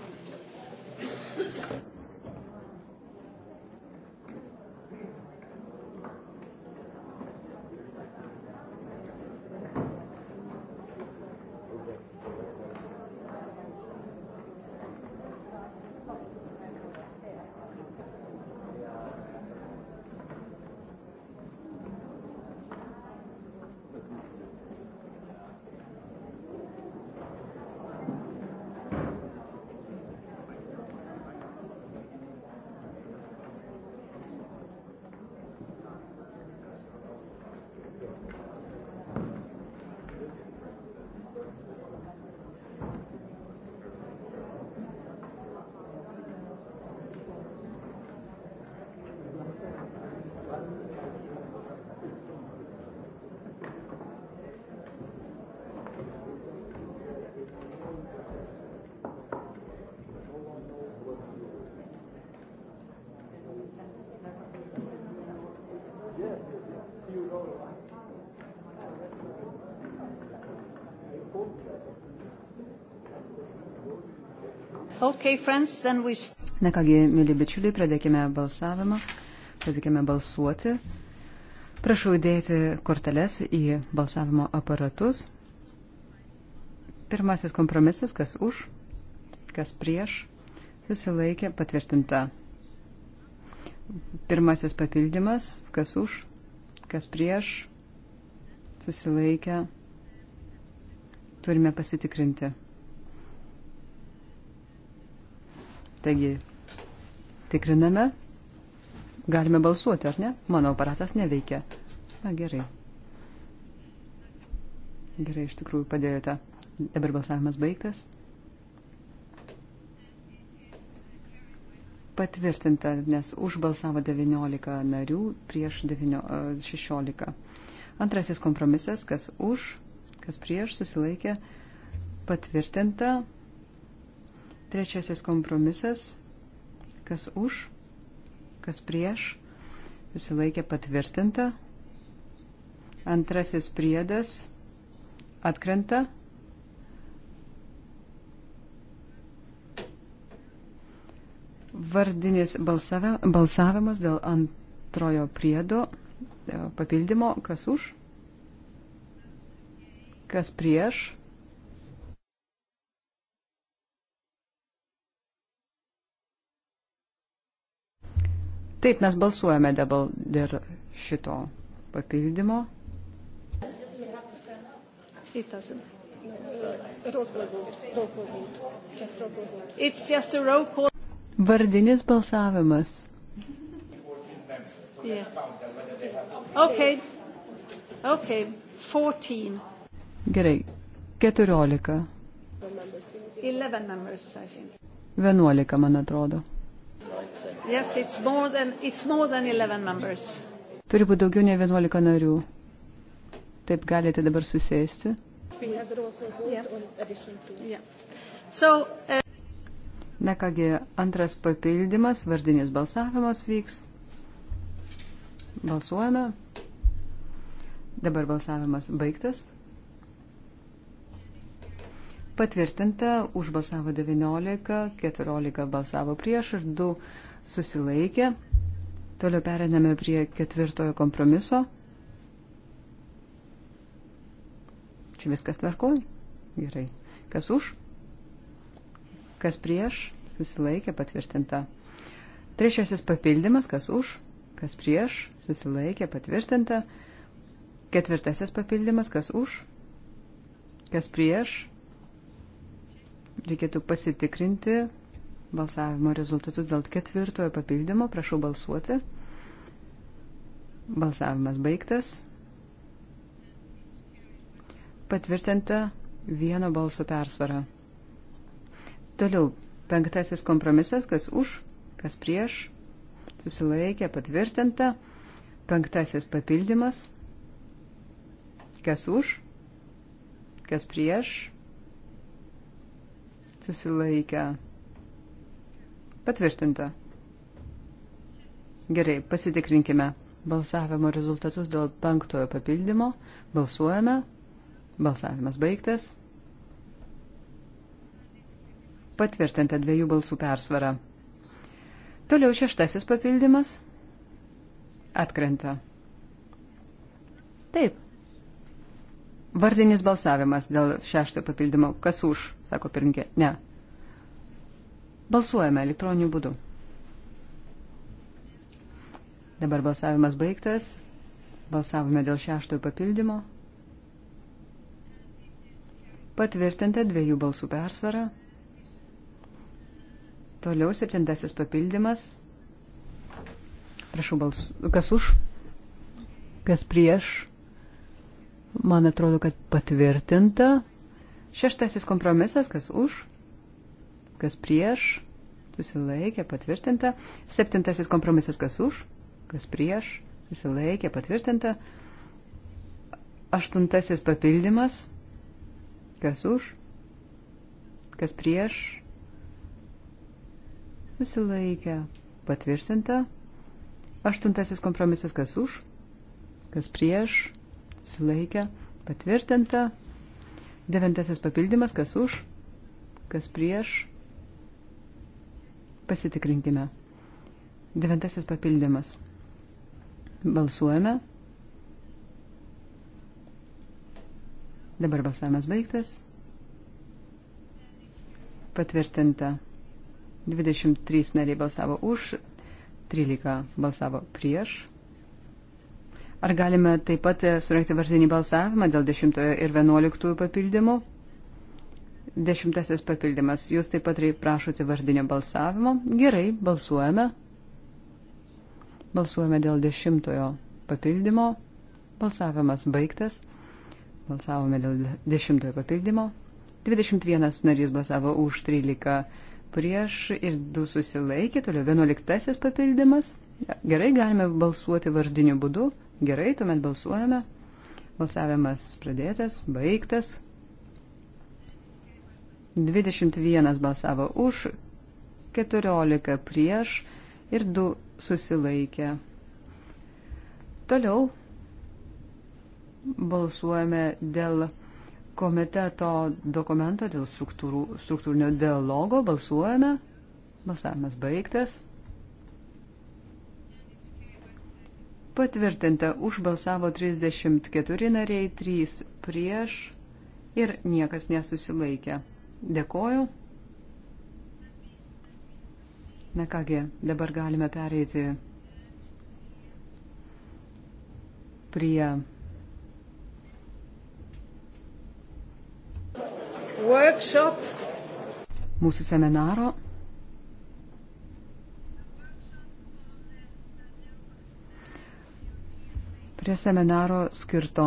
Okay, friends, we... Na kągi, mėly bičiuliai, pradėkime balsavimą, pradėkime balsuoti. Prašau įdėti korteles į balsavimo aparatus. Pirmasis kompromisas, kas už, kas prieš, susilaikė patvirtinta. Pirmasis papildymas, kas už, kas prieš, susilaikė. Turime pasitikrinti. Taigi, tikriname. Galime balsuoti, ar ne? Mano aparatas neveikia. Na gerai. Gerai, iš tikrųjų padėjote. Dabar balsavimas baigtas. Patvirtinta, nes užbalsavo 19 narių prieš 9, 16. E, Antrasis kompromisas, kas už, kas prieš, susilaikė. Patvirtinta. Trečiasis kompromisas, kas už, kas prieš, susilaikė patvirtinta. Antrasis priedas atkrenta. Vardinis balsavimas dėl antrojo priedo papildymo, kas už, kas prieš Taip, mes balsuojame dabar dėl šito papildymo. Vardinis balsavimas. Yeah. Okay. Okay. 14. Gerai. 14. 11, members, 11, man atrodo. Yes, it's more than, it's more than 11 members. Turi būti daugiau nei 11 narių. Taip galite dabar susėsti. Yeah. Yeah. So, uh... Na kągi, antras papildymas, vardinis balsavimas vyks. Balsuojame. Dabar balsavimas baigtas. Patvirtinta, už balsavo 19, 14 balsavo prieš ir 2 susilaikė. Toliau periname prie ketvirtojo kompromiso. Čia viskas tvarkoj? Gerai. Kas už? Kas prieš? Susilaikė patvirtinta. Trečiasis papildymas, kas už, kas prieš, susilaikė patvirtinta. Ketvirtasis papildymas, kas už, kas prieš, Reikėtų pasitikrinti balsavimo rezultatus dėl ketvirtojo papildymo. Prašau balsuoti. Balsavimas baigtas. Patvirtinta vieno balso persvara. Toliau penktasis kompromisas, kas už, kas prieš, susilaikė, patvirtinta. Penktasis papildymas, kas už, kas prieš, susilaikę. Patvirtinta. Gerai, pasitikrinkime balsavimo rezultatus dėl penktojo papildymo. Balsuojame. Balsavimas baigtas. Patvirtinta dviejų balsų persvara. Toliau šeštasis papildymas. Atkrenta. Taip. Vardinis balsavimas dėl šeštojo papildymo. Kas už? sako pirmininkė. Ne. Balsuojame elektroniniu būdu. Dabar balsavimas baigtas. Balsavome dėl šeštojo papildymo. Patvirtinta dviejų balsų persvara. Toliau septintasis papildymas. Prašau balsų. Kas už? Kas prieš? Man atrodo, kad patvirtinta. Šeštasis kompromisas, kas už, kas prieš, susilaikė, patvirtinta. Septintasis kompromisas, kas už, kas prieš, susilaikė, patvirtinta. Aštuntasis papildymas, kas už, kas prieš, susilaikė, patvirtinta. Aštuntasis kompromisas, kas už, kas prieš, susilaikė, patvirtinta. Devintasis papildymas, kas už, kas prieš. Pasitikrinkime. Devintasis papildymas. Balsuojame. Dabar balsavimas baigtas. Patvirtinta. 23 nariai balsavo už, 13 balsavo prieš. Ar galime taip pat e, surinkti vardinį balsavimą dėl 10 ir 11 papildymų? Dešimtasis papildymas. Jūs taip pat prašote vardinio balsavimo. Gerai, balsuojame. Balsuojame dėl dešimtojo papildymo. Balsavimas baigtas. Balsavome dėl dešimtojo papildymo. 21 narys balsavo už 13 prieš ir du susilaikė. Toliau 11 papildymas. Gerai, galime balsuoti vardiniu būdu. Gerai, tuomet balsuojame. Balsavimas pradėtas, baigtas. 21 balsavo už, 14 prieš ir 2 susilaikė. Toliau balsuojame dėl komiteto dokumento, dėl struktūrinio dialogo. Balsuojame. Balsavimas baigtas. Patvirtinta, užbalsavo 34 nariai, 3 prieš ir niekas nesusilaikė. Dėkoju. Na kągi, dabar galime pereiti prie. Workshop. Mūsų seminaro prie seminaro skirto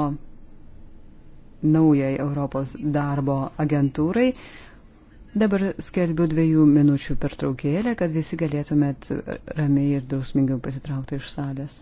naujai Europos darbo agentūrai. Dabar skelbiu dviejų minučių pertraukėlę, kad visi galėtumėt ramiai ir drausmingiau pasitraukti iš salės.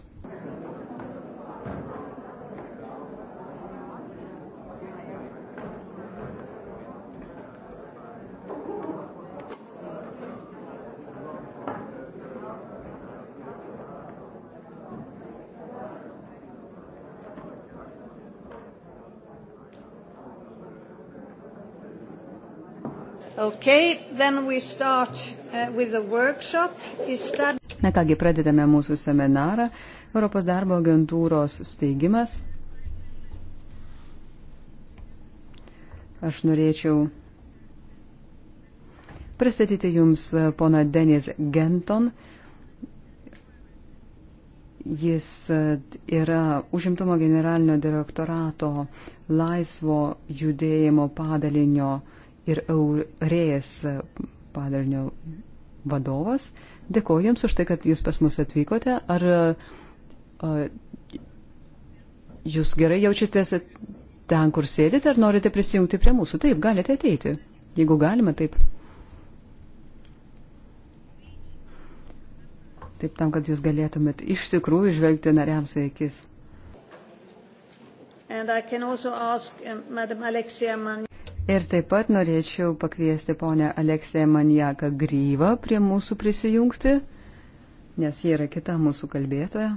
Okay, then we start uh, with the workshop. Is that... Na kągi, pradedame mūsų seminarą Europos darbo agentūros steigimas. Aš norėčiau pristatyti Jums uh, pona Denis Genton. Jis uh, yra užimtumo generalinio direktorato laisvo judėjimo padalinio uh, ir Eurėjas padalinio vadovas. Dėkoju Jums už tai, kad Jūs pas mus atvykote. Ar a, Jūs gerai jaučiatės ten, kur sėdite, ar norite prisijungti prie mūsų? Taip, galite ateiti, jeigu galima, taip. Taip tam, kad Jūs galėtumėt iš tikrųjų žvelgti nariams į akis. And I can also ask um, Madam Alexia Mann. Ir taip pat norėčiau pakviesti ponę Aleksę Maniaką Gryvą prie mūsų prisijungti, nes jie yra kita mūsų kalbėtoja.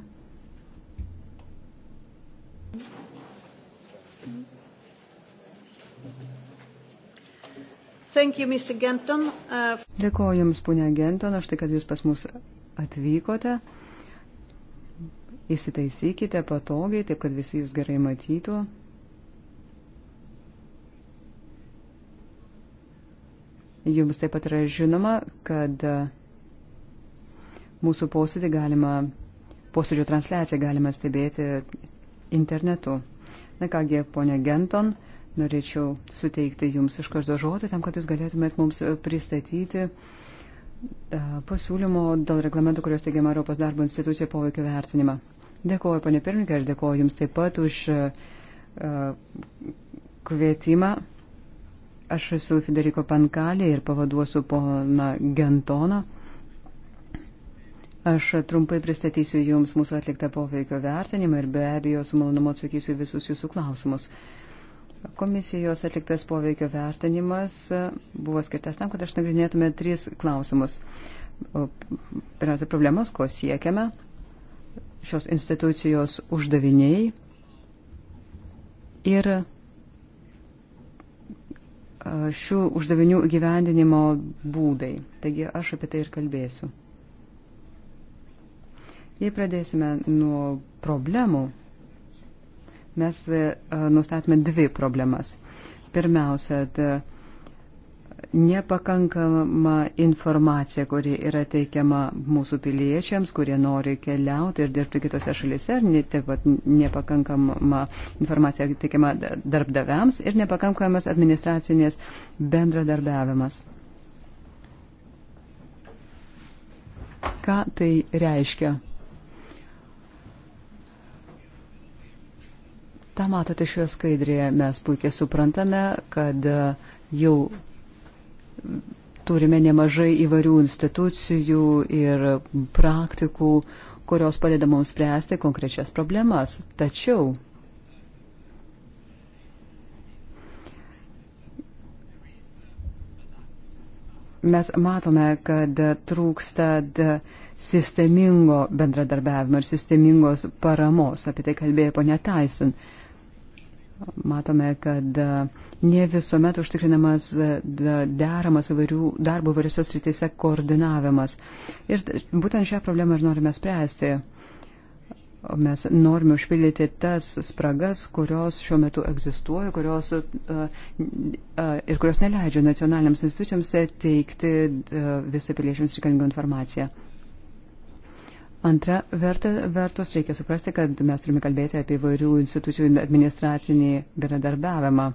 You, uh... Dėkuoju Jums, ponia Genton, aš tai, kad Jūs pas mus atvykote. Įsitaisykite patogiai, taip kad visi Jūs gerai matytų. Jums taip pat yra žinoma, kad e, mūsų posėdį galima, posėdžio transliaciją galima stebėti internetu. Na kągi, ponia Genton, norėčiau suteikti Jums iš karto žodį tam, kad Jūs galėtumėt mums pristatyti e, pasiūlymo dėl reglamento, kurios teigiama Europos darbo institucija poveikio vertinimą. Dėkuoju, ponė pirmininkė, ir dėkuoju Jums taip pat už uh, kvietimą Aš esu Federico Pankalė ir pavaduosiu poną Gentoną. Aš trumpai pristatysiu Jums mūsų atliktą poveikio vertinimą ir be abejo su malonumu atsakysiu visus Jūsų klausimus. Komisijos atliktas poveikio vertinimas buvo skirtas tam, kad aš nagrinėtume tris klausimus. Pirmiausia, problemas, ko siekiame, šios institucijos uždaviniai ir šių uždavinių gyvendinimo būdai. Taigi aš apie tai ir kalbėsiu. Jei pradėsime nuo problemų, mes nustatome dvi problemas. Pirmiausia, tai nepakankama informacija, kuri yra teikiama mūsų piliečiams, kurie nori keliauti ir dirbti kitose šalise, ir ne, taip pat nepakankama informacija teikiama darbdaviams ir nepakankamas administracinės bendradarbiavimas. Ką tai reiškia? Ta matote šioje skaidrėje, mes puikiai suprantame, kad jau turime nemažai įvairių institucijų ir praktikų, kurios padeda mums spręsti konkrečias problemas. Tačiau mes matome, kad trūksta sistemingo bendradarbiavimo ir sistemingos paramos. Apie tai kalbėjo ponia Taisin matome, kad e, ne visuomet užtikrinamas e, deramas įvairių darbų įvairiose srityse koordinavimas. Ir būtent šią problemą ir norime spręsti. Mes norime užpildyti tas spragas, kurios šiuo metu egzistuoja kurios, e, ir kurios neleidžia nacionaliniams institucijams teikti visą piliečiams reikalingą informaciją. Antra, verta, vertus reikia suprasti, kad mes turime kalbėti apie vairių institucijų administracinį bendradarbiavimą.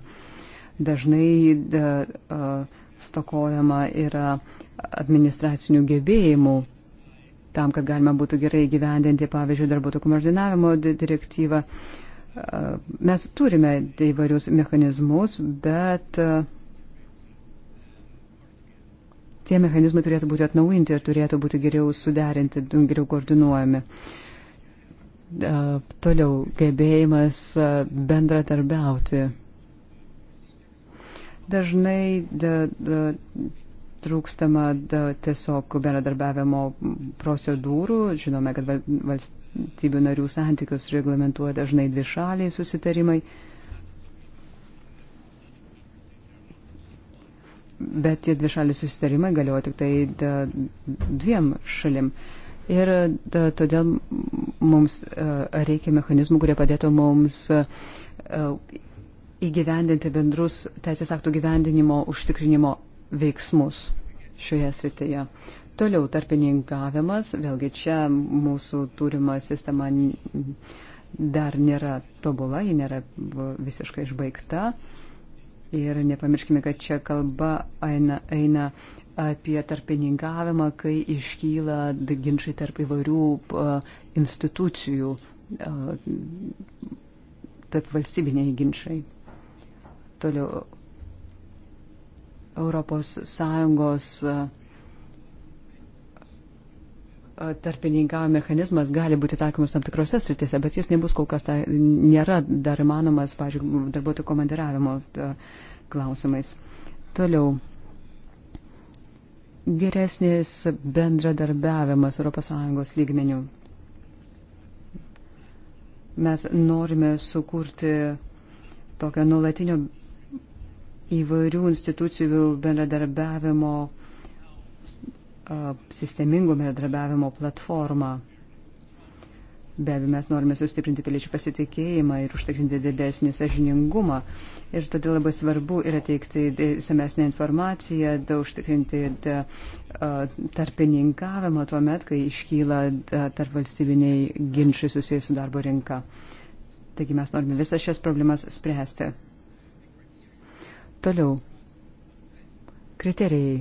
Dažnai da, uh, stokojama yra administracinių gebėjimų tam, kad galima būtų gerai gyvendinti, pavyzdžiui, darbuotojų koordinavimo direktyvą. Uh, mes turime įvairius mechanizmus, bet uh, tie mechanizmai turėtų būti atnaujinti ir turėtų būti geriau suderinti, geriau koordinuojami. Toliau gebėjimas bendratarbiauti. Dažnai da, da, trūkstama da, tiesiog bendradarbiavimo procedūrų. Žinome, kad valstybių narių santykius reglamentuoja dažnai dvišaliai susitarimai. Uh, bet tie dvišaliai susitarimai galioja tik tai da, dviem šalim. Ir da, todėl mums uh, reikia mechanizmų, kurie padėtų mums uh, įgyvendinti bendrus teisės aktų gyvendinimo užtikrinimo veiksmus šioje srityje. Toliau tarpininkavimas, vėlgi čia mūsų turima sistema dar nėra tobula, ji nėra visiškai išbaigta. Uh, Ir nepamirškime, kad čia kalba eina, eina apie tarpininkavimą, kai iškyla ginčiai tarp įvairių uh, institucijų, uh, tarp valstybiniai ginčiai. Toliau Europos Sąjungos uh, tarpininkavimo mechanizmas gali būti taikomas tam tikrose sritise, bet jis nebus kol kas, tai nėra dar įmanomas, pažiūrėjau, darbuotojų komandiravimo e, klausimais. Toliau. Geresnis bendradarbiavimas ES lygmenių. Mes norime sukurti tokią nuolatinio įvairių institucijų bendradarbiavimo sistemingo bendradarbiavimo platformą. Be abejo, mes norime sustiprinti piliečių pasitikėjimą ir užtikrinti didesnį sažiningumą. Ir todėl labai svarbu yra teikti samesnę informaciją, da, užtikrinti da, tarpininkavimą tuo met, kai iškyla tarp valstybiniai ginčiai susijęs su darbo rinka. Taigi mes norime visas šias problemas spręsti. Toliau. Kriterijai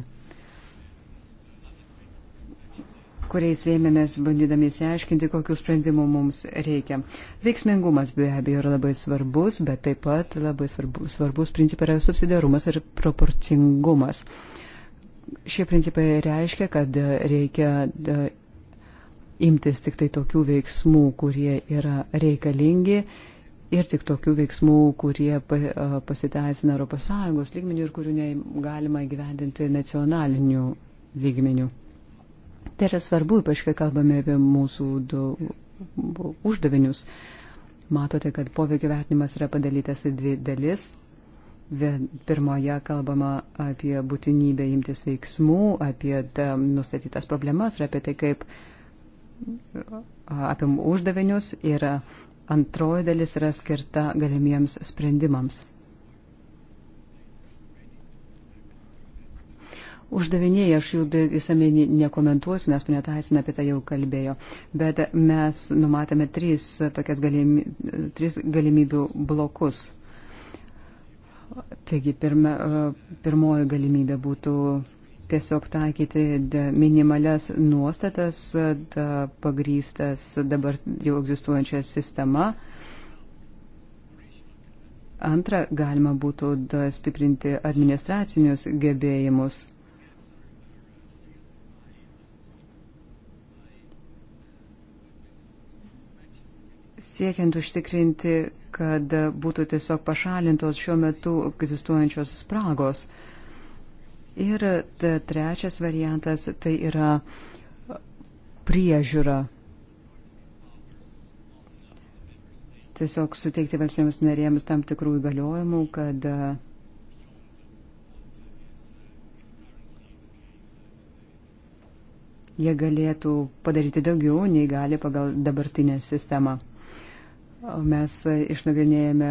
kuriais rėmėmės bandydami įsiaiškinti, kokių sprendimų mums reikia. Veiksmingumas be abejo yra labai svarbus, bet taip pat labai svarbus, svarbus principai yra subsidiarumas ir proporcingumas. Šie principai reiškia, kad reikia e, imtis tik tai tokių veiksmų, kurie yra reikalingi ir tik tokių veiksmų, kurie e, pasiteisina ES lygmenių ir kurių negalima įgyvendinti nacionaliniu lygmeniu. Tai yra svarbu, ypač kai kalbame apie mūsų du, uždavinius. Matote, kad poveikio vertinimas yra padalytas į dvi dalis. Pirmoje kalbama apie būtinybę imtis veiksmų, apie nustatytas problemas ir apie tai, kaip apie uždavinius. Ir antroji dalis yra skirta galimiems sprendimams. uždaviniai, aš jų visame nekomentuosiu, nes ponia Taisina apie tai jau kalbėjo, bet mes numatėme tris, galimy, tris galimybių blokus. Taigi pirma, pirmoji galimybė būtų tiesiog taikyti minimalias nuostatas da, pagrystas dabar jau egzistuojančią sistemą. Antra, galima būtų da, stiprinti administracinius gebėjimus. Siekiant užtikrinti, kad būtų tiesiog pašalintos šiuo metu egzistuojančios spragos. Ir trečias variantas tai yra priežiūra. Tiesiog suteikti valstybėms narėms tam tikrų įgaliojimų, kad jie galėtų padaryti daugiau, nei gali pagal dabartinę sistemą. Mes išnagrinėjame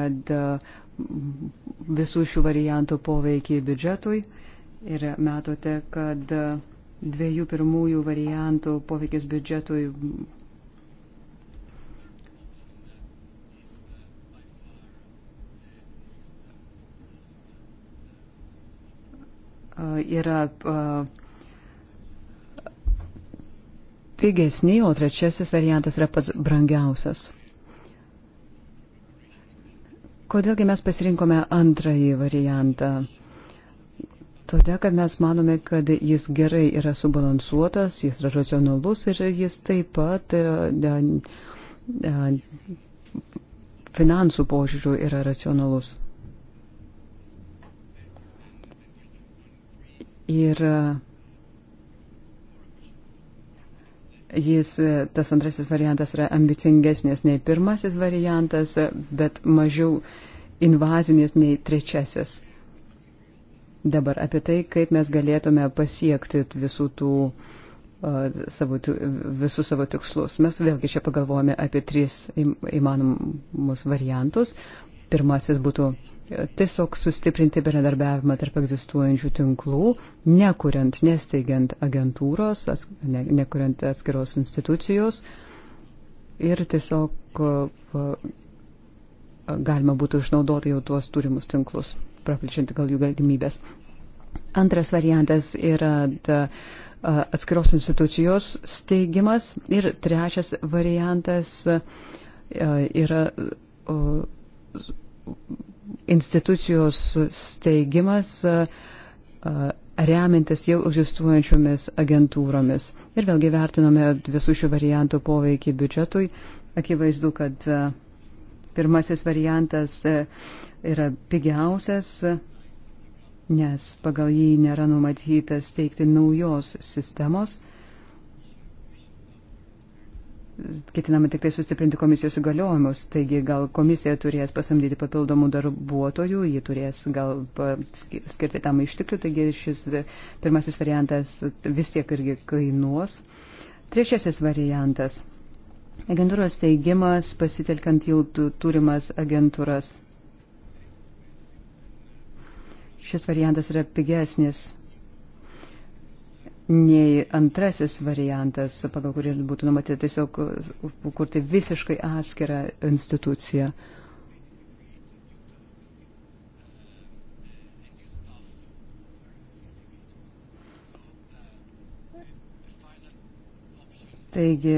visų šių variantų poveikį biudžetui ir matote, kad dviejų pirmųjų variantų poveikis biudžetui yra pigesni, o trečiasis variantas yra pats brangiausias. Kodėlgi mes pasirinkome antrąjį variantą? Todėl, kad mes manome, kad jis gerai yra subalansuotas, jis yra racionalus ir jis taip pat yra, da, da, finansų požiūrių yra racionalus. Ir Jis, e, tas antrasis variantas yra ambicingesnės nei pirmasis variantas, bet mažiau invazinės nei trečiasis. Dabar apie tai, kaip mes galėtume pasiekti visų tų e, savo, visus savo tikslus. Mes vėlgi čia pagalvojame apie tris įmanomus variantus. Pirmasis būtų tiesiog sustiprinti bendradarbiavimą tarp egzistuojančių tinklų, nekuriant, nesteigiant agentūros, ne, nekuriant atskiros institucijos. Ir tiesiog galima būtų išnaudoti jau tuos turimus tinklus, praplečiant gal jų galimybės. Antras variantas yra da, atskiros institucijos steigimas ir trečias variantas yra institucijos steigimas remintis jau egzistuojančiomis agentūromis. Ir vėlgi vertinome visų šių variantų poveikį biudžetui. Akivaizdu, kad pirmasis variantas yra pigiausias, nes pagal jį nėra numatytas teikti naujos sistemos ketinama tik tai sustiprinti komisijos įgaliojimus, taigi gal komisija turės pasamdyti papildomų darbuotojų, ji turės gal skirti tam išteklių, taigi šis pirmasis variantas vis tiek irgi kainuos. Trečiasis variantas. Agentūros teigimas pasitelkant jau turimas agentūras. Šis variantas yra pigesnis nei antrasis variantas, pagal kurį būtų numatyta tiesiog kurti visiškai atskirą instituciją. Taigi,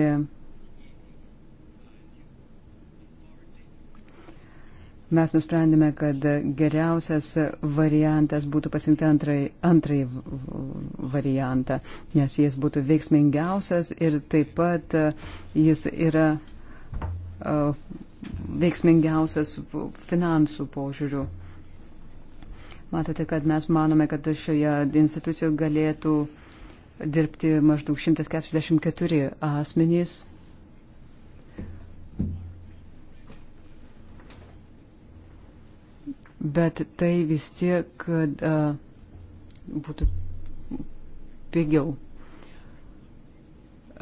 mes nusprendėme, kad geriausias variantas būtų pasirinkti antrąjį, antrąjį variantą, nes jis būtų veiksmingiausias ir taip pat e, jis yra e, veiksmingiausias finansų požiūrių. Matote, kad mes manome, kad šioje institucijoje galėtų dirbti maždaug 144 asmenys bet tai vis tiek, kad e, uh, būtų pigiau.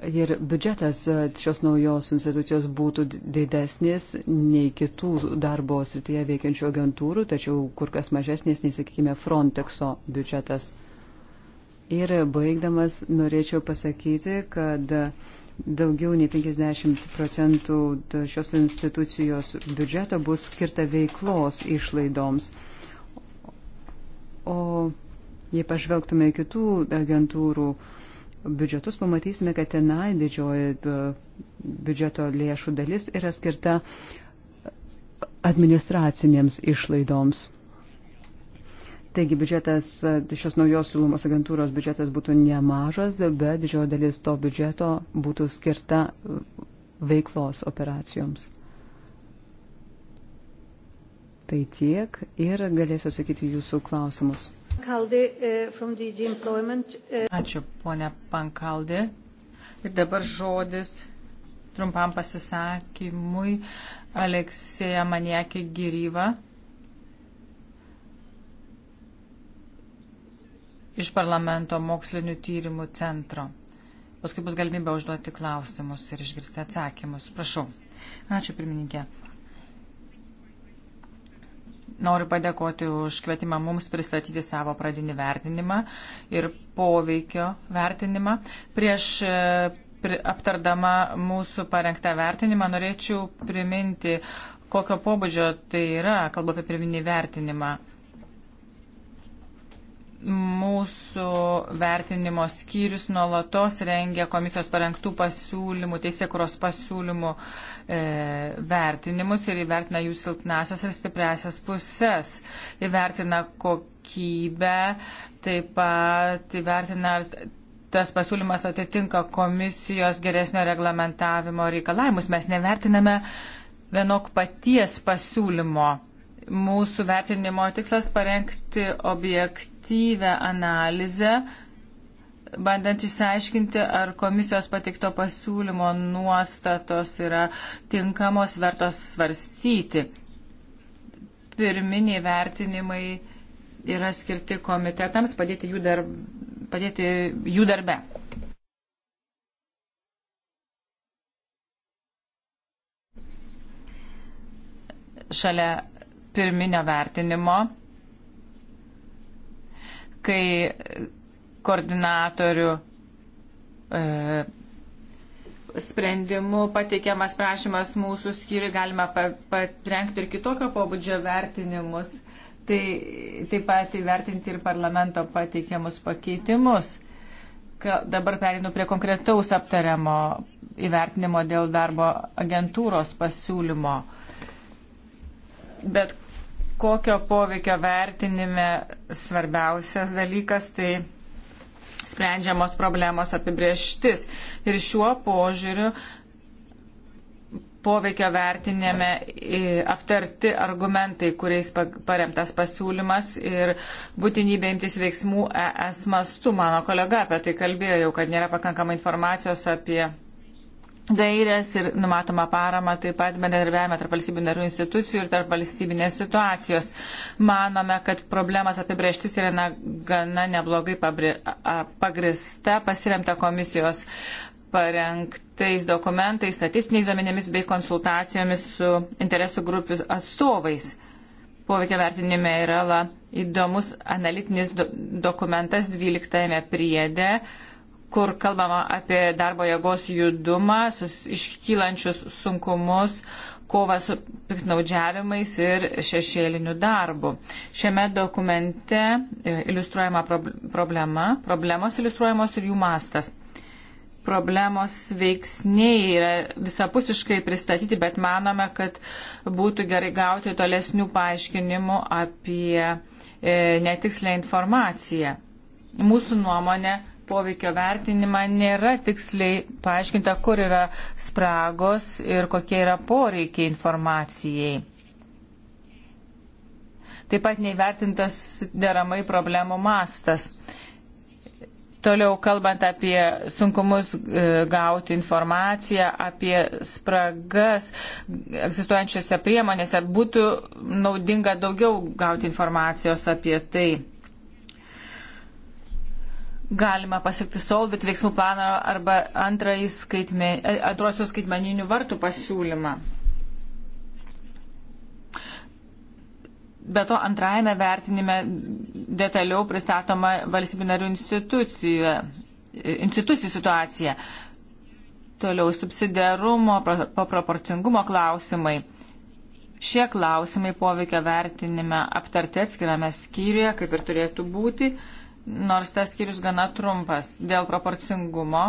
Ir biudžetas e, šios naujos institucijos būtų didesnis nei kitų darbo srityje veikiančių agentūrų, tačiau kur kas mažesnis nei, sakykime, Frontexo biudžetas. Ir baigdamas norėčiau pasakyti, kad uh, daugiau nei 50 procentų šios institucijos biudžeto bus skirta veiklos išlaidoms. O jei pažvelgtume kitų agentūrų biudžetus, pamatysime, kad tenai didžioji biudžeto lėšų dalis yra skirta administracinėms išlaidoms. Taigi biudžetas, šios naujos siūlomos agentūros biudžetas būtų nemažas, bet didžioji dalis to biudžeto būtų skirta e, veiklos operacijoms. Tai tiek ir galėsiu sakyti jūsų klausimus. E, e. Ačiū, ponia Pankaldi. Ir dabar žodis trumpam pasisakymui Aleksėja Maniekė Gyryva iš parlamento mokslinių tyrimų centro. Paskui bus galimybė užduoti klausimus ir išgirsti atsakymus. Prašau. Ačiū, pirmininkė. Noriu padėkoti už kvietimą mums pristatyti savo pradinį vertinimą ir poveikio vertinimą. Prieš e, aptardama mūsų parengtą vertinimą norėčiau priminti, kokio pobūdžio tai yra, kalbu apie pirminį vertinimą mūsų vertinimo skyrius nuolatos rengia komisijos parengtų pasiūlymų, teisėkuros pasiūlymų e, vertinimus ir įvertina jų silpnasias ir stipresias puses. Įvertina kokybę, taip pat įvertina, ar tas pasiūlymas atitinka komisijos geresnio reglamentavimo reikalavimus. Mes nevertiname vienok paties pasiūlymo. Mūsų vertinimo tikslas parengti objektyvų objektyvę analizę, bandant išsiaiškinti, ar komisijos patikto pasiūlymo nuostatos yra tinkamos vertos svarstyti. Pirminiai vertinimai yra skirti komitetams padėti jų, dar, padėti jų darbe. Šalia pirminio vertinimo kai koordinatorių e, sprendimu pateikiamas prašymas mūsų skyriui galima patrenkti ir kitokio pobūdžio vertinimus, tai taip pat įvertinti ir parlamento pateikiamus pakeitimus. Ka, dabar perinu prie konkretaus aptariamo įvertinimo dėl darbo agentūros pasiūlymo. Bet kokio poveikio vertinime svarbiausias dalykas tai sprendžiamos problemos apibrieštis. Ir šiuo požiūriu poveikio vertinime e, aptarti argumentai, kuriais paremtas pasiūlymas ir būtinybė imtis veiksmų ES mastu. Mano kolega apie tai kalbėjo jau, kad nėra pakankamai informacijos apie gairias ir numatoma parama taip pat bendradarbiavime tarp valstybių narių institucijų ir tarp valstybinės situacijos. Manome, kad problemas apibrieštis yra na, gana neblogai pabri, a, pagrista, pasiremta komisijos parengtais dokumentais, statistiniais duomenimis bei konsultacijomis su interesų grupių atstovais. Poveikio vertinime yra la, įdomus analitinis do, dokumentas 12 priede kur kalbama apie darbo jėgos judumą, sus, iškylančius sunkumus, kovą su piknaudžiavimais ir šešėliniu darbu. Šiame dokumente e, iliustruojama problema, problemos iliustruojamos ir jų mastas. Problemos veiksniai yra visapusiškai pristatyti, bet manome, kad būtų gerai gauti tolesnių paaiškinimų apie e, netikslę informaciją. Mūsų nuomonė poveikio vertinimą, nėra tiksliai paaiškinta, kur yra spragos ir kokie yra poreikiai informacijai. Taip pat neįvertintas deramai problemų mastas. Toliau kalbant apie sunkumus e, gauti informaciją, apie spragas egzistuojančiose priemonėse, būtų naudinga daugiau gauti informacijos apie tai galima pasiekti Solvit veiksmų planą arba skaitme, e, antrosios skaitmeninių vartų pasiūlymą. Be to, antrajame vertinime detaliau pristatoma valstybinarių institucijų, institucijų situacija. Toliau subsidiarumo, proporcingumo klausimai. Šie klausimai poveikio vertinime aptarti atskirame skyriuje, kaip ir turėtų būti. Uh, nors tas skyrius gana trumpas. Dėl proporcingumo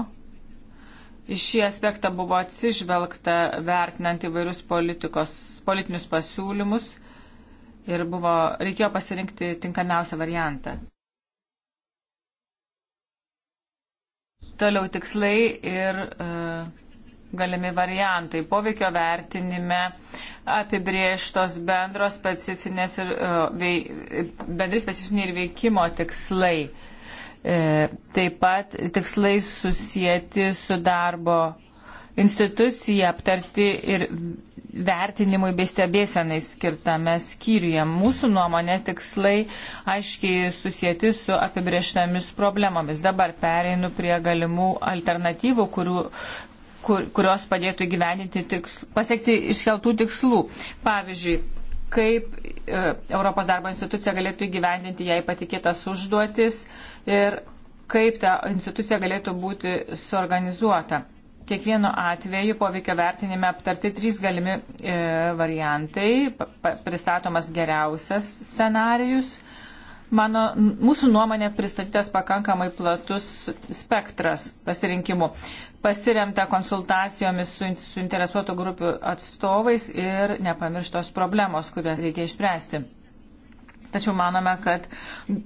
iš šį aspektą buvo atsižvelgta vertinant įvairius politinius pasiūlymus ir buvo, reikėjo pasirinkti tinkamiausią variantą. Toliau tikslai ir uh, galimi variantai. Poveikio vertinime apibrieštos bendros specifinės ir, e, vei, bendri specifiniai ir veikimo tikslai. E, taip pat tikslai susijęti su darbo institucija aptarti ir vertinimui bei stebėsenai skirtame skyriuje. Mūsų nuomonė tikslai aiškiai susijęti su apibrieštamis problemomis. Dabar pereinu prie galimų alternatyvų, kurių kur, kurios padėtų įgyveninti tiksl, pasiekti iškeltų tikslų. Pavyzdžiui, kaip e, Europos darbo institucija galėtų įgyvendinti jai patikėtas užduotis ir kaip ta institucija galėtų būti suorganizuota. Kiekvienu atveju poveikio vertinime aptarti trys galimi e, variantai, pa, pristatomas geriausias scenarius, e, mano, mūsų nuomonė pristatytas pakankamai platus spektras pasirinkimų. Pasiremta konsultacijomis su suinteresuotų grupių atstovais ir nepamirštos problemos, kurias reikia išspręsti. Tačiau manome, kad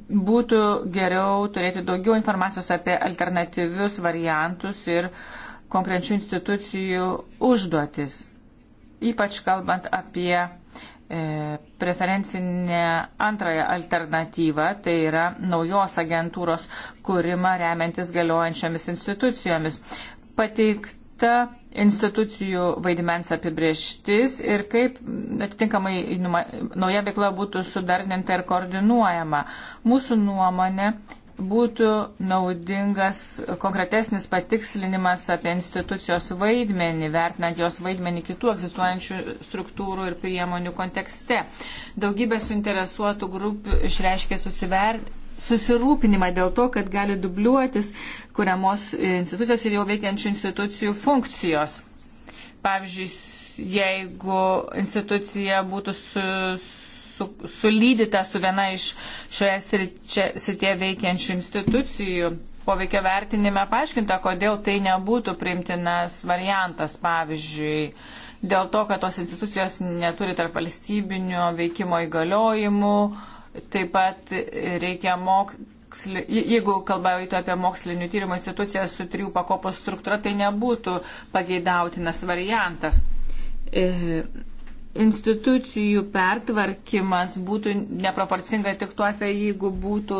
būtų geriau turėti daugiau informacijos apie alternatyvius variantus ir konkrečių institucijų užduotis. Ypač kalbant apie E, preferencinę antrąją alternatyvą, tai yra naujos agentūros kūrimą remiantis galiojančiomis institucijomis. Pateikta institucijų vaidmens apibrieštis ir kaip atitinkamai nauja veikla būtų sudarninta ir koordinuojama. Mūsų nuomonė būtų naudingas konkretesnis patikslinimas apie institucijos vaidmenį, vertinant jos vaidmenį kitų egzistuojančių struktūrų ir priemonių kontekste. Daugybė suinteresuotų grupių išreiškė susivert, susirūpinimą dėl to, kad gali dubliuotis kuriamos institucijos ir jau veikiančių institucijų funkcijos. Pavyzdžiui, jeigu institucija būtų su, su, sulydyta su viena iš šioje srityje veikiančių institucijų. Poveikio vertinime paaiškinta, kodėl tai nebūtų primtinas variantas, pavyzdžiui, dėl to, kad tos institucijos neturi tarp valstybinio veikimo įgaliojimų, taip pat reikia mokyti jeigu kalba eitų apie mokslinių tyrimų institucijas su trijų pakopos struktūra, tai nebūtų pageidautinas variantas. E, institucijų pertvarkymas būtų neproporcinga tik tuo atveju, jeigu būtų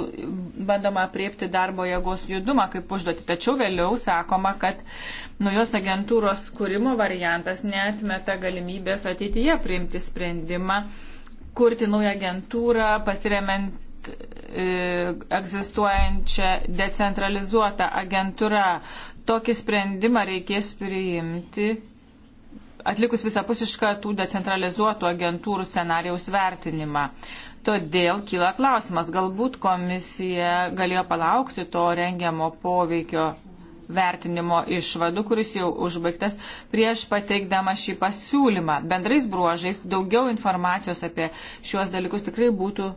bandoma priepti darbo jėgos judumą kaip užduoti. Tačiau vėliau sakoma, kad naujos agentūros skūrimo variantas netmeta galimybės ateityje priimti sprendimą, kurti naują agentūrą, pasiremiant e, egzistuojančią decentralizuotą agentūrą. Tokį sprendimą reikės priimti atlikus visapusišką tų decentralizuotų agentūrų scenarijaus vertinimą. Todėl kyla klausimas, galbūt komisija galėjo palaukti to rengiamo poveikio vertinimo išvadų, kuris jau užbaigtas prieš pateikdama šį pasiūlymą. Bendrais bruožais daugiau informacijos apie šiuos dalykus tikrai būtų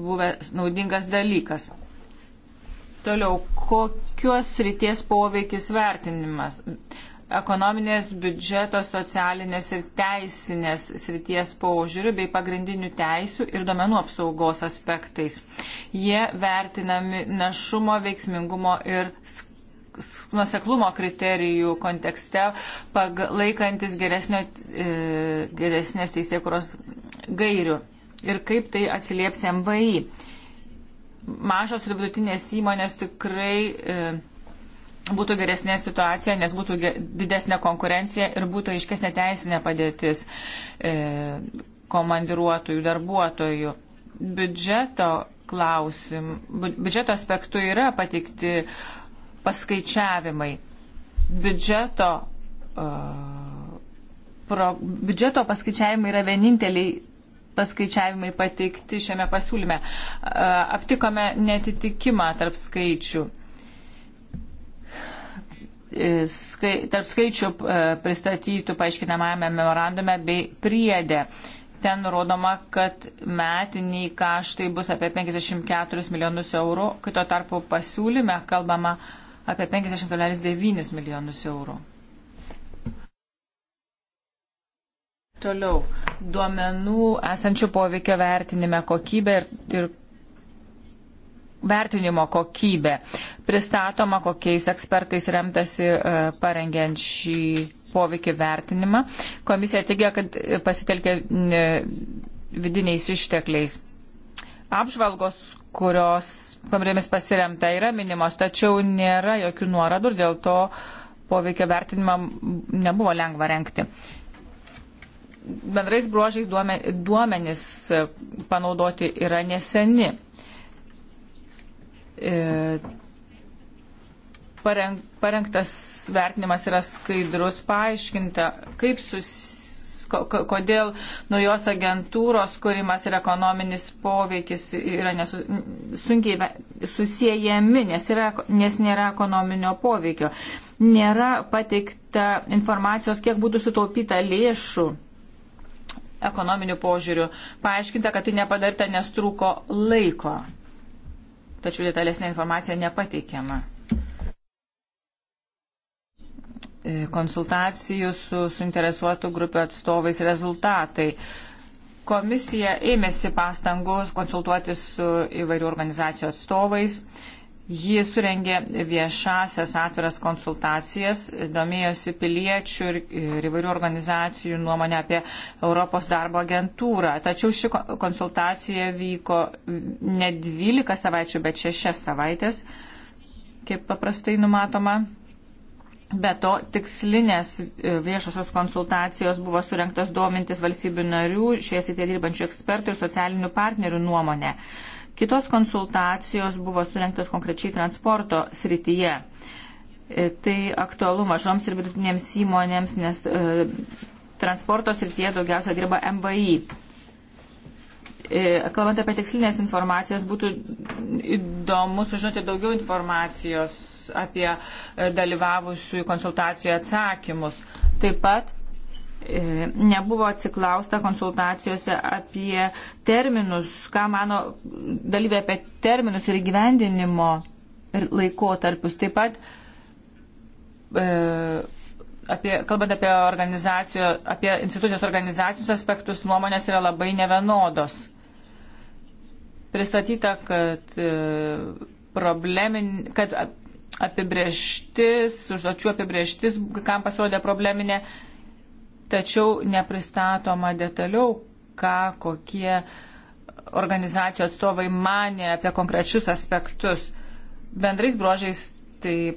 buvęs naudingas dalykas. Toliau, kokios ryties poveikis vertinimas? ekonominės, biudžeto, socialinės ir teisinės srities požiūrių bei pagrindinių teisių ir domenų apsaugos aspektais. Jie vertinami našumo, veiksmingumo ir nuseklumo kriterijų kontekste, laikantis geresnio, e, geresnės teisėkuros gairių ir kaip tai atsilieps MVI. Mažos ir vidutinės įmonės tikrai e, būtų geresnė situacija, nes būtų didesnė konkurencija ir būtų aiškesnė teisinė padėtis e, komandiruotojų, darbuotojų. Biudžeto klausim, biudžeto aspektu yra patikti paskaičiavimai. Biudžeto, uh, pro, biudžeto paskaičiavimai yra vieninteliai paskaičiavimai pateikti šiame pasiūlyme. E, aptikome netitikimą tarp skaičių. E, skai, tarp skaičių e, pristatytų paaiškinamajame memorandume bei priedė. Ten nurodoma, kad metiniai kaštai bus apie 54 milijonus eurų, kai tuo tarpu pasiūlyme kalbama apie 50,9 milijonus eurų. Toliau, duomenų esančių poveikio vertinime kokybė ir, ir vertinimo kokybė. Pristatoma, kokiais ekspertais remtasi e, parengiant šį poveikį vertinimą. Komisija teigia, kad pasitelkia vidiniais ištekliais. Apžvalgos, kurios, kuriomis pasiremta, yra minimos, tačiau nėra jokių nuorodų ir dėl to poveikio vertinimą nebuvo lengva renkti bendrais bruožais duomenys panaudoti yra neseni. E, parengtas vertinimas yra skaidrus, paaiškinta, kaip susitikti kodėl naujos agentūros kūrimas ir ekonominis poveikis yra nesu, sunkiai susijęjami, nes, yra, nes nėra ekonominio poveikio. Nėra pateikta informacijos, kiek būtų sutaupyta lėšų ekonominių požiūrių. Paaiškinta, kad tai nepadaryta, nes trūko laiko tačiau detalesnė informacija nepateikiama. E, konsultacijų su suinteresuotų grupių atstovais rezultatai. Komisija ėmėsi pastangos konsultuoti su įvairių organizacijų atstovais Ji surengė viešasias atviras konsultacijas, domėjosi piliečių ir, ir įvairių organizacijų nuomonę apie Europos darbo agentūrą. Tačiau ši konsultacija vyko ne 12 savaičių, bet 6 savaitės, kaip paprastai numatoma. Be to, tikslinės e, viešosios konsultacijos buvo surinktos duomintis valstybių narių, šioje srityje dirbančių ekspertų ir socialinių partnerių nuomonę. Kitos konsultacijos buvo surinktos konkrečiai transporto srityje. E, tai aktualu mažoms ir vidutinėms įmonėms, nes e, transporto srityje daugiausia dirba MVI. E, kalbant apie tikslinės informacijas, būtų įdomu sužinoti daugiau informacijos apie e, dalyvavusių konsultacijų atsakymus. Taip pat E, nebuvo atsiklausta konsultacijose apie terminus, ką mano dalyvė apie terminus ir įgyvendinimo laikotarpius. Taip pat, e, apie, kalbant apie, apie institucijos organizacijos aspektus, nuomonės yra labai nevienodos. Pristatyta, kad, e, problemin, kad apibrieštis, užduočių apibrieštis, kam pasirodė probleminė, tačiau nepristatoma detaliau, ką kokie organizacijų atstovai mane apie konkrečius aspektus. Bendrais bruožais tai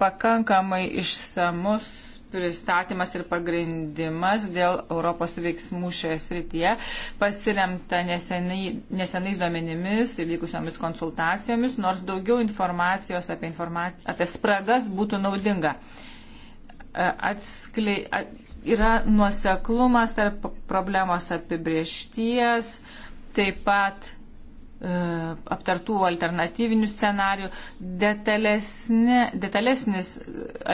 pakankamai išsamus pristatymas ir pagrindimas dėl Europos veiksmų šioje srityje, pasiremta neseniai, nesenais duomenimis įvykusiomis konsultacijomis, nors daugiau informacijos apie, informa apie spragas būtų naudinga. E, Atskleidžiant yra nuoseklumas tarp problemos apibriešties, taip pat e, aptartų alternatyvinių scenarių, detalesni, detalesnis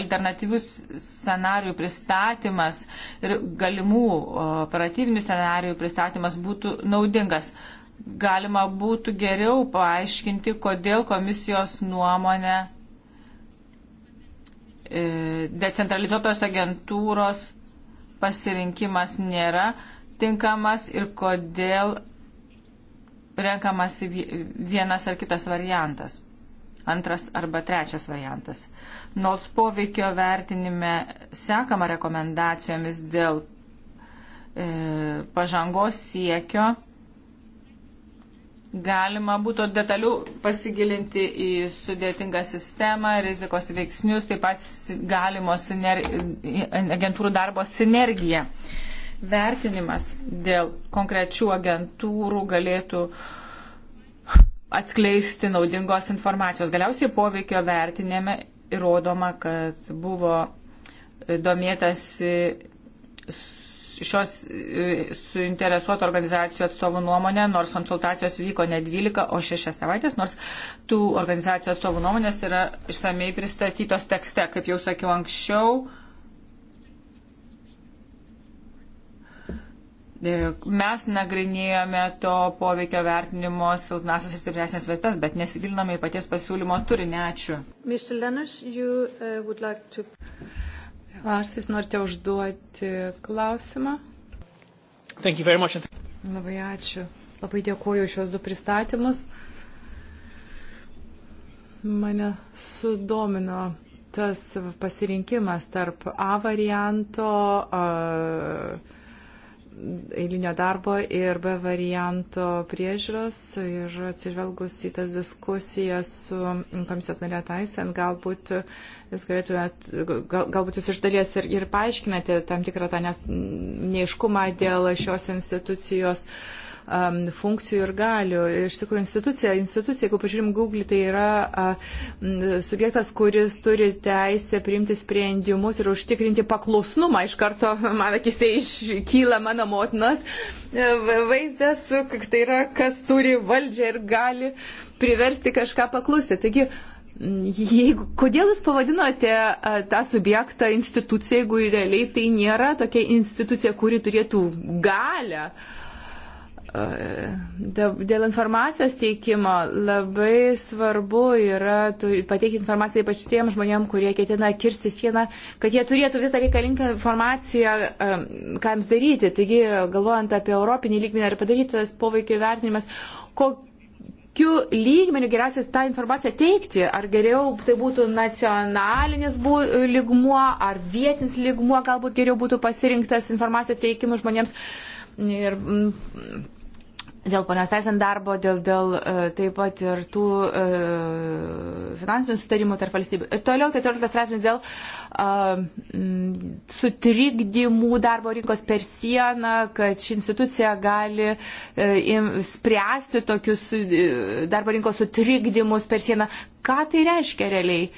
alternatyvius scenarių pristatymas ir galimų operatyvinių scenarių pristatymas būtų naudingas. Galima būtų geriau paaiškinti, kodėl komisijos nuomonė e, decentralizuotos agentūros pasirinkimas nėra tinkamas ir kodėl renkamas vienas ar kitas variantas, antras arba trečias variantas. Nors poveikio vertinime sekama rekomendacijomis dėl e, pažangos siekio, galima būtų detaliau pasigilinti į sudėtingą sistemą, rizikos veiksnius, taip pat galimo siner... agentūrų darbo sinergiją. Vertinimas dėl konkrečių agentūrų galėtų atskleisti naudingos informacijos. Galiausiai poveikio vertinėme įrodoma, kad buvo domėtasi šios e, suinteresuotų organizacijų atstovų nuomonę, nors konsultacijos vyko ne 12, o 6 savaitės, nors tų organizacijų atstovų nuomonės yra išsamei pristatytos tekste, kaip jau sakiau anksčiau. E, mes nagrinėjome to poveikio vertinimo silpnasias ir stipresnės vietas, bet nesigiliname į paties pasiūlymo turinį. Ačiū. Mr. Lenus, you, uh, would like to... Ar jūs norite užduoti klausimą? Labai ačiū. Labai dėkuoju šios du pristatymus. Mane sudomino tas pasirinkimas tarp A varianto. A, eilinio darbo ir B varianto priežiūros ir atsižvelgus į tas diskusijas su komisijos narė Taisen, galbūt jūs galėtumėt, gal, galbūt jūs iš dalies ir, ir paaiškinate tam tikrą tą neiškumą dėl šios institucijos uh, um, funkcijų ir galių. Iš tikrųjų, institucija, institucija, jeigu pažiūrim Google, tai yra uh, subjektas, kuris turi teisę priimti sprendimus ir užtikrinti paklusnumą. Iš karto man akise iškyla mano motinos e, vaizdas, tai yra, kas turi valdžią ir gali priversti kažką paklusti. Taigi, Jeigu, kodėl jūs pavadinote tą subjektą instituciją, jeigu realiai tai nėra tokia institucija, kuri turėtų galę uh, Dėl informacijos teikimo labai svarbu yra pateikti informaciją ypač tiem žmonėm, kurie ketina kirsti sieną, kad jie turėtų visą reikalingą informaciją, ką jums daryti. Taigi, galvojant apie europinį lygmenį, ar padarytas poveikio vertinimas, kokiu lygmeniu geriausia tą informaciją teikti? Ar geriau tai būtų nacionalinis bū, lygmuo, ar vietinis lygmuo galbūt geriau būtų pasirinktas informacijos teikimui žmonėms? Ir, mm, dėl ponios teisant darbo, dėl, dėl e, taip pat ir tų e, finansinių sutarimų tarp valstybių. Ir toliau 14 straipsnis dėl e, sutrikdymų darbo rinkos per sieną, kad ši institucija gali e, spręsti tokius e, darbo rinkos sutrikdymus per sieną. Ką tai reiškia realiai?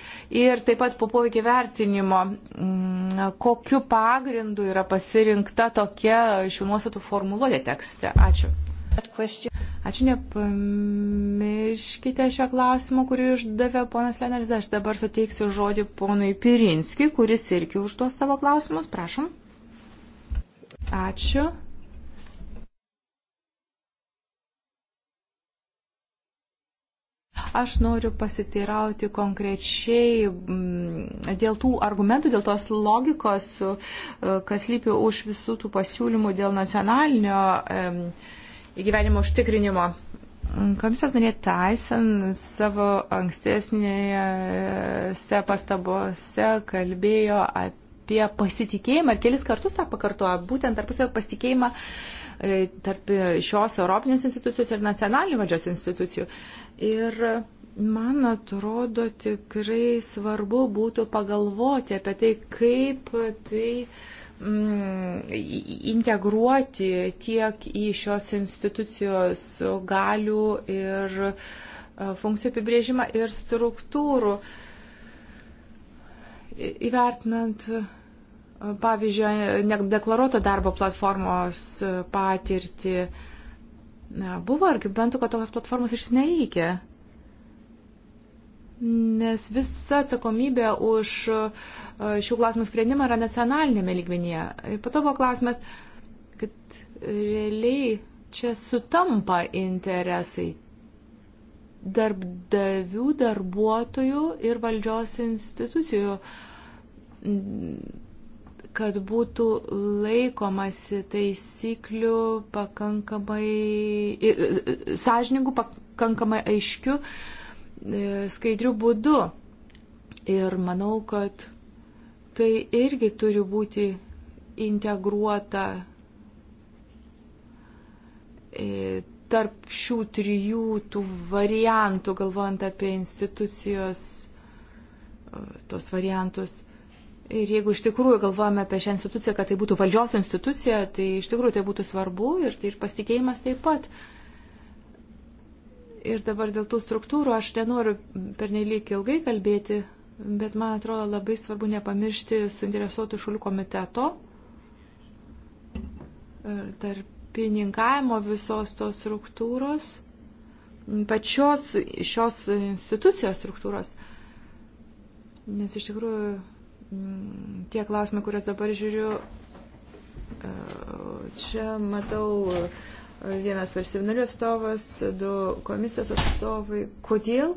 Ir taip pat po poveikį vertinimo, m, kokiu pagrindu yra pasirinkta tokia šių nuostatų formuluotė tekste. Ačiū. Ačiū, nepamirškite šio klausimo, kurį išdavė ponas Lenelis. Aš dabar suteiksiu žodį ponui Pirinskiui, kuris irgi užduos savo klausimus. Prašom. Ačiū. Aš noriu pasiteirauti konkrečiai mm, dėl tų argumentų, dėl tos logikos, e, kas lypi už visų tų pasiūlymų dėl nacionalinio. Um, įgyvenimo užtikrinimo. Komisijos narė Tyson savo ankstesnėse pastabose kalbėjo apie pasitikėjimą ir kelis kartus tą pakartojo, būtent tarpusavio pasitikėjimą e, tarp šios Europinės institucijos ir nacionalinių valdžios institucijų. Ir man atrodo tikrai svarbu būtų pagalvoti apie tai, kaip tai uh, Mm, integruoti tiek į šios institucijos galių ir e, funkcijų apibrėžimą ir struktūrų, įvertinant, e, pavyzdžiui, nedeklaruoto darbo platformos e, patirtį. Buvo argumentų, kad tokios platformos iš nereikia nes visa atsakomybė už e, šių klausimų sprendimą yra nacionalinėme lygmenyje. Ir pato buvo klausimas, kad realiai čia sutampa interesai darbdavių, darbuotojų ir valdžios institucijų, kad būtų laikomasi taisyklių pakankamai, sąžiningų, pakankamai aiškių, uh, E, skaidrių būdų. Ir manau, kad tai irgi turi būti integruota e, tarp šių trijų tų variantų, galvojant apie institucijos, e, tos variantus. Ir jeigu iš tikrųjų galvojame apie šią instituciją, kad tai būtų valdžios institucija, tai iš tikrųjų tai būtų svarbu ir, tai ir pasitikėjimas taip pat. Uh, Ir dabar dėl tų struktūrų aš nenoriu pernelyg ilgai kalbėti, bet man atrodo labai svarbu nepamiršti suinteresuotų šalių komiteto e, tarpininkavimo visos tos struktūros, pačios šios institucijos struktūros. Nes iš tikrųjų mm, tie klausimai, kurias dabar žiūriu, e, čia matau vienas valstybinarių atstovas, du komisijos atstovai. Kodėl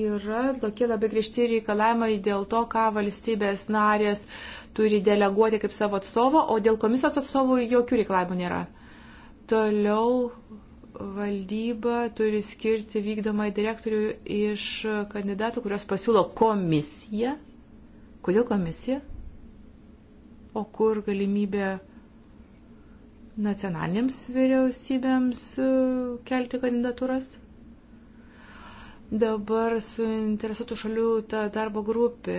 yra tokie labai griežti reikalavimai dėl to, ką valstybės narės turi deleguoti kaip savo atstovo, o dėl komisijos atstovų jokių reikalavimų nėra. Toliau valdyba turi skirti vykdomai direktorių iš kandidatų, kurios pasiūlo komisija. Kodėl komisija? O kur galimybė nacionalinėms vyriausybėms e, kelti kandidatūras. Dabar suinteresuotų šalių ta darbo grupė.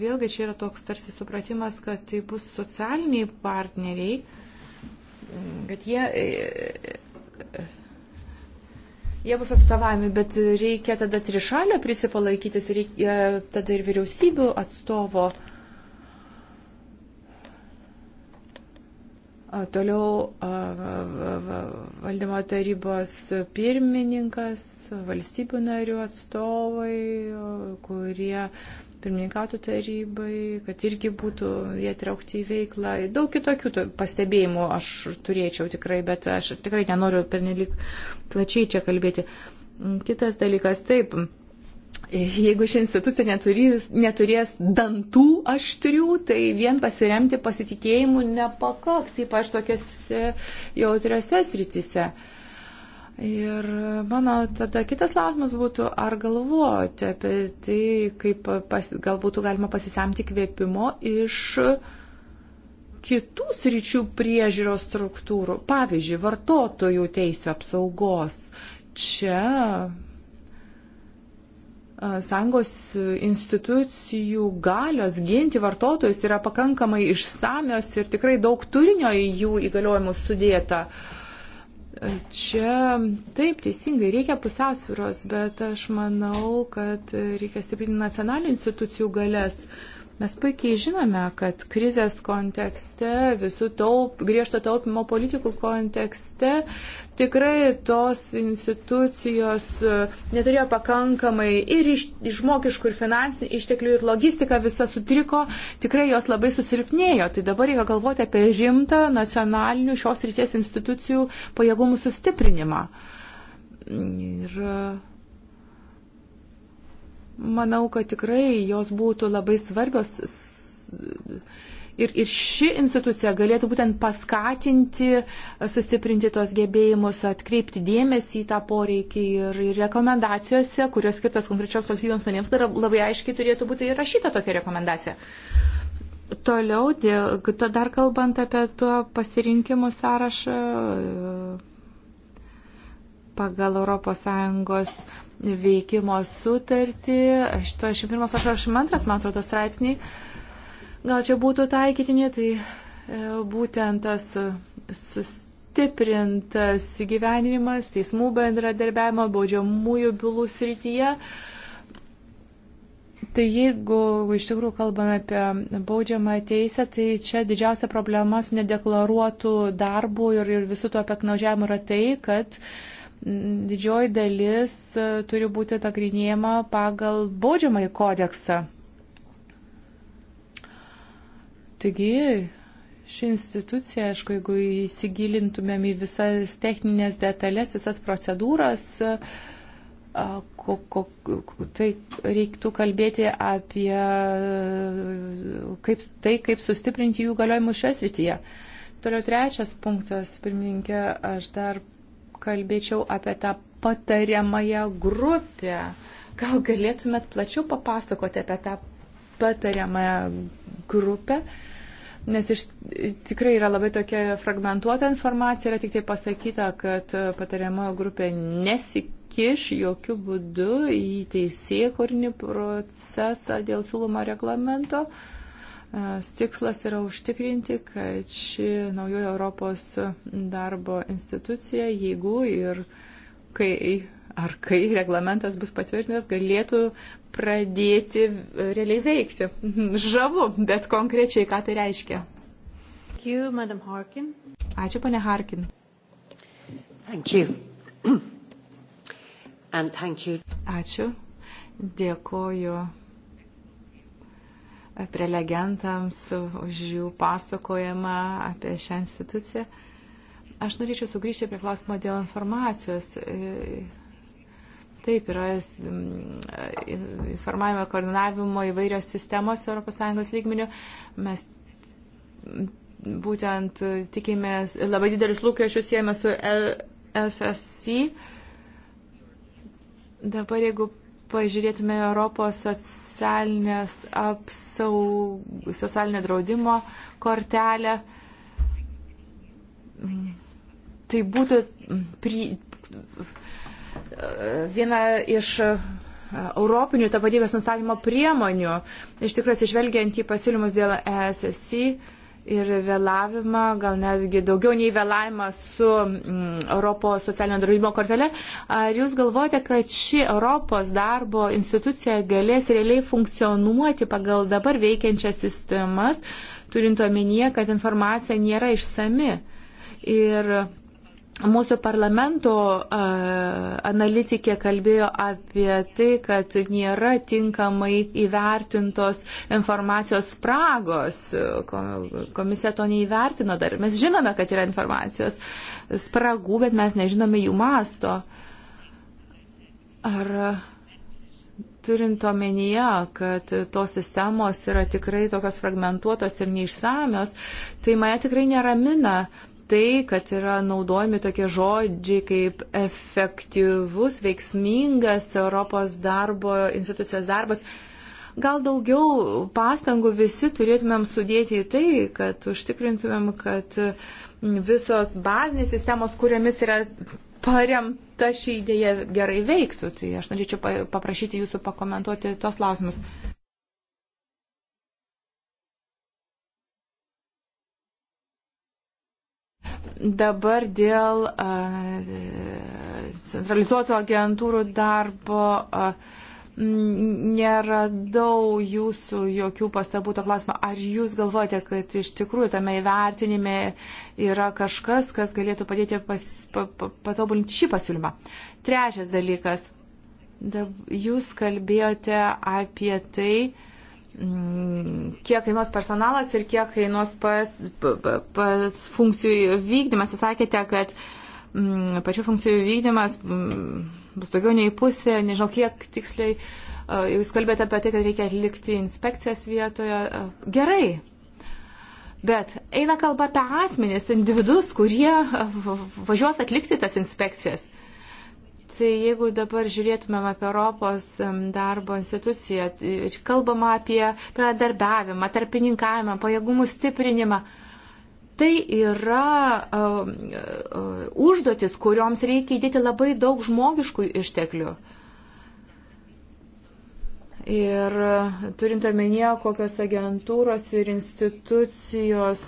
Vėlgi čia yra toks tarsi supratimas, kad tai bus socialiniai partneriai, kad jie, e, e, jie bus atstovami, bet reikia tada trišalio principą laikytis, reikia tada ir vyriausybių atstovo. Toliau valdymo tarybos pirmininkas, valstybių narių atstovai, kurie pirmininkautų tarybai, kad irgi būtų jie traukti į veiklą. Daug kitokių pastebėjimų aš turėčiau tikrai, bet aš tikrai nenoriu pernelik plačiai čia kalbėti. Kitas dalykas, taip, Jeigu ši institucija neturės, neturės dantų aštrių, tai vien pasiremti pasitikėjimu nepakaks, ypač tokiuose jautriuose srityse. Ir mano tada kitas klausimas būtų, ar galvoti apie tai, kaip pas, gal būtų galima pasisemti kvėpimo iš kitų sričių priežiūros struktūrų, pavyzdžiui, vartotojų teisų apsaugos. Čia sąjungos institucijų galios ginti vartotojus yra pakankamai išsamios ir tikrai daug turinio į jų įgaliojimus sudėta. Čia taip, teisingai, reikia pusiausviros, bet aš manau, kad reikia stiprinti nacionalinių institucijų galės. Uh, Mes puikiai žinome, kad krizės kontekste, visų taup, griežto taupimo politikų kontekste, tikrai tos institucijos e, neturėjo pakankamai ir iš, iš mokiškų, ir finansinių išteklių, ir logistika visa sutriko, tikrai jos labai susilpnėjo. Tai dabar reikia galvoti apie rimtą nacionalinių šios ryties institucijų pajėgumų sustiprinimą. Ir manau, kad tikrai jos būtų labai svarbios. Ir, ir ši institucija galėtų būtent paskatinti, sustiprinti tos gebėjimus, atkreipti dėmesį į tą poreikį ir, ir rekomendacijose, kurios skirtos konkrečioms valstybėms narėms, labai aiškiai turėtų būti įrašyta tokia rekomendacija. Toliau, dar kalbant apie tuo pasirinkimų sąrašą pagal ES veikimo sutartį, 81-82, man atrodo, straipsniai, gal čia būtų taikytinė, tai e, būtent tas e, sustiprintas įgyveninimas teismų bendradarbiavimo baudžiamųjų bylų srityje. Tai jeigu iš tikrųjų kalbame apie baudžiamą teisę, tai čia didžiausia problema su nedeklaruotu darbu ir, ir visų tuo peknaudžiavimu yra tai, kad uh, didžioji dalis e, turi būti nagrinėjama pagal baudžiamąjį kodeksą. Taigi, ši institucija, aišku, jeigu įsigilintumėm į visas techninės detalės, visas procedūras, e, ko, ko, tai reiktų kalbėti apie e, kaip, tai, kaip sustiprinti jų galiojimus šią srityje. Toliau trečias punktas, pirmininkė, aš dar kalbėčiau apie tą patariamąją grupę. Gal galėtumėt plačiau papasakoti apie tą patariamąją grupę? nes iš, tikrai yra labai tokia fragmentuota informacija, yra tik tai pasakyta, kad patariamojo grupė nesikiš jokių būdų į teisėkorinį procesą dėl siūlomo reglamento. Uh, Tikslas yra užtikrinti, kad ši naujoji Europos darbo institucija, jeigu ir kai ar kai reglamentas bus patvirtintas, galėtų pradėti e, realiai veikti. Žavu, bet konkrečiai ką tai reiškia. You, Ačiū, ponė Harkin. Ačiū. Dėkoju prelegentams už jų pasakojimą apie šią instituciją. Aš norėčiau sugrįžti prie klausimo dėl informacijos. Taip, yra mm, informavimo koordinavimo įvairios sistemos ES lygmenių. Mes mm, būtent tikimės, labai didelius lūkesčius siejame su SSC. Dabar jeigu pažiūrėtume Europos atsakymą, socialinės apsaug, socialinio draudimo kortelę. Tai būtų pri, viena iš europinių tapatybės nustatymo priemonių, iš tikrųjų atsižvelgiant į pasiūlymus dėl ESSI ir vėlavimą, gal netgi daugiau nei vėlavimą su mm, Europos socialinio draudimo kortelė. Ar jūs galvojate, kad ši Europos darbo institucija galės realiai funkcionuoti pagal dabar veikiančias sistemas, turint omenyje, kad informacija nėra išsami? Ir Mūsų parlamento analitikė kalbėjo apie tai, kad nėra tinkamai įvertintos informacijos spragos. Komisija to neįvertino dar. Mes žinome, kad yra informacijos spragų, bet mes nežinome jų masto. Ar turint omenyje, kad tos sistemos yra tikrai tokios fragmentuotos ir neišsamios, tai mane tikrai neramina tai, kad yra naudojami tokie žodžiai kaip efektyvus, veiksmingas Europos darbo institucijos darbas. Gal daugiau pastangų visi turėtumėm sudėti į tai, kad užtikrintumėm, kad visos bazinės sistemos, kuriamis yra paremta ši idėja gerai veiktų. Tai aš norėčiau paprašyti jūsų pakomentuoti tos klausimus. Mm. Dabar dėl centralizuotų agentūrų darbo neradau jūsų jokių pastabų to klausimo. Ar jūs galvojate, kad iš tikrųjų tame įvertinime yra kažkas, kas galėtų padėti pas, pa, pa, patobulinti šį pasiūlymą? Trečias dalykas. Jūs kalbėjote apie tai, Mm, kiek kainuos personalas ir kiek kainuos pats, pats funkcijų vykdymas. Jūs sakėte, kad m, mm, pačių funkcijų vykdymas m, mm, bus daugiau nei pusė, nežinau kiek tiksliai. Jūs kalbėte apie tai, kad reikia atlikti inspekcijas vietoje. Gerai. Bet eina kalba apie asmenys, individus, kurie važiuos atlikti tas inspekcijas. Tai jeigu dabar žiūrėtumėm apie Europos darbo instituciją, tai kalbama apie pradarbiavimą, tarpininkavimą, pajėgumų stiprinimą, tai yra uh, uh, užduotis, kurioms reikia įdėti labai daug žmogiškų išteklių. Ir e, turint omenyje, kokios agentūros ir institucijos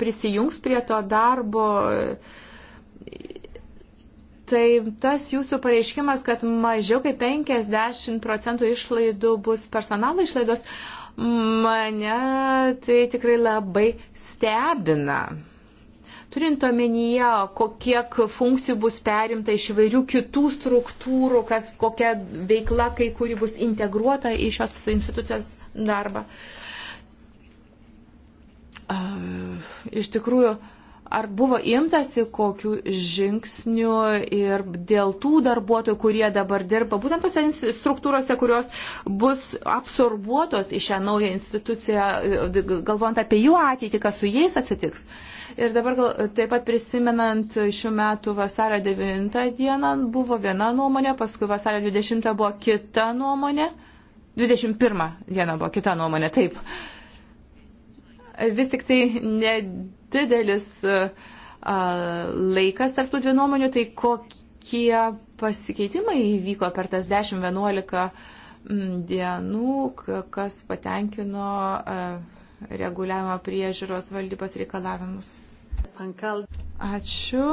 prisijungs prie to darbo, uh, Tai tas jūsų pareiškimas, kad mažiau kaip 50 procentų išlaidų bus personalo išlaidos, mane tai tikrai labai stebina. Turint omenyje, kiek funkcijų bus perimta iš įvairių kitų struktūrų, kas, kokia veikla, kai kuri bus integruota į šios institucijos darbą. Iš tikrųjų, uh, Ar buvo imtasi kokių žingsnių ir dėl tų darbuotojų, kurie dabar dirba, būtent tose struktūrose, kurios bus absorbuotos į šią naują instituciją, galvojant apie jų ateitį, kas su jais atsitiks. Ir dabar gal, taip pat prisimenant šių metų vasario 9 dieną buvo viena nuomonė, paskui vasario 20 buvo kita nuomonė, 21 diena buvo kita nuomonė, taip vis tik tai ne didelis e, laikas tarptų dvi nuomonių, tai kokie pasikeitimai įvyko per tas 10-11 dienų, kas patenkino e, reguliavimo priežiūros valdybos reikalavimus. Ačiū.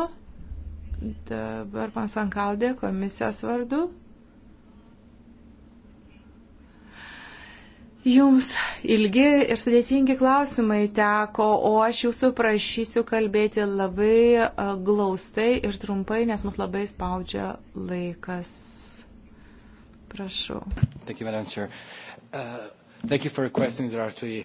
Dabar pan Sankaldė komisijos vardu. Jums ilgi ir sudėtingi klausimai teko, o aš jūsų prašysiu kalbėti labai e, glaustai ir trumpai, nes mus labai spaudžia laikas. Prašau. Thank you, Madam Chair. Uh, thank you for your questions. There are three.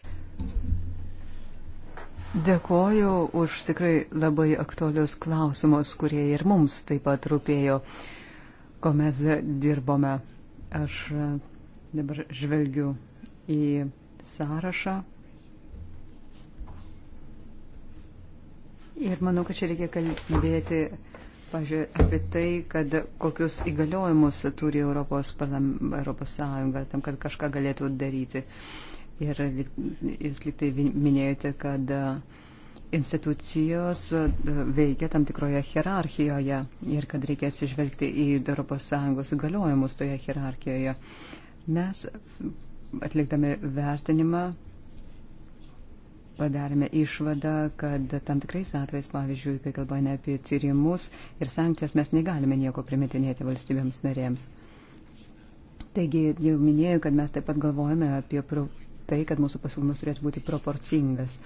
Dėkoju už tikrai labai aktualius klausimus, kurie ir mums taip pat rūpėjo, ko mes dirbome. Aš e, dabar žvelgiu į sąrašą. Ir manau, kad čia reikia kalbėti, pažiūrėjau, apie tai, kad kokius įgaliojimus turi Europos, Europos Sąjunga tam, kad kažką galėtų daryti. Ir jūs liktai minėjote, kad e, institucijos e, veikia tam tikroje hierarchijoje ir kad reikės išvelgti į ES įgaliojimus toje hierarchijoje. Mes atlikdami vertinimą padarėme išvadą, kad tam tikrais atvejais, pavyzdžiui, kai kalbame apie tyrimus ir sankcijas, mes negalime nieko primetinėti valstybėms narėms. Taigi, jau minėjau, kad mes taip pat galvojame apie tai, kad mūsų pasiūlymas turėtų būti proporcingas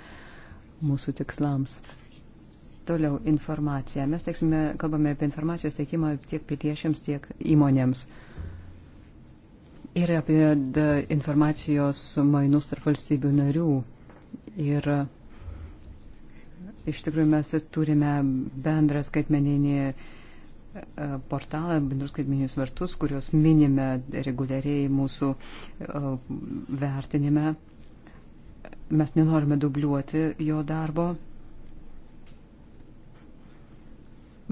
mūsų tikslams. Toliau informacija. Mes teiksime, kalbame apie informacijos teikimą tiek piliečiams, tiek įmonėms. Uh, ir apie informacijos mainus tarp valstybių narių. Ir iš tikrųjų mes turime bendrą skaitmeninį portalą, bendrus skaitmeninius vartus, kuriuos minime reguliariai mūsų vertinime. Mes nenorime dubliuoti jo darbo,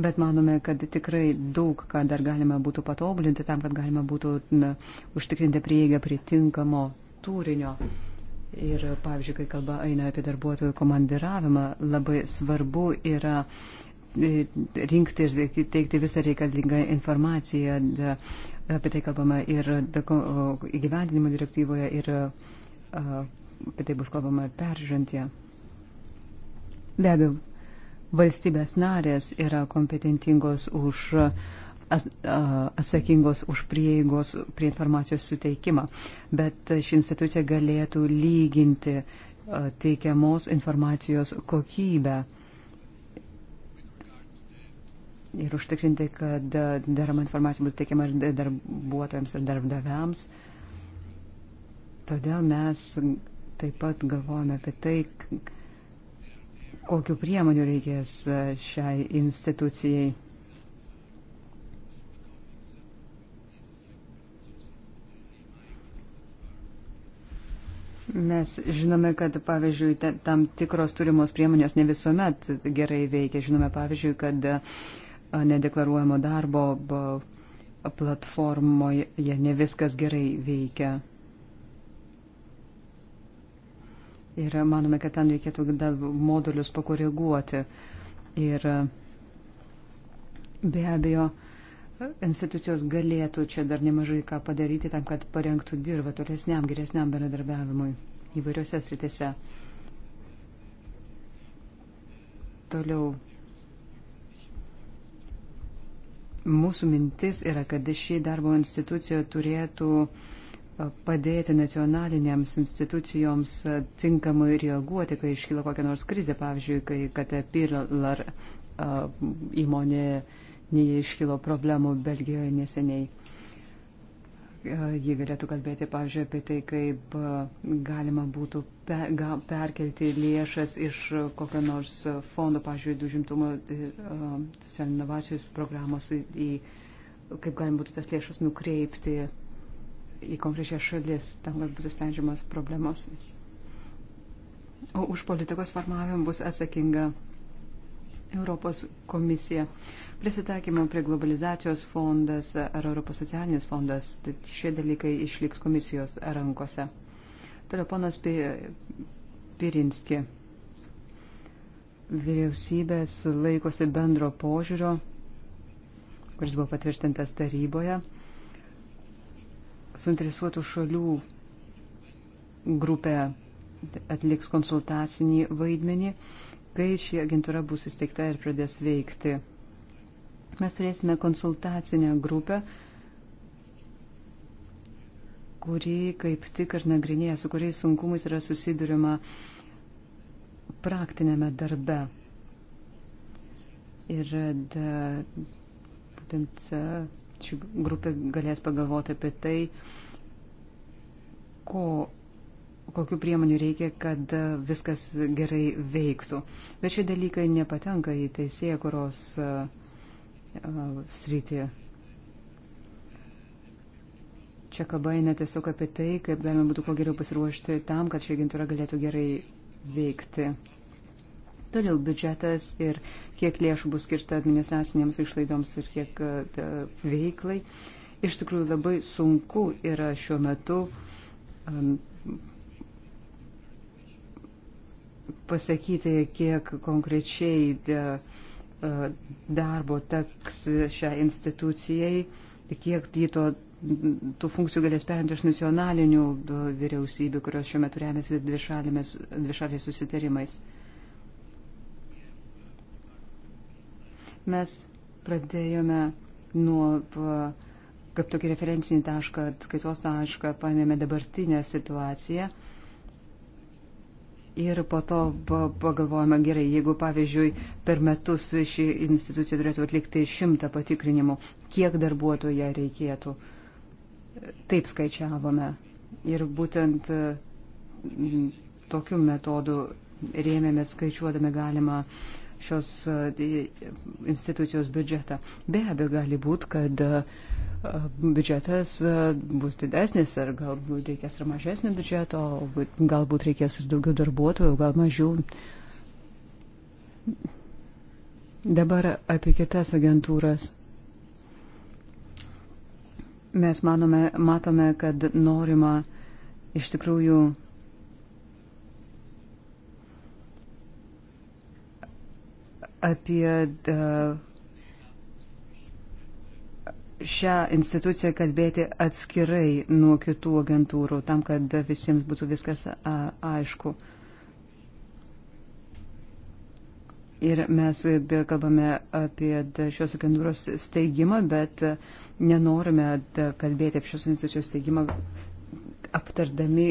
Bet manome, kad tikrai daug ką dar galima būtų patobulinti tam, kad galima būtų na, užtikrinti prieigą prie tinkamo turinio. Ir pavyzdžiui, kai kalba eina apie darbuotojų komandiravimą, labai svarbu yra e, rinkti ir teikti visą reikalingą informaciją. Apie tai kalbama ir įgyvendinimo direktyvoje, ir apie tai bus kalbama ir peržiūrint ją. Be abejo, valstybės narės yra kompetentingos už atsakingos už prieigos prie informacijos suteikimą, bet ši institucija galėtų lyginti teikiamos informacijos kokybę ir užtikrinti, kad derama informacija būtų teikiama ir darbuotojams, ir darbdaviams. Todėl mes taip pat galvojame apie tai, kokiu priemoniu reikės e, šiai institucijai. Mes žinome, kad, pavyzdžiui, tam tikros turimos priemonės ne visuomet gerai veikia. Žinome, pavyzdžiui, kad e, nedeklaruojamo darbo platformoje ne viskas gerai veikia. Ir manome, kad ten reikėtų modulius pakoreguoti. Ir e, be abejo, institucijos galėtų čia dar nemažai ką padaryti tam, kad parengtų dirbą tolesniam, geresniam bendradarbiavimui įvairiose sritise. Toliau. Mūsų mintis yra, kad ši darbo institucija turėtų uh, padėti nacionalinėms institucijoms e, tinkamai reaguoti, kai iškyla kokia nors krizė, pavyzdžiui, kai Caterpillar e, įmonė neiškilo problemų Belgijoje neseniai. E, ji galėtų kalbėti, pavyzdžiui, apie tai, kaip galima būtų perkelti lėšas iš kokio nors fondo, pavyzdžiui, dužimtumo socialinių inovacijos programos į, kaip galima būtų tas lėšas nukreipti į konkrečią šalis, tam, kad būtų sprendžiamas problemos. O už politikos formavimą bus atsakinga Europos komisija. Prisitaikymo prie globalizacijos fondas ar Europos socialinis fondas, tai šie dalykai išliks komisijos rankose. Toliau ponas Pirinski. Vyriausybės laikosi bendro požiūrio, kuris buvo patvirtintas taryboje suinteresuotų šalių grupė atliks konsultacinį vaidmenį, kai ši agentūra bus įsteigta ir pradės veikti. Mes turėsime konsultacinę grupę, kuri kaip tik ir nagrinėja, su kuriais sunkumais yra susidurima praktinėme darbe. Ir da, būtent ši grupė galės pagalvoti apie tai, ko, kokiu priemonių reikia, kad viskas gerai veiktų. Bet šie dalykai nepatenka į teisėją, kurios e, sritį. Čia kalba eina tiesiog apie tai, kaip galima būtų kuo geriau pasiruošti tam, kad ši agentūra galėtų gerai veikti. Toliau biudžetas ir kiek lėšų bus skirta administracinėms išlaidoms ir kiek e, veiklai. Iš tikrųjų labai sunku yra šiuo metu um, pasakyti, kiek konkrečiai de, darbo teks šiai institucijai, kiek jį to tų funkcijų galės perimti iš nacionalinių vyriausybių, kurios šiuo metu remiasi dvišalėmis, dvišalės susitarimais. Uh, Mes pradėjome nuo kaip tokį referencinį tašką, skaitos tašką, paėmėme dabartinę situaciją. Ir po to pagalvojame gerai, jeigu pavyzdžiui per metus ši institucija turėtų atlikti šimtą patikrinimų, kiek darbuotojų ją reikėtų. Taip skaičiavome. Ir būtent tokiu metodu rėmėmės skaičiuodami galima uh, šios e, institucijos biudžetą. Be abejo, gali būti, kad e, biudžetas e, bus didesnis ar galbūt reikės ir mažesnio biudžeto, galbūt reikės ir daugiau darbuotojų, gal mažiau. Dabar apie kitas agentūras. Mes manome, matome, kad norima iš tikrųjų apie e, šią instituciją kalbėti atskirai nuo kitų agentūrų, tam, kad visiems būtų viskas aišku. Ir mes kalbame apie šios agentūros steigimą, bet nenorime kalbėti apie šios institucijos steigimą aptardami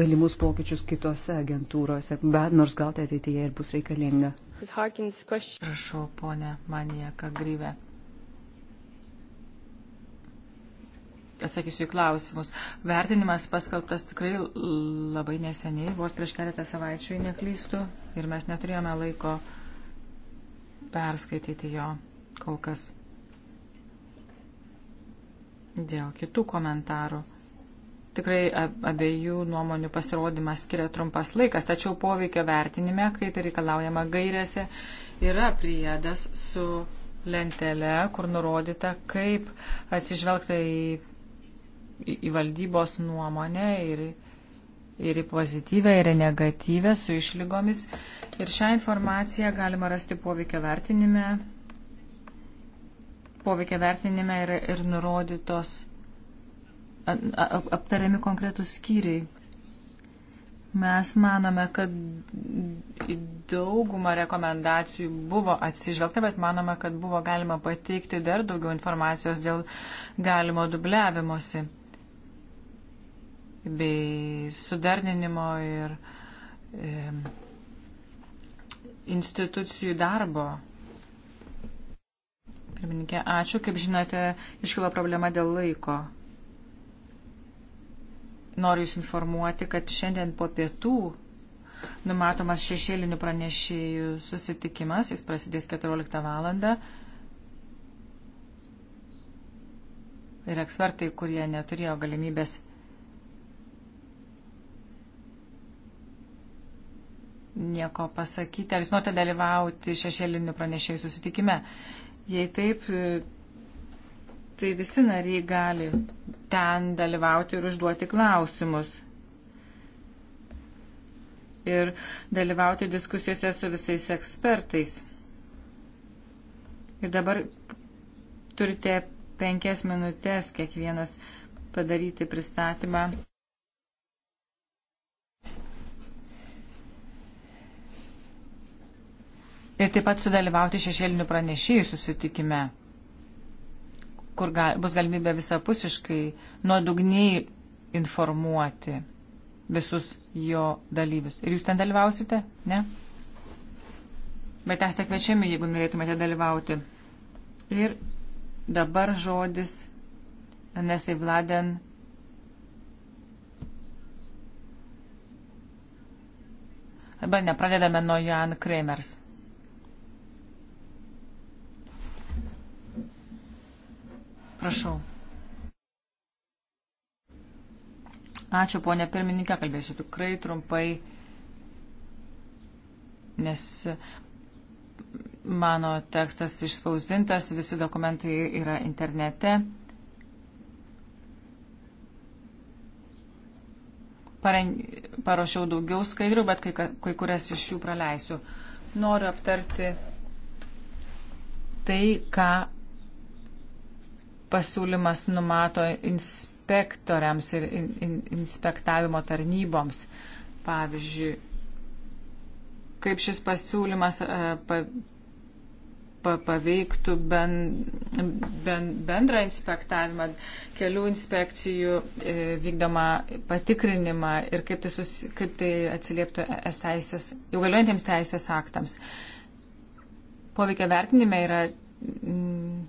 galimus pokyčius kitose agentūrose, bet nors gal tai ateityje ir bus reikalinga. Prašau, ponė Manieka Gryvė. Atsakysiu į klausimus. Vertinimas paskelbtas tikrai labai neseniai, vos prieš keletą savaičių, neklystu, ir mes neturėjome laiko perskaityti jo kol kas. Dėl kitų komentarų. Tikrai abiejų nuomonių pasirodymas skiria trumpas laikas, tačiau poveikio vertinime, kaip ir reikalaujama gairėse, yra priedas su lentelė, kur nurodyta, kaip atsižvelgta į, į, į valdybos nuomonę ir ir į pozityvę, ir į negatyvę su išlygomis. Ir šią informaciją galima rasti poveikio vertinime. Poveikio vertinime yra ir nurodytos aptariami konkretus skyriai. Mes manome, kad daugumą rekomendacijų buvo atsižvelgta, bet manome, kad buvo galima pateikti dar daugiau informacijos dėl galimo dubliavimosi bei sudarninimo ir e, institucijų darbo. Pirmininkė, ačiū. Kaip žinote, iškilo problema dėl laiko. Noriu Jūs informuoti, kad šiandien po pietų numatomas šešėlinių pranešėjų susitikimas, jis prasidės 14 valandą. Ir ekspertai, kurie neturėjo galimybės nieko pasakyti, ar jūs norite dalyvauti šešėlinių pranešėjų susitikime. Jei taip, tai visi nariai gali ten dalyvauti ir užduoti klausimus. Ir dalyvauti diskusijose su visais ekspertais. Ir dabar turite penkias minutės kiekvienas padaryti pristatymą. Ir taip pat sudalyvauti šešėlinių pranešėjų susitikime kur gal, bus galimybė visapusiškai nuodugniai informuoti visus jo dalyvius. Ir jūs ten dalyvausite, ne? Bet esate kviečiami, jeigu norėtumėte dalyvauti. Ir dabar žodis Nesai Vladen. Dabar nepradedame nuo Jan Kremers. Prašau. Ačiū, ponė pirmininkė, kalbėsiu tikrai trumpai, nes mano tekstas išspausdintas, visi dokumentai yra internete. Paruošiau daugiau skaidrių, bet kai, kai kurias iš jų praleisiu. Noriu aptarti tai, ką pasiūlymas numato inspektoriams ir in, in, inspektavimo tarnyboms. Pavyzdžiui, kaip šis pasiūlymas e, pa, pa, paveiktų ben, ben, bendrą inspektavimą, kelių inspekcijų e, vykdomą patikrinimą ir kaip tai, sus, kaip tai atsilieptų es teisės, jau galiuojantiems teisės aktams. Poveikia vertinime yra. Mm,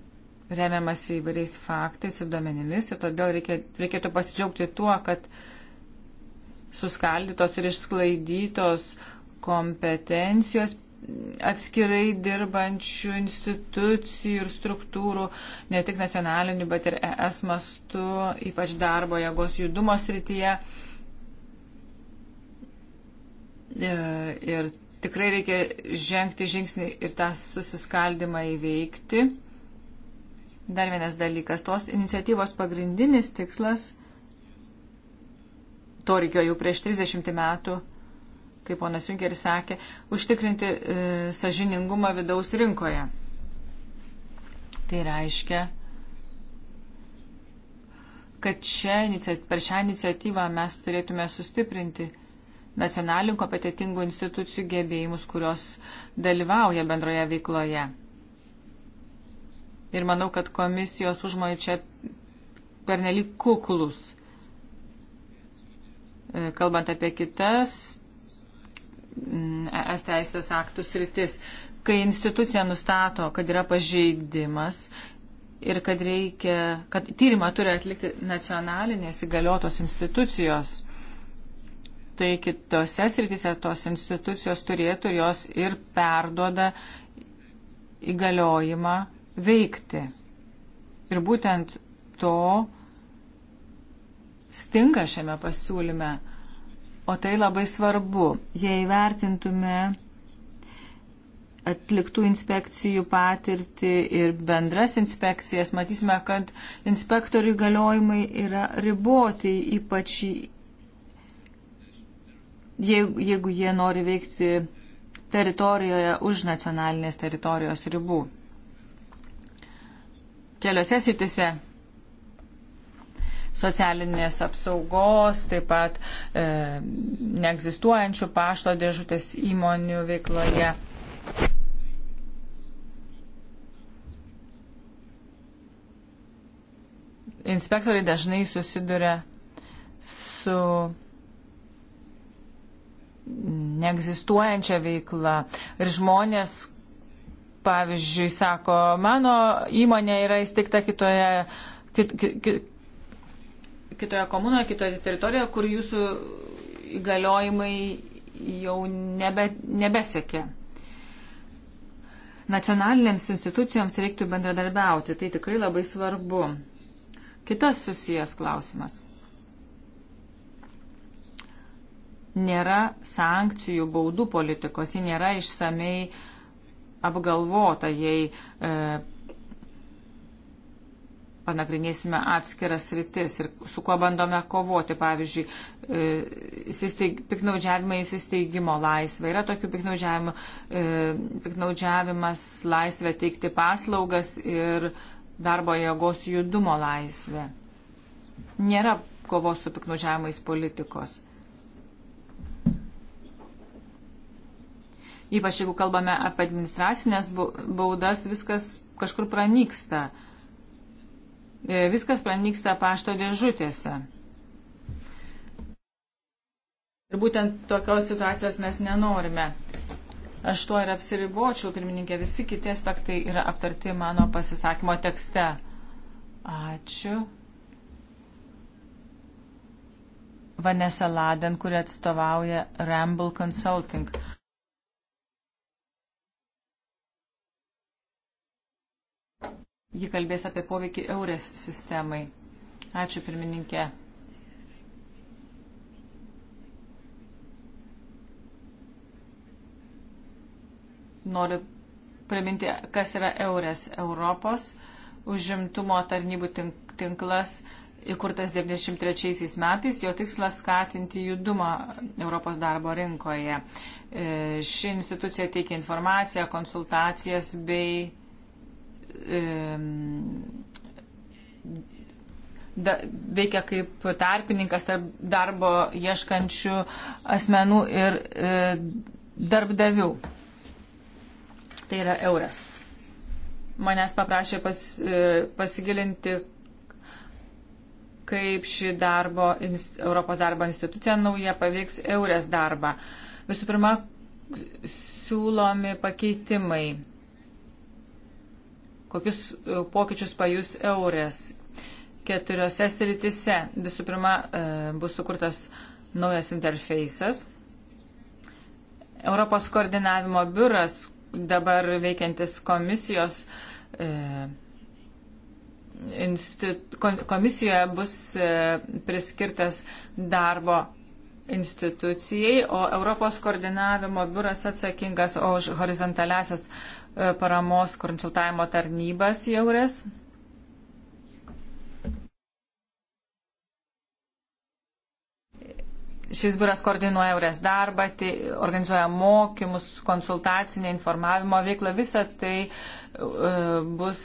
remiamas įvairiais faktais ir duomenimis ir todėl reikia, reikėtų pasidžiaugti tuo, kad suskaldytos ir išsklaidytos kompetencijos atskirai dirbančių institucijų ir struktūrų, ne tik nacionalinių, bet ir ES mastu, ypač darbo jėgos judumo srityje. E, ir tikrai reikia žengti žingsnį ir tą susiskaldimą įveikti. Dar vienas dalykas. Tos iniciatyvos pagrindinis tikslas, to reikėjo jau prieš 30 metų, kaip ponas Junkeris sakė, užtikrinti e, sažiningumą vidaus rinkoje. Tai reiškia, kad čia, per šią iniciatyvą mes turėtume sustiprinti nacionalinių kompetitingų institucijų gebėjimus, kurios dalyvauja bendroje veikloje ir manau, kad komisijos užmojai čia pernelyg kuklus. E, kalbant apie kitas mm, es teisės aktų sritis, kai institucija nustato, kad yra pažeidimas ir kad reikia, kad tyrimą turi atlikti nacionalinės įgaliotos institucijos, tai kitose srityse tos institucijos turėtų jos ir perduoda įgaliojimą veikti. Ir būtent to stinga šiame pasiūlyme. O tai labai svarbu. Jei vertintume atliktų inspekcijų patirtį ir bendras inspekcijas, matysime, kad inspektorių galiojimai yra riboti, ypač jeigu, jeigu jie nori veikti teritorijoje už nacionalinės teritorijos ribų keliose sitise socialinės apsaugos, taip pat e, neegzistuojančių pašto dėžutės įmonių veikloje. Inspektoriai dažnai susiduria su neegzistuojančia veikla ir žmonės, pavyzdžiui, sako, mano įmonė yra įsteigta kitoje, kit, kit, kitoje komunoje, kitoje teritorijoje, kur jūsų įgaliojimai jau nebe, nebesekė. Nacionalinėms institucijoms reiktų bendradarbiauti, tai tikrai labai svarbu. Kitas susijęs klausimas. Nėra sankcijų, baudų politikos, ji nėra išsamei uh, apgalvota, jei e, panagrinėsime atskiras rytis ir su kuo bandome kovoti. Pavyzdžiui, e, įsisteig, piknaudžiavimai įsisteigimo laisvė. Yra tokių piknaudžiavimų, e, piknaudžiavimas laisvė teikti paslaugas ir darbo jėgos judumo laisvė. Nėra kovos su piknaudžiavimais politikos. Ypač jeigu kalbame apie administracinės baudas, viskas kažkur pranyksta. E, viskas pranyksta pašto dėžutėse. Ir būtent tokios situacijos mes nenorime. Aš tuo ir apsiribočiau, pirmininkė, visi kiti aspektai yra aptarti mano pasisakymo tekste. Ačiū. Vanessa Laden, kuri atstovauja Ramble Consulting. Ji kalbės apie poveikį eurės sistemai. Ačiū pirmininkė. Noriu priminti, kas yra eurės Europos užimtumo tarnybų tinklas įkurtas 93 metais, jo tikslas skatinti judumą Europos darbo rinkoje. E, ši institucija teikia informaciją, konsultacijas bei e, da, veikia kaip tarpininkas tarp darbo ieškančių asmenų ir e, darbdavių. Tai yra euras. Manęs paprašė pas, e, pasigilinti, kaip ši darbo, Europos darbo institucija nauja paveiks eurės darbą. Visų pirma, siūlomi pakeitimai kokius e, pokyčius pajus eurės keturiose sritise. Visų pirma, e, bus sukurtas naujas interfejsas. Europos koordinavimo biuras, dabar veikiantis komisijos, e, komisijoje bus priskirtas darbo institucijai, o Europos koordinavimo biuras atsakingas už horizontaliasias E, paramos konsultavimo tarnybas jaures. Šis biuras koordinuoja eures darbą, tai organizuoja mokymus, konsultacinę informavimo veiklą. Visa tai uh, bus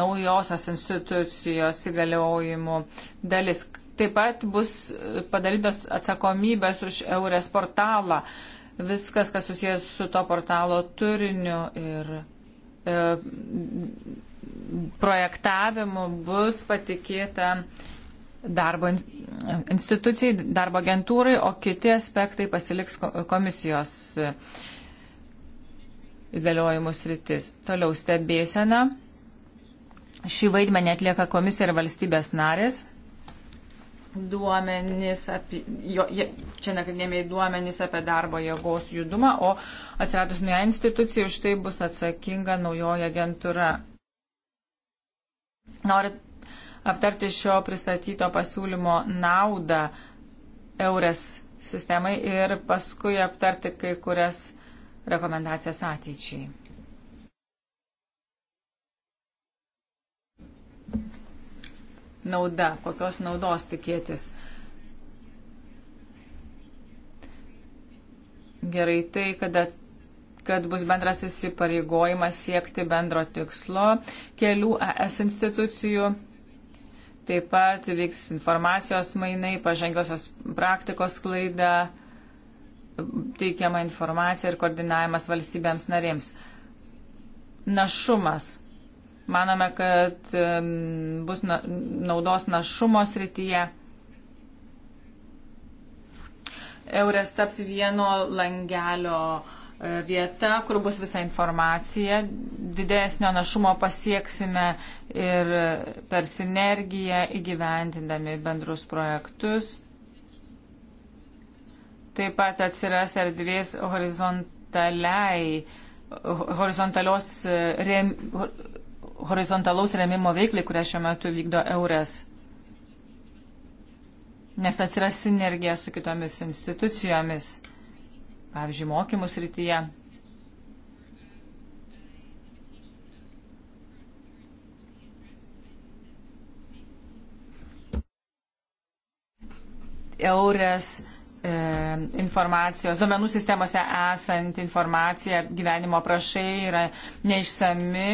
naujosios institucijos įgaliojimų dalis. Taip pat bus padarytos atsakomybės už eures portalą. Uh, viskas, kas susijęs su to portalo turiniu ir e, projektavimu bus patikėta darbo institucijai, darbo agentūrai, o kiti aspektai pasiliks komisijos e, įgaliojimus rytis. Toliau stebėsena. Šį vaidmenį atlieka komisija ir valstybės narės duomenys, apie, jo, je, čia nagrinėjame į duomenys apie darbo jėgos judumą, o atsiradus nauja institucija už tai bus atsakinga naujoji agentūra. Norit aptarti šio pristatyto pasiūlymo naudą eures sistemai ir paskui aptarti kai kurias rekomendacijas ateičiai. nauda, kokios naudos tikėtis. Gerai tai, kad, at, kad bus bendras įsipareigojimas siekti bendro tikslo kelių ES institucijų. Taip pat vyks informacijos mainai, pažangiosios praktikos klaida, teikiama informacija ir koordinavimas valstybėms narėms. Našumas Manome, kad bus naudos našumo srityje. Eures taps vieno langelio e, vieta, kur bus visa informacija. Didesnio našumo pasieksime ir per sinergiją įgyvendindami bendrus projektus. Taip pat atsiras erdvės horizontaliai horizontalios e, rem, horizontalaus remimo veiklai, kurią šiuo metu vykdo Eures. Nes atsiras sinergija su kitomis institucijomis, pavyzdžiui, mokymų srityje. Eures E, informacijos, duomenų sistemose esanti informacija, gyvenimo prašai yra neišsami,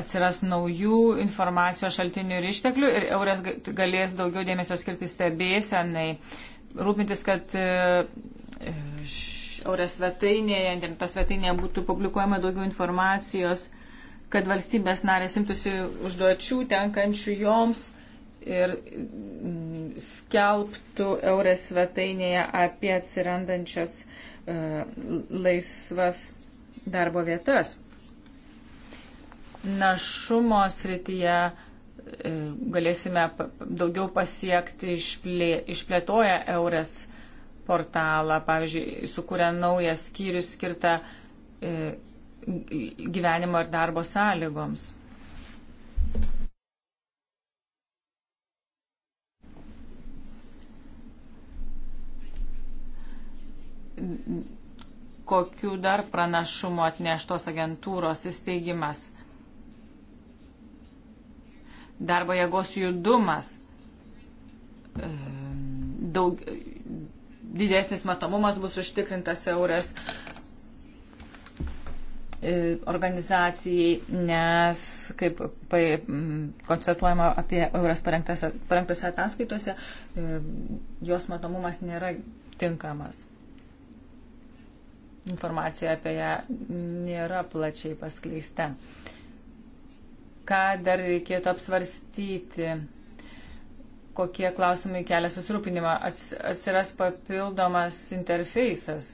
atsiras naujų informacijos šaltinių ir išteklių ir eurės galės daugiau dėmesio skirti stebėsenai, rūpintis, kad e, e, eurės svetainėje, interneto svetainėje būtų publikuojama daugiau informacijos, kad valstybės narės imtųsi užduočių tenkančių joms ir mm, skelbtų Eurės svetainėje apie atsirandančias e, laisvas darbo vietas. Našumo srityje e, galėsime daugiau pasiekti išplė, išplėtoję Eurės portalą, pavyzdžiui, sukūrę naują skyrių skirtą e, gyvenimo ir darbo sąlygoms. kokiu dar pranašumu atneštos agentūros įsteigimas. Darbo jėgos judumas, e, daug, didesnis matomumas bus užtikrintas eurės e, organizacijai, nes, kaip konstatuojama apie euras parengtose ataskaitose, e, jos matomumas nėra tinkamas informacija apie ją nėra plačiai paskleista. Ką dar reikėtų apsvarstyti? Kokie klausimai kelia susirūpinimą? Atsiras papildomas interfejsas.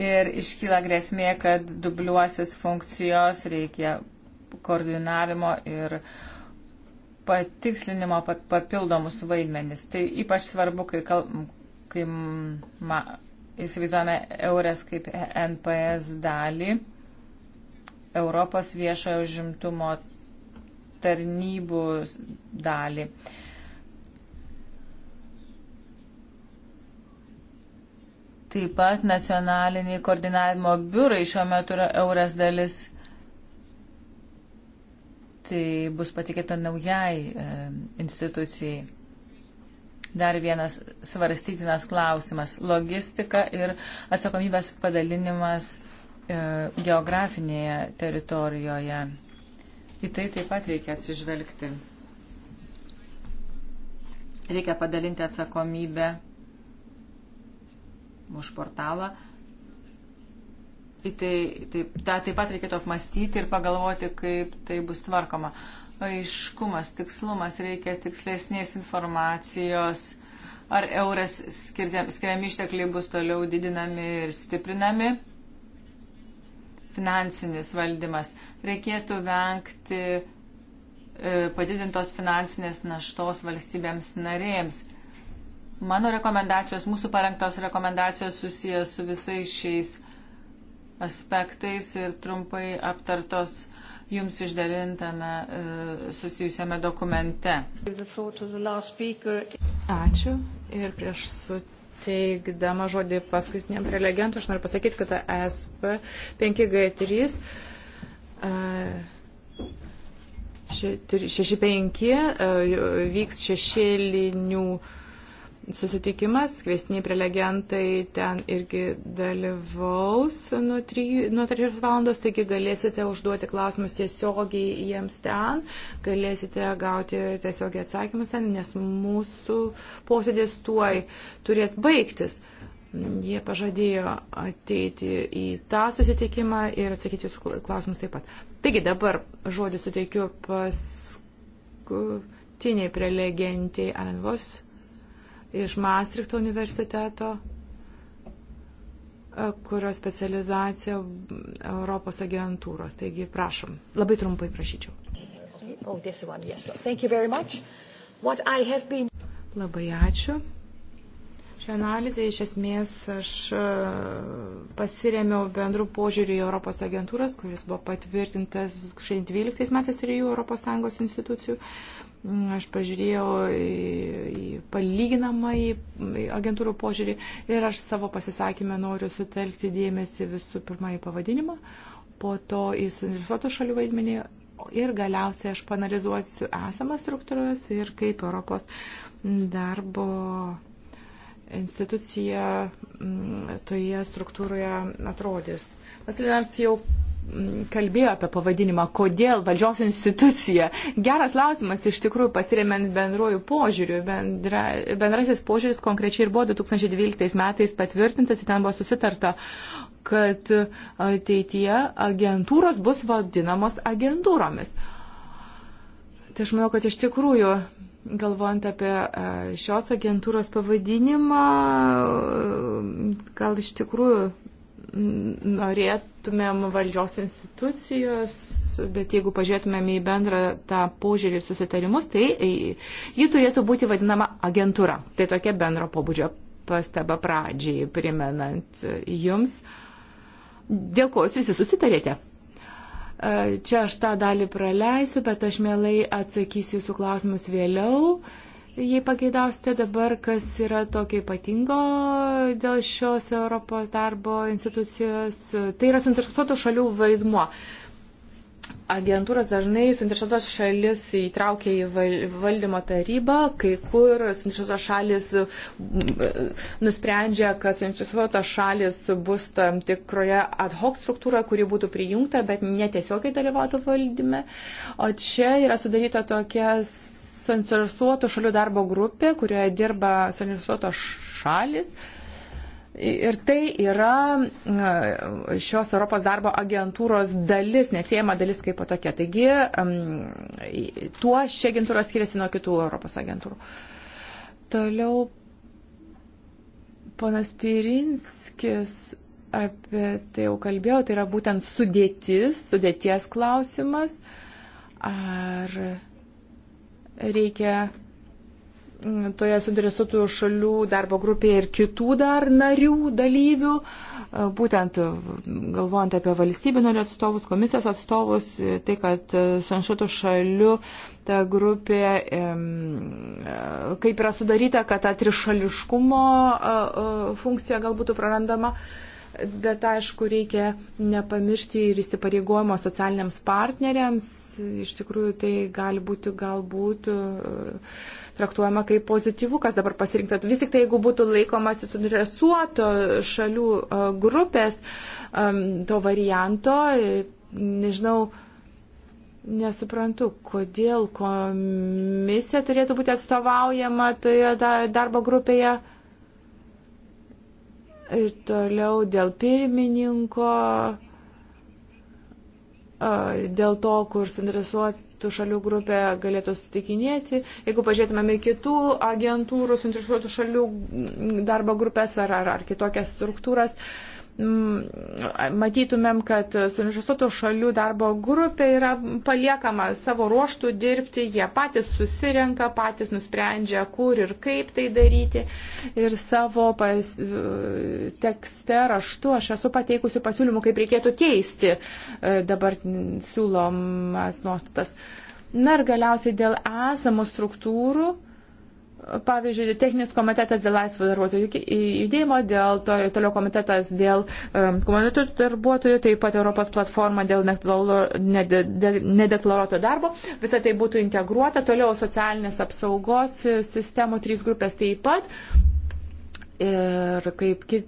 Ir iškyla grėsmė, kad dubliuosis funkcijos reikia koordinavimo ir patikslinimo papildomus vaidmenis. Tai ypač svarbu, kai kalbam kai ma, įsivaizduojame eurės kaip NPS dalį, Europos viešojo žimtumo tarnybų dalį. Taip pat nacionaliniai koordinavimo biurai šiuo metu yra eurės dalis. Tai bus patikėta naujai e, institucijai dar vienas svarstytinas klausimas - logistika ir atsakomybės padalinimas e, geografinėje teritorijoje. Į tai taip pat reikia atsižvelgti. Reikia padalinti atsakomybę už portalą. Į tai, taip, tą taip pat reikėtų apmastyti ir pagalvoti, kaip tai bus tvarkoma. Uh, aiškumas, tikslumas, reikia tikslesnės informacijos, ar euras skiriami ištekliai bus toliau didinami ir stiprinami. Finansinis valdymas. Reikėtų vengti e, padidintos finansinės naštos valstybėms narėms. Mano rekomendacijos, mūsų parengtos rekomendacijos susijęs su visais šiais aspektais ir trumpai aptartos uh, jums išdalintame e, susijusiame dokumente. Ačiū ir prieš sutikimą. Teikdama žodį paskutiniam prelegentui, aš noriu pasakyti, kad SP5G3 65 e, e, vyks šešėlinių uh, susitikimas, kvesniai prelegentai ten irgi dalyvaus nuo 3, nuo 3 valandos, taigi galėsite užduoti klausimus tiesiogiai jiems ten, galėsite gauti tiesiogiai atsakymus ten, nes mūsų posėdės tuoj turės baigtis. Jie pažadėjo ateiti į tą susitikimą ir atsakyti jūsų klausimus taip pat. Taigi dabar žodį suteikiu paskutiniai prelegentiai Alenvos iš Maastrichto universiteto, e, kurio specializacija Europos agentūros. Taigi, prašom, labai trumpai prašyčiau. Oh, this one, yes. Thank you very much. What I have been... Labai ačiū. Šią analizę iš esmės aš e, pasiremiau bendrų požiūrį į Europos agentūras, kuris buvo patvirtintas 2012 metais ir jų ES institucijų. Aš pažiūrėjau į palyginamą į agentūrų požiūrį ir aš savo pasisakymę noriu sutelkti dėmesį visų pirma į pavadinimą, po to į suinteresuotų šalių vaidmenį ir galiausiai aš panalizuosiu esamas struktūras ir kaip Europos darbo institucija mm, toje struktūroje atrodys. Vasilinaras jau kalbėjo apie pavadinimą, kodėl valdžios institucija. Geras klausimas, iš tikrųjų, pasiremiant bendruoju požiūriu. Bendra, bendrasis požiūris konkrečiai ir buvo 2012 metais patvirtintas ir ten buvo susitarta kad ateityje agentūros bus vadinamos agentūromis. Tai aš manau, kad iš tikrųjų galvojant apie e, šios agentūros pavadinimą, e, gal iš tikrųjų norėt, tumėm valdžios institucijos, bet jeigu pažiūrėtumėm į bendrą tą požiūrį susitarimus, tai ji turėtų būti vadinama agentūra. Tai tokia bendro pobūdžio pastaba pradžiai, primenant jums, dėl ko jūs visi susitarėte. E, čia aš tą dalį praleisiu, bet aš mielai atsakysiu jūsų klausimus vėliau. Jei pageidausite dabar, kas yra tokio ypatingo dėl šios Europos darbo institucijos, tai yra suinteresuotų šalių vaidmuo. Agentūros dažnai suinteresuotos šalis įtraukia į valdymo tarybą, kai kur suinteresuotos šalis mm, nusprendžia, kad suinteresuotos šalis bus tam tikroje ad hoc struktūroje, kuri būtų prijungta, bet netiesiogiai dalyvautų valdyme. O čia yra sudaryta tokias suinteresuotų šalių darbo grupė, kurioje dirba suinteresuotos šalis. Ir tai yra e, šios Europos darbo agentūros dalis, neatsiejama dalis kaip tokia. Taigi, tuo ši agentūra skiriasi nuo kitų Europos agentūrų. Toliau ponas Pirinskis apie tai jau kalbėjau, tai yra būtent sudėtis, sudėties klausimas. Ar Reikia mm, toje suinteresuotų šalių darbo grupėje ir kitų dar narių dalyvių, e, būtent e, galvojant apie valstybių narių atstovus, komisijos atstovus, e, tai kad su anšuotų šalių ta grupė, kaip yra sudaryta, kad ta trišališkumo funkcija galbūt prarandama. Bet aišku, reikia nepamiršti ir įsipareigojimo socialiniams partneriams iš tikrųjų tai gali būti galbūt e, traktuojama kaip pozityvu, kas dabar pasirinkta. Vis tik tai, jeigu būtų laikomasi suinteresuoto šalių e, grupės e, to varianto, nežinau, Nesuprantu, kodėl komisija turėtų būti atstovaujama toje darbo grupėje. Ir toliau dėl pirmininko dėl to, kur suinteresuotų šalių grupė galėtų sutikinėti. Jeigu pažiūrėtumėme kitų agentūrų, suinteresuotų šalių darbo grupės ar, ar, ar kitokias struktūras, uh, Mm, matytumėm, kad suinteresuotų šalių darbo grupė yra paliekama savo ruoštų dirbti, jie patys susirenka, patys nusprendžia, kur ir kaip tai daryti. Ir savo pas, tekste raštu aš esu pateikusi pasiūlymų, kaip reikėtų keisti e, dabar siūlomas nuostatas. Na ir galiausiai dėl esamų struktūrų pavyzdžiui, techninis komitetas dėl laisvo darbuotojų judėjimo, dėl to, toliau komitetas dėl um, komunitų darbuotojų, taip pat Europos platforma dėl nedeklaruoto darbo. Visą tai būtų integruota, toliau socialinės apsaugos sistemų trys grupės taip pat. Ir kaip kiti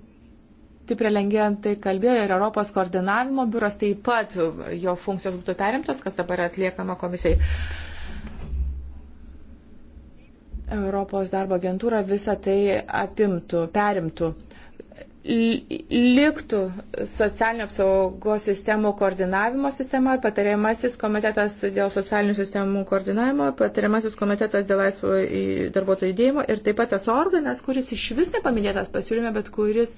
kiti prelengentai kalbėjo ir Europos koordinavimo biuras taip pat jo funkcijos būtų perimtos, kas dabar atliekama komisijai. Europos darbo agentūra visą tai apimtų, perimtų liktų socialinio apsaugos sistemų koordinavimo sistema, patariamasis komitetas dėl socialinių sistemų koordinavimo, patariamasis komitetas dėl laisvo darbuotojų judėjimo ir taip pat tas organas, kuris iš vis nepaminėtas pasiūlyme, bet kuris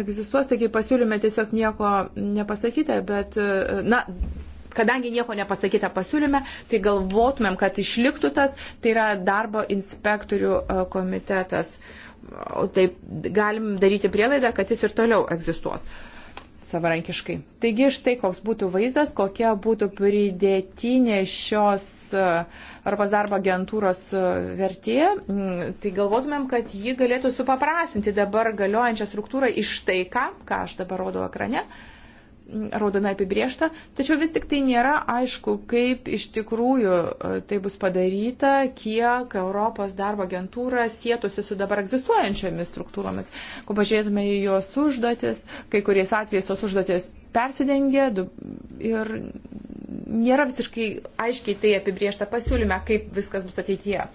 egzistuos, taigi pasiūlyme tiesiog nieko nepasakyta, bet, na, kadangi nieko nepasakyta pasiūlyme, tai galvotumėm, kad išliktų tas, tai yra darbo inspektorių e, komitetas. Taip galim daryti prielaidą, kad jis ir toliau egzistuos savarankiškai. Taigi štai koks būtų vaizdas, kokia būtų pridėtinė šios e, Europos darbo agentūros e, vertė, mm, tai galvotumėm, kad ji galėtų supaprastinti dabar galiojančią struktūrą iš tai, ką, ką aš dabar rodau ekrane. Uh, raudonai apibriešta, tačiau vis tik tai nėra aišku, kaip iš tikrųjų e, tai bus padaryta, kiek Europos darbo agentūra sėtųsi su dabar egzistuojančiomis struktūromis. Ko pažiūrėtume į jos užduotis, kai kuriais atvejais tos užduotis persidengia ir nėra visiškai aiškiai tai apibriešta pasiūlyme, kaip viskas bus ateityje.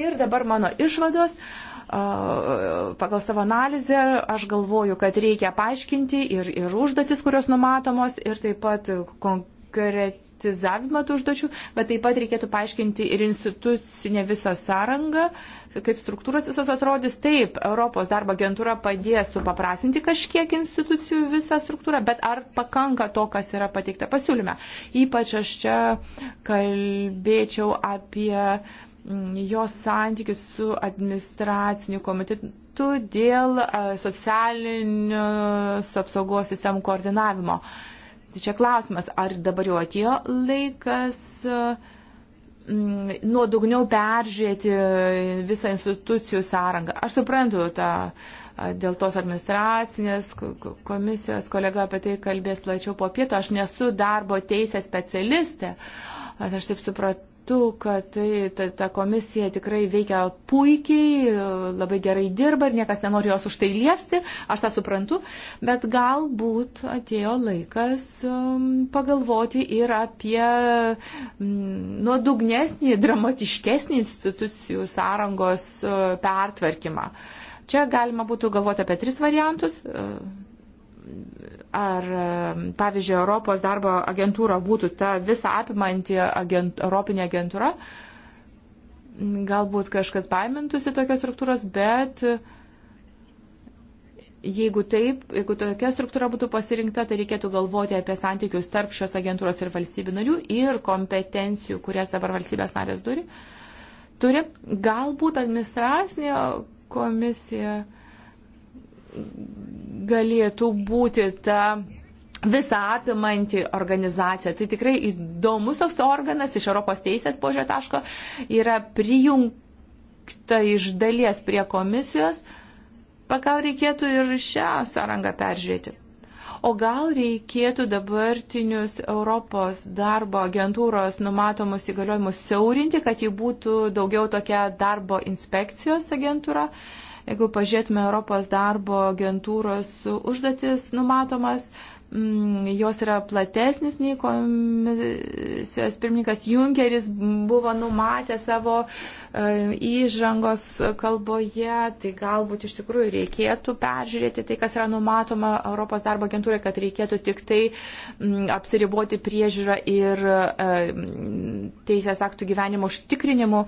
Ir dabar mano išvados. Uh, pagal savo analizę aš galvoju, kad reikia paaiškinti ir, ir užduotis, kurios numatomos, ir taip pat konkretizavimą tų užduočių, bet taip pat reikėtų paaiškinti ir institucinę visą sąrangą, kaip struktūros visas atrodys. Taip, Europos darbo agentūra padės supaprasinti kažkiek institucijų visą struktūrą, bet ar pakanka to, kas yra pateikta pasiūlyme. Ypač aš čia kalbėčiau apie Mm, jos santykius su administraciniu komitetu dėl socialinius apsaugos sistemų koordinavimo. Tai čia klausimas, ar dabar jau atėjo laikas mm, nuodugniau peržiūrėti visą institucijų sąrangą. Aš suprantu tą dėl tos administracinės komisijos, kolega apie tai kalbės plačiau po pietų, aš nesu darbo teisės specialistė, aš taip supratau suprantu, kad tai, ta, ta komisija tikrai veikia puikiai, labai gerai dirba ir niekas nenori jos už tai liesti, aš tą suprantu, bet galbūt atėjo laikas um, pagalvoti ir apie um, nuodugnesnį, dramatiškesnį institucijų sąrangos uh, pertvarkymą. Čia galima būtų galvoti apie tris variantus uh, ar, pavyzdžiui, Europos darbo agentūra būtų ta visą apimanti agent, Europinė agentūra, galbūt kažkas baimintųsi tokios struktūros, bet jeigu taip, jeigu tokia struktūra būtų pasirinkta, tai reikėtų galvoti apie santykius tarp šios agentūros ir valstybių narių ir kompetencijų, kurias dabar valstybės narės turi. turi. Galbūt administracinė komisija galėtų būti ta visą apimanti organizacija. Tai tikrai įdomus toks organas iš Europos teisės požiūrio taško yra prijungta iš dalies prie komisijos, pakal reikėtų ir šią sąrangą peržiūrėti. O gal reikėtų dabartinius Europos darbo agentūros numatomus įgaliojimus siaurinti, kad ji būtų daugiau tokia darbo inspekcijos agentūra? Uh, Jeigu pažiūrėtume Europos darbo agentūros užduotis numatomas, mm, jos yra platesnis nei komisijos pirmininkas Junkeris buvo numatę savo e, įžangos kalboje, tai galbūt iš tikrųjų reikėtų peržiūrėti tai, kas yra numatoma Europos darbo agentūrai, kad reikėtų tik tai mm, apsiriboti priežiūrą ir e, teisės aktų gyvenimo užtikrinimu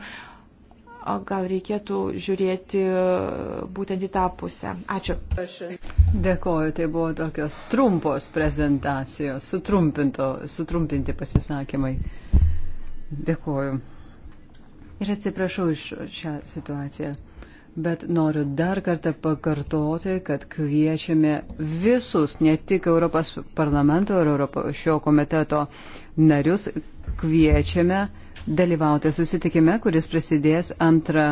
gal reikėtų žiūrėti e, būtent į tą pusę. Ačiū. Dėkoju, tai buvo tokios trumpos prezentacijos, sutrumpinti pasisakymai. Dėkoju. Ir atsiprašau iš šią situaciją. Bet noriu dar kartą pakartoti, kad kviečiame visus, ne tik Europos parlamento ir Europos šio komiteto narius, kviečiame uh, dalyvauti susitikime, kuris prasidės antrą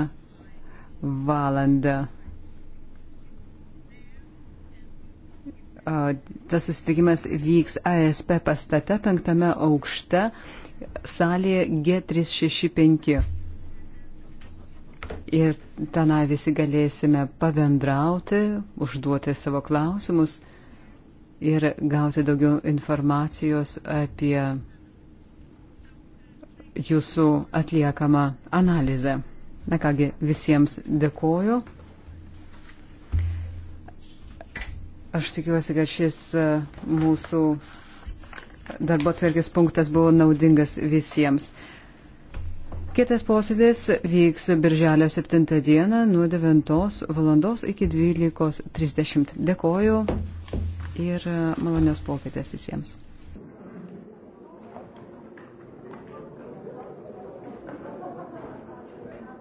valandą. Tas susitikimas vyks ASP pastate penktame aukšte salėje G365. Ir tenai visi galėsime pavendrauti, užduoti savo klausimus ir gauti daugiau informacijos apie jūsų atliekamą analizę. Na kągi, visiems dėkoju. Aš tikiuosi, kad šis e, mūsų darbo tvarkės punktas buvo naudingas visiems. Kitas posėdis vyks birželio 7 dieną nuo 9 valandos iki 12.30. Dėkoju ir e, malonios popietės visiems.